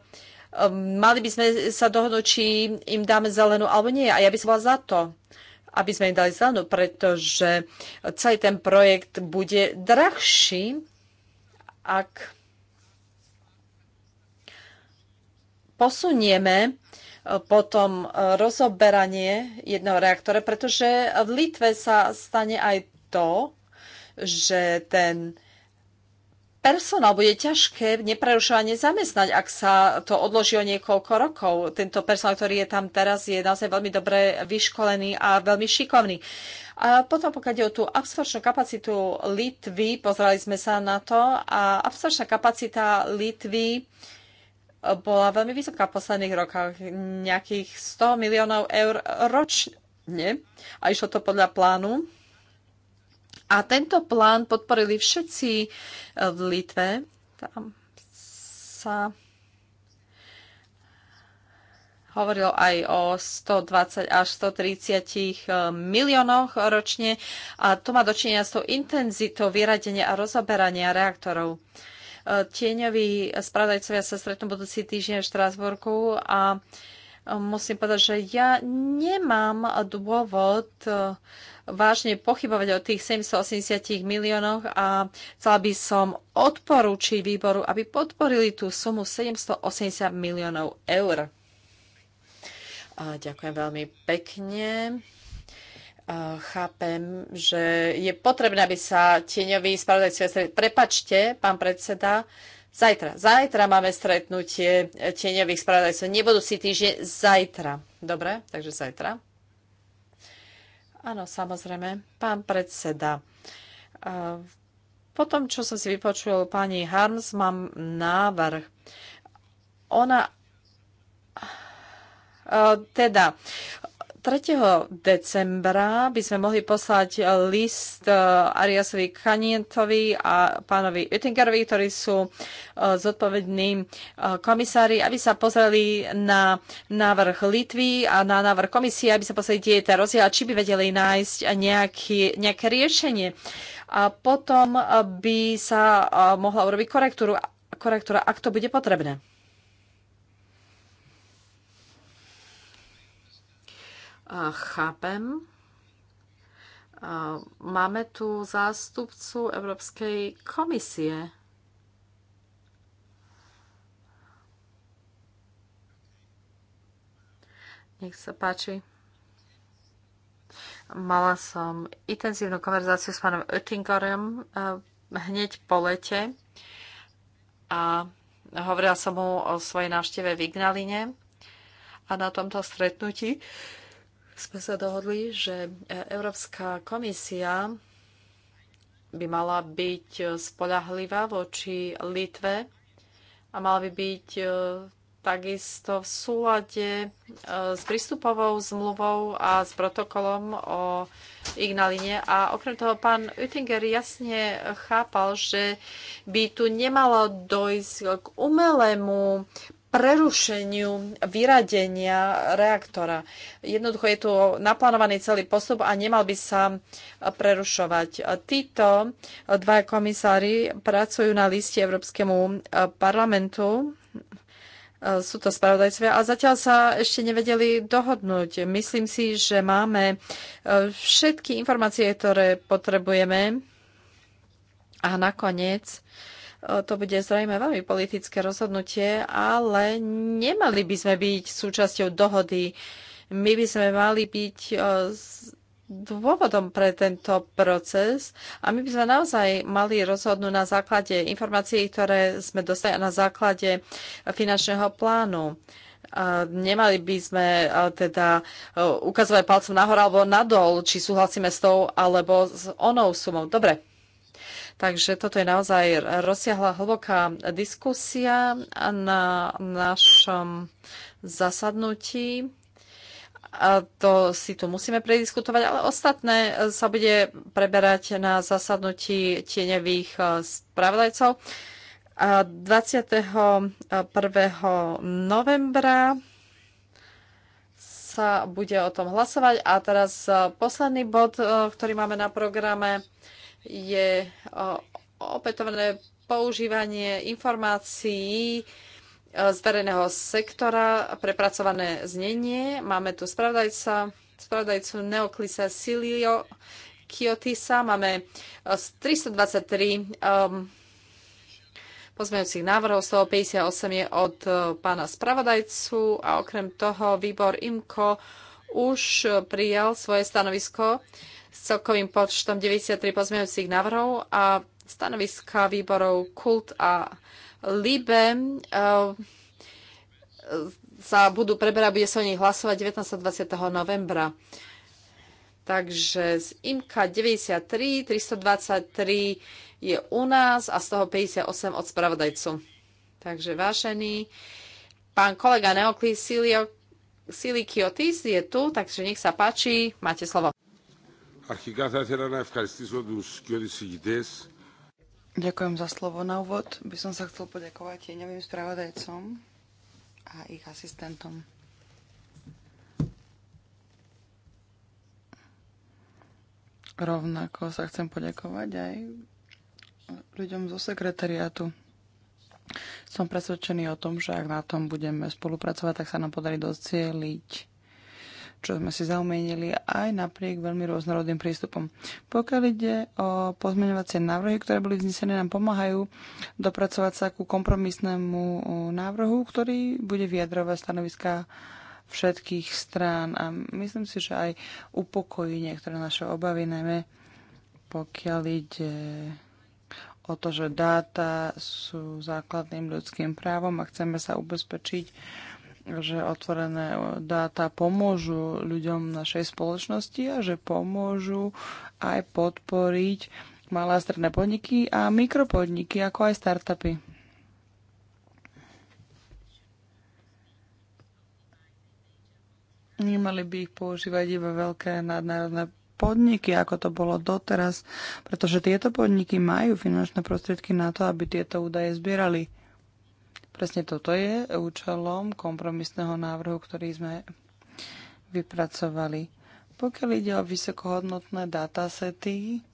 mali by sme sa dohodnúť, či im dáme zelenú alebo nie. A ja by som bola za to, aby sme im dali zelenú, pretože celý ten projekt bude drahší, ak posunieme e, potom e, rozoberanie jedného reaktora, pretože v Litve sa stane aj to, že ten personál bude ťažké neprerušovanie zamestnať, ak sa to odloží o niekoľko rokov. Tento personál, ktorý je tam teraz, je naozaj veľmi dobre vyškolený a veľmi šikovný. A potom, pokiaľ je o tú absorčnú kapacitu Litvy, pozerali sme sa na to, a absorčná kapacita Litvy bola veľmi vysoká v posledných rokoch, nejakých 100 miliónov eur ročne a išlo to podľa plánu. A tento plán podporili všetci eh, v Litve. Tam sa hovoril aj o 120 až 130 eh, miliónoch ročne a to má dočinenia s tou intenzitou vyradenia a rozoberania reaktorov. Tieňoví spravodajcovia sa stretnú budúci týždeň v Štrásburku a musím povedať, že ja nemám dôvod e, vážne pochybovať o tých 780 miliónoch a chcela by som odporúčiť výboru, aby podporili tú sumu 780 miliónov eur. A ďakujem veľmi pekne chápem, že je potrebné, aby sa tieňoví spravodajcovia stretli. Prepačte, pán predseda, zajtra. Zajtra máme stretnutie tieňových spravodajcov. Nebudú si týždeň zajtra. Dobre, takže zajtra. Áno, samozrejme. Pán predseda, po tom, čo som si vypočul pani Harms, mám návrh. Ona teda 3. decembra by sme mohli poslať list eh, Ariasovi Kanientovi a pánovi Oettingerovi, ktorí sú eh, zodpovední eh, komisári, aby sa pozreli na návrh Litvy a na návrh komisie, aby sa pozreli, tie je tá či by vedeli nájsť nejaký, nejaké riešenie. A potom by sa mohla urobiť korektúru, korektúra, ak to bude potrebné. chápem. Máme tu zástupcu Európskej komisie. Nech sa páči. Mala som intenzívnu konverzáciu s pánom Oettingerom eh, hneď po lete a hovorila som mu o svojej návšteve v Ignaline a na tomto stretnutí sme sa dohodli, že e, Európska komisia by mala byť e, spolahlivá voči Litve a mala by byť e, takisto v súlade s prístupovou zmluvou a s protokolom o Ignaline. A okrem toho pán Oettinger jasne chápal, že by tu nemalo dojsť k umelému prerušeniu vyradenia reaktora. Jednoducho je tu naplánovaný celý postup a nemal by sa prerušovať. Títo dva komisári pracujú na liste Európskemu parlamentu. Sú to spravodajcovia a zatiaľ sa ešte nevedeli dohodnúť. Myslím si, že máme všetky informácie, ktoré potrebujeme. A nakoniec E, to bude zrejme veľmi politické rozhodnutie, ale nemali by sme byť súčasťou dohody. My by sme mali byť e, dôvodom pre tento proces a my by sme naozaj mali rozhodnúť na základe informácií, ktoré sme dostali na základe finančného plánu. Nemali by sme e, teda ukazovať palcom nahor alebo nadol, či súhlasíme s tou alebo s onou sumou. Dobre, Takže toto je naozaj rozsiahla hlboká diskusia na našom zasadnutí. A to si tu musíme prediskutovať, ale ostatné sa bude preberať na zasadnutí tieňových e, spravodajcov. 21. novembra sa bude o tom hlasovať. A teraz e, posledný bod, e, ktorý máme na programe, je opätovné používanie informácií e, z verejného sektora, prepracované znenie. Máme tu spravodajca, spravodajcu Neoklisa Silio Kiotisa. Máme 323 e, um, pozmeňujúcich návrhov, 158 je od e, pána spravodajcu a okrem toho výbor IMKO už prijal svoje stanovisko s celkovým počtom 93 pozmeňujúcich návrhov a stanoviska výborov Kult a Libe eh, sa budú preberať, bude sa o nich hlasovať 19. a 20. novembra. Takže z IMKA 93, 323 je u nás a z toho 58 od spravodajcu. Takže vážený pán kolega Neoklis Silikiotis je tu, takže nech sa páči, máte slovo. Ďakujem za slovo. Na úvod by som sa chcel poďakovať tieňovým spravodajcom a ich asistentom. Rovnako sa chcem poďakovať aj ľuďom zo sekretariátu. Som presvedčený o tom, že ak na tom budeme spolupracovať, tak sa nám podarí docieliť čo sme si zaumienili aj napriek veľmi rôznorodným prístupom. Pokiaľ ide o pozmeňovacie návrhy, ktoré boli vznesené, nám pomáhajú dopracovať sa ku kompromisnému uh, návrhu, ktorý bude vyjadrovať stanoviska všetkých strán a myslím si, že aj upokojí niektoré naše obavy, najmä pokiaľ ide o to, že dáta sú základným ľudským právom a chceme sa ubezpečiť, že otvorené dáta pomôžu ľuďom našej spoločnosti a že pomôžu aj podporiť malé a stredné podniky a mikropodniky, ako aj startupy. Nemali by ich používať iba veľké nadnárodné podniky, ako to bolo doteraz, pretože tieto podniky majú finančné prostriedky na to, aby tieto údaje zbierali. Presne toto je účelom kompromisného návrhu, ktorý sme vypracovali. Pokiaľ ide o vysokohodnotné datasety,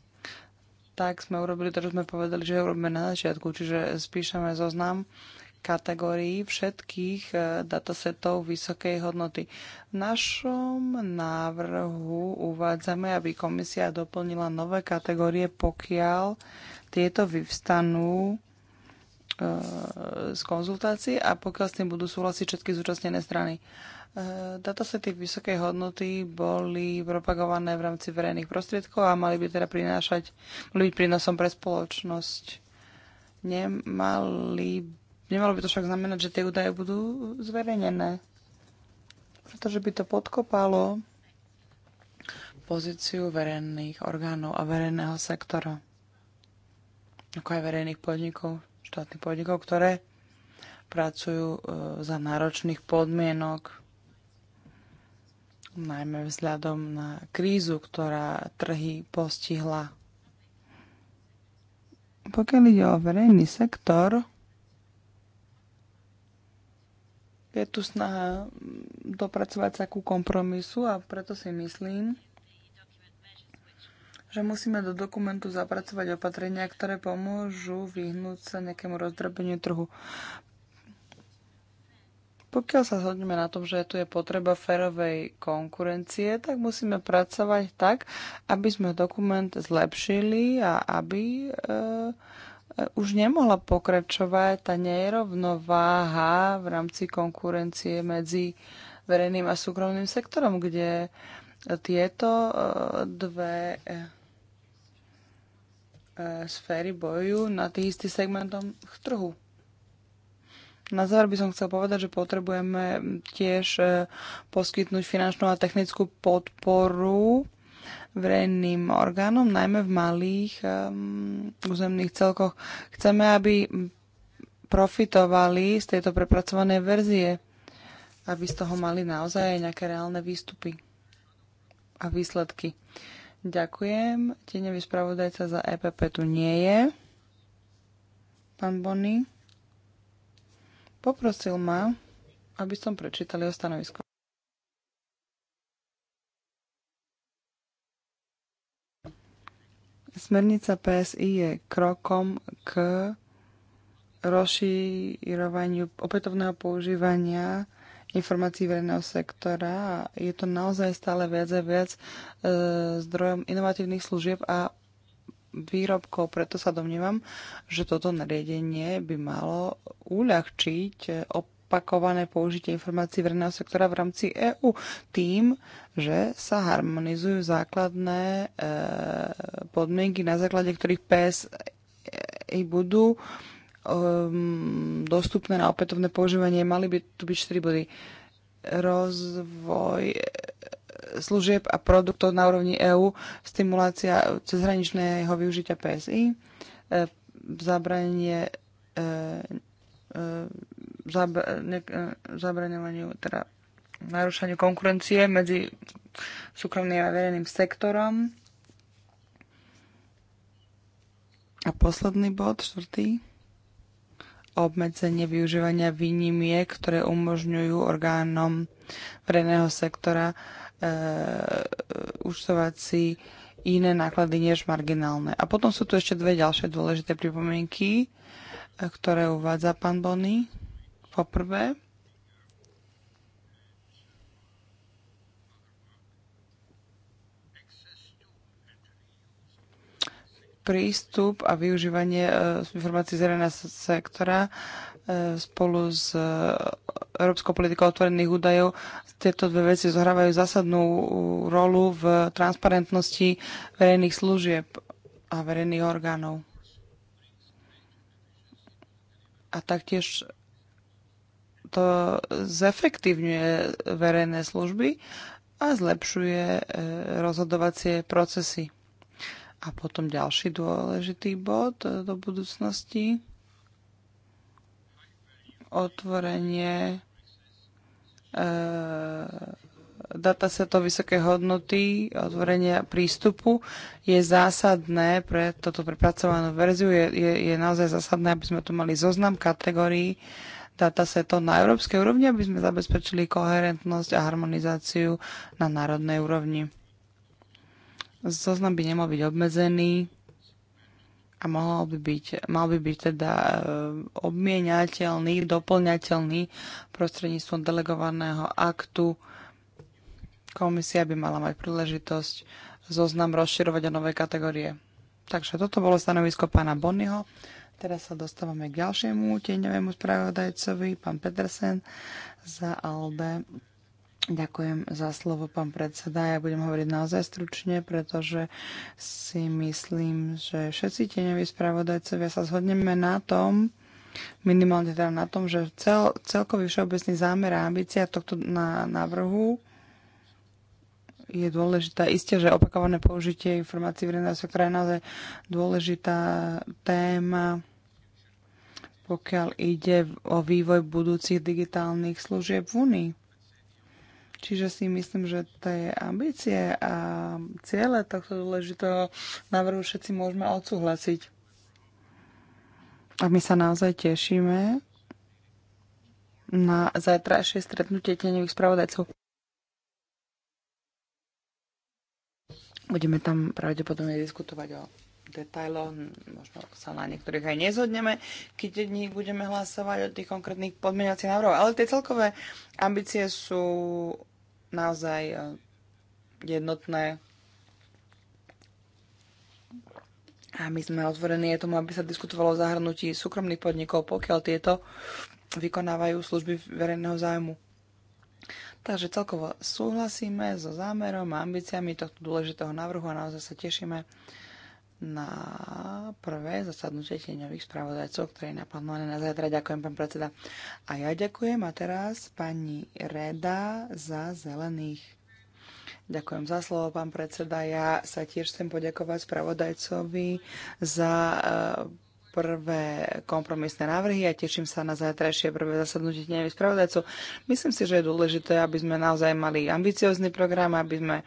tak sme urobili to, čo sme povedali, že urobíme na začiatku, čiže spíšeme zoznam kategórií všetkých e, datasetov vysokej hodnoty. V našom návrhu uvádzame, aby komisia doplnila nové kategórie, pokiaľ tieto vyvstanú z konzultácií a pokiaľ s tým budú súhlasiť všetky zúčastnené strany. E, datasety vysokej hodnoty boli propagované v rámci verejných prostriedkov a mali by teda prinášať, mali byť prínosom pre spoločnosť. Nemali, nemalo by to však znamenať, že tie údaje budú zverejnené, pretože by to podkopalo pozíciu verejných orgánov a verejného sektora, ako aj verejných podnikov štátnych podnikov, ktoré pracujú e, za náročných podmienok, najmä vzhľadom na krízu, ktorá trhy postihla. Pokiaľ ide o verejný sektor, je tu snaha dopracovať sa ku kompromisu a preto si myslím, že musíme do dokumentu zapracovať opatrenia, ktoré pomôžu vyhnúť sa nejakému rozdrobeniu trhu. Pokiaľ sa zhodneme na tom, že tu je potreba férovej konkurencie, tak musíme pracovať tak, aby sme dokument zlepšili a aby e, e už nemohla pokračovať tá nerovnováha v rámci konkurencie medzi verejným a súkromným sektorom, kde tieto e, dve e, sféry bojujú na tých istých segmentom trhu. Na záver by som chcel povedať, že potrebujeme tiež e, poskytnúť finančnú a technickú podporu verejným orgánom, najmä v malých e, územných celkoch. Chceme, aby profitovali z tejto prepracované verzie, aby z toho mali naozaj nejaké reálne výstupy a výsledky. Uh, Ďakujem. Tieňový spravodajca za EPP tu nie je. Pán Bonny poprosil ma, aby som prečítal jeho stanovisko. Smernica PSI je krokom k rozšírovaniu opätovného používania informácií verejného sektora a je to naozaj stále viac a viac e, zdrojom inovatívnych služieb a výrobkov. Preto sa domnievam, že toto nariadenie by malo uľahčiť opakované použitie informácií verejného sektora v rámci EÚ tým, že sa harmonizujú základné e, podmienky, na základe ktorých PS i budú e, um, dostupné na opätovné používanie. Mali by tu byť 4 body. Rozvoj e, služieb a produktov na úrovni EÚ, stimulácia cezhraničného využitia PSI, e, zabranie e, e, e, zabraňovaniu, teda narušaniu konkurencie medzi súkromným a verejným sektorom. A posledný bod, štvrtý obmedzenie využívania výnimiek, ktoré umožňujú orgánom verejného sektora e, účtovať si iné náklady než marginálne. A potom sú tu ešte dve ďalšie dôležité pripomienky, e, ktoré uvádza pán Bonny. Poprvé, prístup a využívanie e, informácií z verejného sektora e, spolu s e, Európskou politikou otvorených údajov. Tieto dve veci zohrávajú zásadnú rolu v transparentnosti verejných služieb a verejných orgánov. A taktiež to zefektívňuje verejné služby a zlepšuje rozhodovacie procesy. A potom ďalší dôležitý bod e, do budúcnosti. Otvorenie e, datasetov vysokej hodnoty, otvorenie prístupu je zásadné pre toto prepracovanú verziu. Je, je, je naozaj zásadné, aby sme tu mali zoznam kategórií datasetov na európskej úrovni, aby sme zabezpečili koherentnosť a harmonizáciu na národnej úrovni. Zoznam by nemal byť obmedzený a mohol by byť, mal by byť teda e, obmieniateľný, doplňateľný prostredníctvom delegovaného aktu. Komisia by mala mať príležitosť zoznam rozširovať o nové kategórie. Takže toto bolo stanovisko pána Bonnyho. Teraz sa dostávame k ďalšiemu tieňovému spravodajcovi, pán Petersen za ALDE. Ďakujem za slovo, pán predseda. Ja budem hovoriť naozaj stručne, pretože si myslím, že všetci tieňoví spravodajcovia sa zhodneme na tom, minimálne teda na tom, že cel, celkový všeobecný zámer a ambícia tohto na, návrhu je dôležitá. Isté, že opakované použitie informácií verejného sektora je naozaj dôležitá téma pokiaľ ide o vývoj budúcich digitálnych služieb v Unii. Čiže si myslím, že tie ambície a ciele tohto dôležitého návrhu všetci môžeme odsúhlasiť. A my sa naozaj tešíme na zajtrajšie stretnutie tieňových spravodajcov. Budeme tam pravdepodobne diskutovať o detailoch, možno sa na niektorých aj nezhodneme, keď dní budeme hlasovať o tých konkrétnych podmeniacích návrhov. Ale tie celkové ambície sú naozaj eh, jednotné. A my sme otvorení aj tomu, aby sa diskutovalo o zahrnutí súkromných podnikov, pokiaľ tieto vykonávajú služby verejného zájmu. Takže celkovo súhlasíme so zámerom a ambíciami tohto dôležitého návrhu a naozaj sa tešíme na prvé zasadnutie tieňových spravodajcov, ktoré je naplánované na zajtra. Ďakujem, pán predseda. A ja ďakujem. A teraz pani Reda za zelených. Ďakujem za slovo, pán predseda. Ja sa tiež chcem poďakovať spravodajcovi za e, prvé kompromisné návrhy a teším sa na zajtrajšie prvé zasadnutie tieňových spravodajcov. Myslím si, že je dôležité, aby sme naozaj mali ambiciózny program, aby sme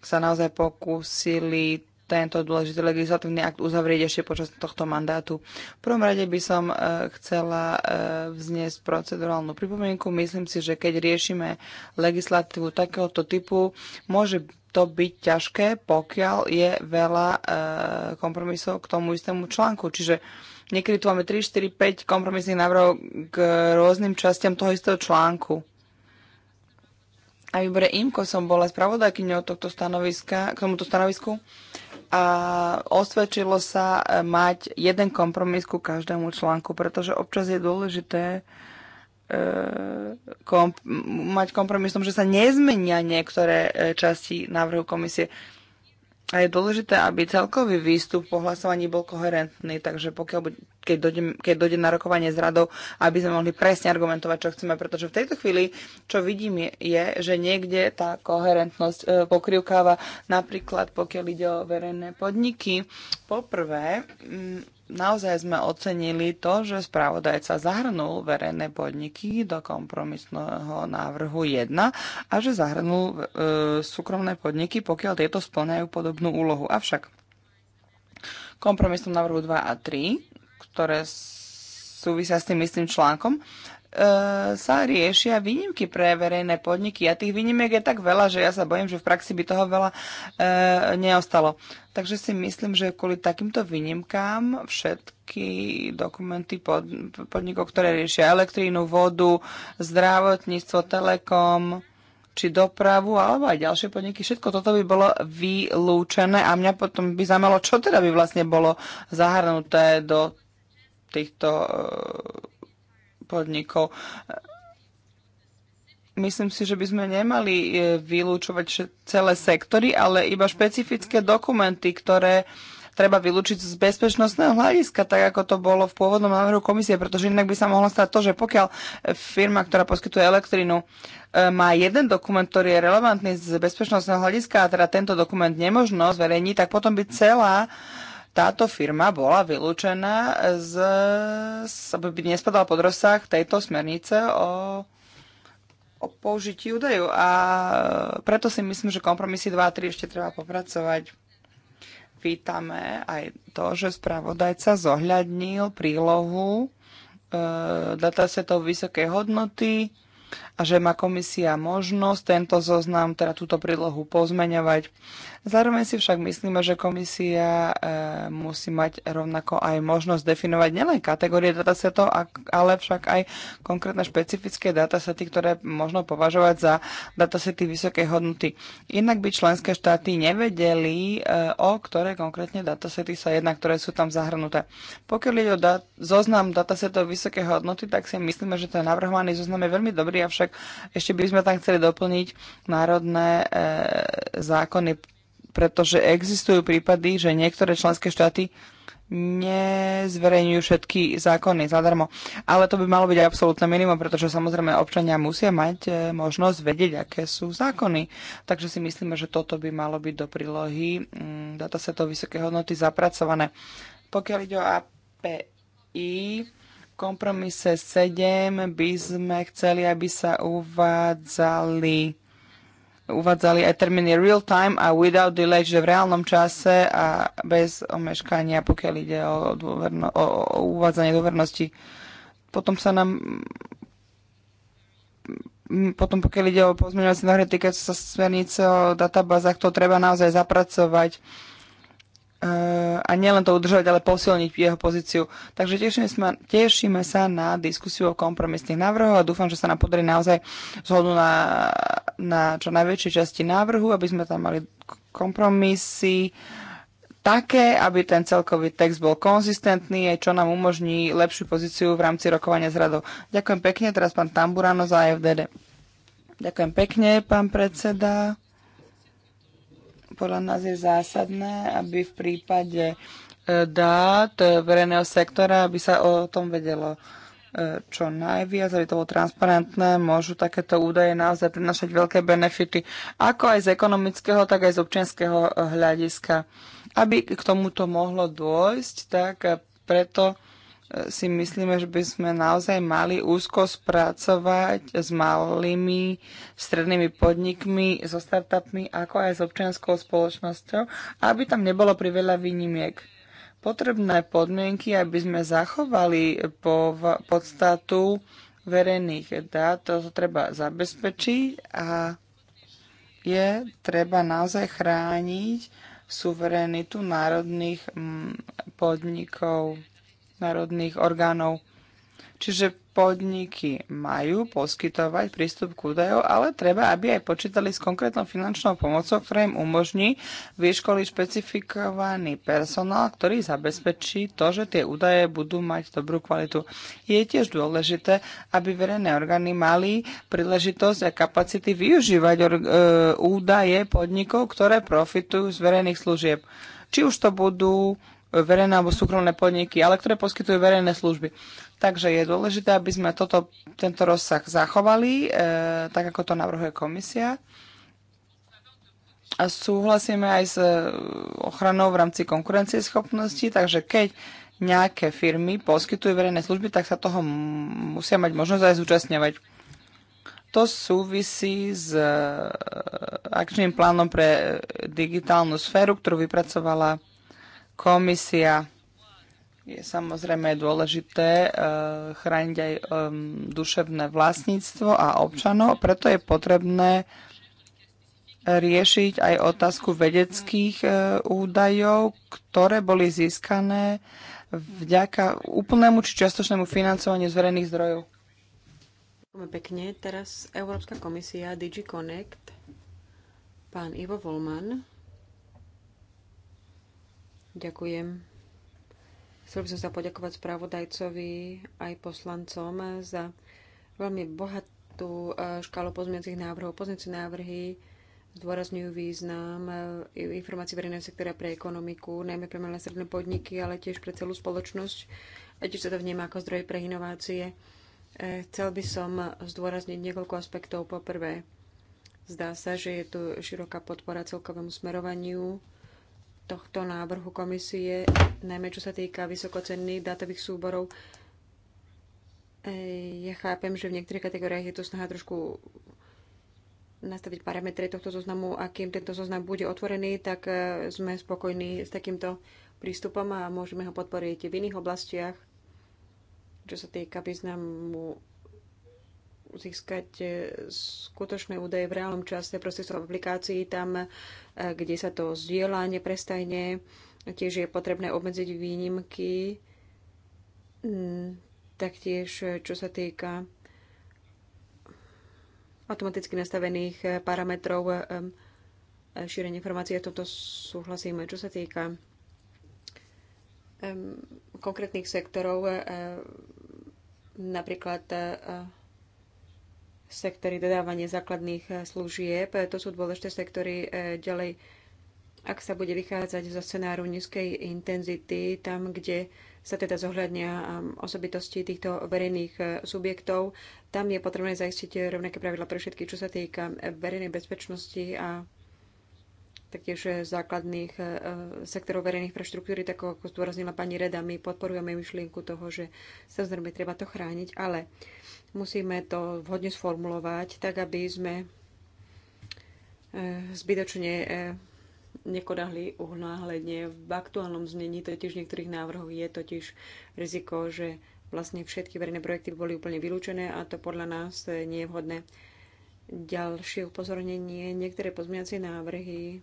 sa naozaj pokúsili tento dôležitý legislatívny akt uzavrieť ešte počas tohto mandátu. V prvom rade by som e, chcela e, vzniesť procedurálnu pripomienku. Myslím si, že keď riešime legislatívu takéhoto typu, môže to byť ťažké, pokiaľ je veľa e, kompromisov k tomu istému článku. Čiže niekedy tu máme 3, 4, 5 kompromisných návrhov k rôznym častiam toho istého článku. A výbore IMKO som bola spravodajkyňou tohto stanoviska, k tomuto stanovisku a osvedčilo sa e, mať jeden kompromis ku každému článku, pretože občas je dôležité e, komp- mať kompromisom, že sa nezmenia niektoré e, časti návrhu komisie. A je dôležité, aby celkový výstup po hlasovaní bol koherentný, takže pokiaľ, keď, dojde, keď dojde na rokovanie s radou, aby sme mohli presne argumentovať, čo chceme, pretože v tejto chvíli, čo vidím, je, je že niekde tá koherentnosť e, pokrivkáva, napríklad pokiaľ ide o verejné podniky. Poprvé, naozaj sme ocenili to, že spravodajca zahrnul verejné podniky do kompromisného návrhu 1 a že zahrnul e, súkromné podniky, pokiaľ tieto splňajú podobnú úlohu. Avšak kompromisnom návrhu 2 a 3, ktoré súvisia s tým istým článkom, sa riešia výnimky pre verejné podniky a tých výnimiek je tak veľa, že ja sa bojím, že v praxi by toho veľa e, neostalo. Takže si myslím, že kvôli takýmto výnimkám všetky dokumenty pod, podnikov, ktoré riešia elektrínu, vodu, zdravotníctvo, telekom, či dopravu, alebo aj ďalšie podniky. Všetko toto by bolo vylúčené a mňa potom by zaujímalo, čo teda by vlastne bolo zahrnuté do týchto e, podnikov. Myslím si, že by sme nemali e, vylúčovať celé sektory, ale iba špecifické dokumenty, ktoré treba vylúčiť z bezpečnostného hľadiska, tak ako to bolo v pôvodnom návrhu komisie, pretože inak by sa mohlo stať to, že pokiaľ firma, ktorá poskytuje elektrinu, e, má jeden dokument, ktorý je relevantný z bezpečnostného hľadiska a teda tento dokument nemožno zverejniť, tak potom by celá táto firma bola vylúčená z, aby nespadala pod rozsah tejto smernice o, o použití údajov. A preto si myslím, že kompromisy 2 a 3 ešte treba popracovať. Vítame aj to, že spravodajca zohľadnil prílohu e, datasetov vysokej hodnoty a že má komisia možnosť tento zoznam, teda túto prílohu pozmeňovať. Zároveň si však myslíme, že komisia e, musí mať rovnako aj možnosť definovať nielen kategórie datasetov, ale však aj konkrétne špecifické datasety, ktoré možno považovať za datasety vysokej hodnoty. Inak by členské štáty nevedeli, e, o ktoré konkrétne datasety sa jedná, ktoré sú tam zahrnuté. Pokiaľ ide o dat- zoznam datasetov vysokej hodnoty, tak si myslíme, že ten navrhovaný zoznam je veľmi dobrý, avšak ešte by sme tam chceli doplniť národné e, zákony pretože existujú prípady, že niektoré členské štáty nezverejňujú všetky zákony zadarmo. Ale to by malo byť absolútne minimum, pretože samozrejme občania musia mať e, možnosť vedieť, aké sú zákony. Takže si myslíme, že toto by malo byť do prílohy mm, datasetov vysoké hodnoty zapracované. Pokiaľ ide o API, v kompromise 7 by sme chceli, aby sa uvádzali uvádzali aj termíny real time a without delay, že v reálnom čase a bez omeškania, pokiaľ ide o, dôverno, o, o uvádzanie dôvernosti. Potom sa nám potom pokiaľ ide o pozmeňovací návrhy týkajúce sa smernice o databázach, to treba naozaj zapracovať a nielen to udržovať, ale posilniť jeho pozíciu. Takže tešíme sa, tešíme sa na diskusiu o kompromisných návrhoch a dúfam, že sa nám podarí naozaj zhodu na, na čo najväčšej časti návrhu, aby sme tam mali kompromisy také, aby ten celkový text bol konzistentný, čo nám umožní lepšiu pozíciu v rámci rokovania s radou. Ďakujem pekne, teraz pán Tamburano za AFDD. Ďakujem pekne, pán predseda podľa nás je zásadné, aby v prípade e, dát e, verejného sektora, aby sa o tom vedelo e, čo najviac, aby to bolo transparentné, môžu takéto údaje naozaj prinašať veľké benefity, ako aj z ekonomického, tak aj z občianského hľadiska. Aby k tomuto mohlo dôjsť, tak preto si myslíme, že by sme naozaj mali úzko spracovať s malými strednými podnikmi, so startupmi, ako aj s občianskou spoločnosťou, aby tam nebolo priveľa výnimiek. Potrebné podmienky, aby sme zachovali po podstatu verejných dát, to treba zabezpečiť a je treba naozaj chrániť suverenitu národných mm, podnikov národných orgánov. Čiže podniky majú poskytovať prístup k údajov, ale treba, aby aj počítali s konkrétnou finančnou pomocou, ktorá im umožní vyškoliť špecifikovaný personál, ktorý zabezpečí to, že tie údaje budú mať dobrú kvalitu. Je tiež dôležité, aby verejné orgány mali príležitosť a kapacity využívať e, údaje podnikov, ktoré profitujú z verejných služieb. Či už to budú verejné alebo súkromné podniky, ale ktoré poskytujú verejné služby. Takže je dôležité, aby sme toto, tento rozsah zachovali, e, tak ako to navrhuje komisia. A súhlasíme aj s e, ochranou v rámci konkurencieschopnosti, takže keď nejaké firmy poskytujú verejné služby, tak sa toho musia mať možnosť aj zúčastňovať. To súvisí s e, akčným plánom pre e, digitálnu sféru, ktorú vypracovala komisia. Je samozrejme dôležité eh, chrániť aj eh, duševné vlastníctvo a občanov, preto je potrebné riešiť aj otázku vedeckých eh, údajov, ktoré boli získané vďaka úplnému či čiastočnému financovaniu z verejných zdrojov. Ďakujeme pekne. Teraz Európska komisia DigiConnect, pán Ivo Volman. Ďakujem. Chcel by som sa poďakovať spravodajcovi aj poslancom za veľmi bohatú e, škálu pozmeňujúcich návrhov. Pozmeňujúce návrhy zdôrazňujú význam e, informácií verejného sektora pre ekonomiku, najmä pre malé stredné podniky, ale tiež pre celú spoločnosť. A tiež sa to vníma ako zdroj pre inovácie. E, chcel by som zdôrazniť niekoľko aspektov. Po prvé, zdá sa, že je tu široká podpora celkovému smerovaniu tohto návrhu komisie, najmä čo sa týka vysokocenných dátových súborov. E, ja chápem, že v niektorých kategóriách je to snaha trošku nastaviť parametre tohto zoznamu a kým tento zoznam bude otvorený, tak e, sme spokojní s takýmto prístupom a môžeme ho podporiť v iných oblastiach, čo sa týka významu získať e, skutočné údaje v reálnom čase proste sú aplikácií tam, e, kde sa to zdieľa neprestajne. Tiež je potrebné obmedziť výnimky, mm, taktiež e, čo sa týka automaticky nastavených parametrov šírenia informácií. Toto súhlasíme. Čo sa týka konkrétnych sektorov, napríklad sektory dodávanie základných e, služieb. E, to sú dôležité sektory e, ďalej. Ak sa bude vychádzať zo scenáru nízkej intenzity, tam, kde sa teda zohľadnia osobitosti týchto verejných subjektov, tam je potrebné zaistiť rovnaké pravidla pre všetky, čo sa týka verejnej bezpečnosti a taktiež eh, základných eh, eh, sektorov verejných infraštruktúry, tak ako zdôraznila pani Reda, my podporujeme myšlienku toho, že samozrejme treba to chrániť, ale musíme to vhodne sformulovať, tak aby sme zbytočne nekodahli uhnáhledne. V aktuálnom znení totiž niektorých návrhov je totiž riziko, že vlastne všetky verejné projekty boli úplne vylúčené a to podľa nás nie je vhodné. Ďalšie upozornenie, niektoré pozmeňovacie návrhy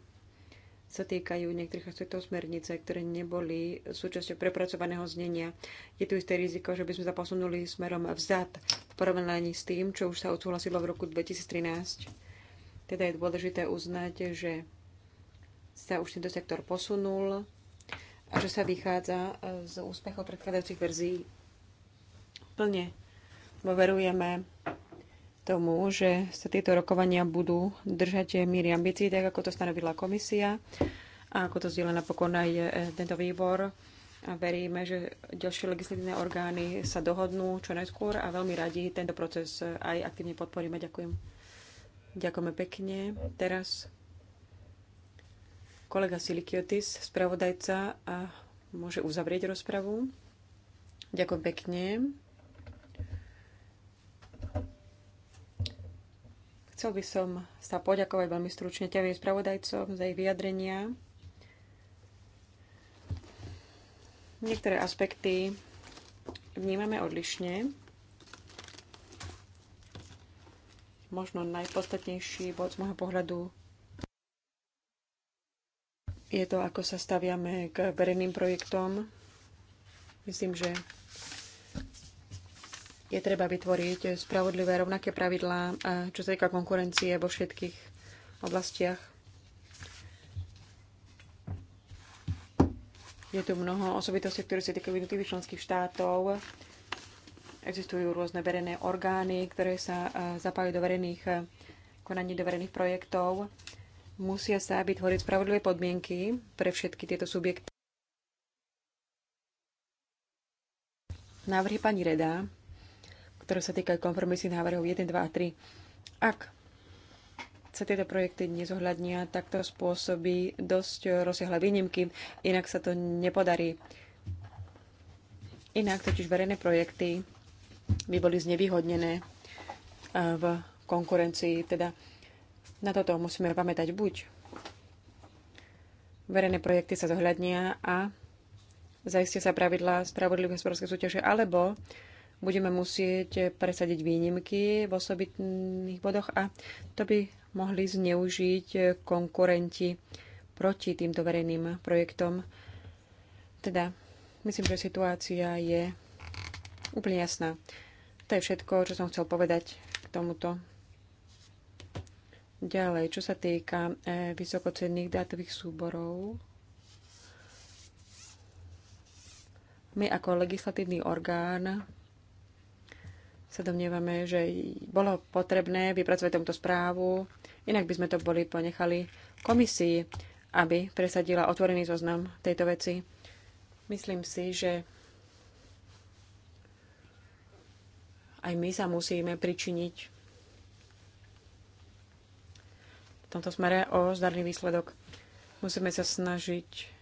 sa týkajú niektorých aspektov smernice, ktoré neboli súčasťou prepracovaného znenia. Je tu isté riziko, že by sme sa posunuli smerom vzad v porovnaní s tým, čo už sa odsúhlasilo v roku 2013. Teda je dôležité uznať, že sa už tento sektor posunul a že sa vychádza z úspechov predchádzajúcich verzií. Plne dôverujeme tomu, že sa tieto rokovania budú držať míry ambícií, tak ako to stanovila komisia a ako to zdieľa napokon aj e, tento výbor. A veríme, že ďalšie legislatívne orgány sa dohodnú čo najskôr a veľmi radi tento proces e, aj aktívne podporíme. Ďakujem. Ďakujeme pekne. Teraz kolega Silikiotis, spravodajca, a môže uzavrieť rozpravu. Ďakujem pekne. Chcel by som sa poďakovať veľmi stručne tevým spravodajcom za ich vyjadrenia. Niektoré aspekty vnímame odlišne. Možno najpodstatnejší bod z môjho pohľadu je to, ako sa staviame k verejným projektom. Myslím, že je treba vytvoriť spravodlivé rovnaké pravidlá, eh, čo sa týka konkurencie vo všetkých oblastiach. Je tu mnoho osobitostí, ktoré sa týkajú jednotlivých členských štátov. Existujú rôzne verejné orgány, ktoré sa eh, zapájajú do verejných eh, konaní, do verejných projektov. Musia sa vytvoriť spravodlivé podmienky pre všetky tieto subjekty. Návrhy pani Reda ktoré sa týkajú konformisí návrhov 1, 2 a 3. Ak sa tieto projekty nezohľadnia, tak to spôsobí dosť rozsiahle výnimky, inak sa to nepodarí. Inak totiž verejné projekty by boli znevýhodnené e, v konkurencii. Teda na toto musíme pamätať buď verejné projekty sa zohľadnia a zaistia sa pravidlá spravodlivé hospodárskej súťaže, alebo budeme musieť presadiť výnimky v osobitných bodoch a to by mohli zneužiť konkurenti proti týmto verejným projektom. Teda, myslím, že situácia je úplne jasná. To je všetko, čo som chcel povedať k tomuto. Ďalej, čo sa týka e, vysokocenných dátových súborov, my ako legislatívny orgán sa domnievame, že bolo potrebné vypracovať tomto správu, inak by sme to boli ponechali komisii, aby presadila otvorený zoznam tejto veci. Myslím si, že aj my sa musíme pričiniť v tomto smere o zdarný výsledok. Musíme sa snažiť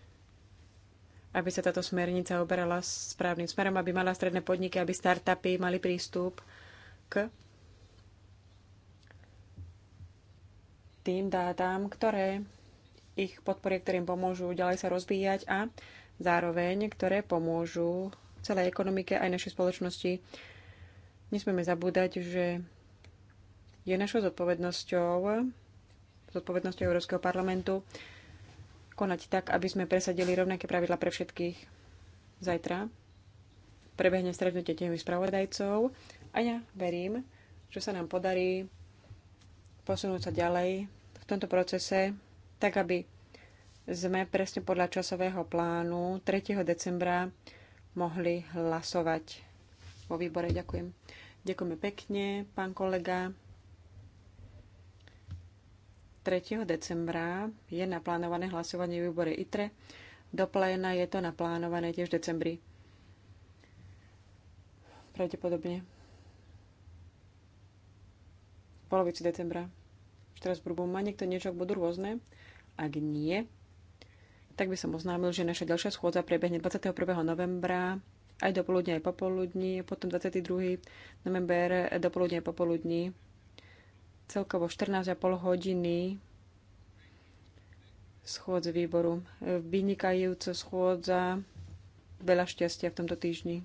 aby sa táto smernica oberala správnym smerom, aby mala stredné podniky, aby startupy mali prístup k tým dátam, ktoré ich podporie, ktorým pomôžu ďalej sa rozvíjať a zároveň, ktoré pomôžu celej ekonomike aj našej spoločnosti. Nesmieme zabúdať, že je našou zodpovednosťou, zodpovednosťou Európskeho parlamentu, konať tak, aby sme presadili rovnaké pravidla pre všetkých. Zajtra prebehne stretnutie tými spravodajcov a ja verím, že sa nám podarí posunúť sa ďalej v tomto procese, tak aby sme presne podľa časového plánu 3. decembra mohli hlasovať vo výbore. Ďakujem. Ďakujeme pekne, pán kolega. 3. decembra je naplánované hlasovanie v výbore ITRE. Do pléna je to naplánované tiež v decembri. Pravdepodobne. V polovici decembra. V Štrasburgu má niekto niečo, ak budú rôzne? Ak nie, tak by som oznámil, že naša ďalšia schôdza prebehne 21. novembra aj do poludnia, aj popoludní, potom 22. november do poludnia, aj popoludní celkovo 14,5 hodiny schôdz výboru. Vynikajúca schôdza. Veľa šťastia v tomto týždni.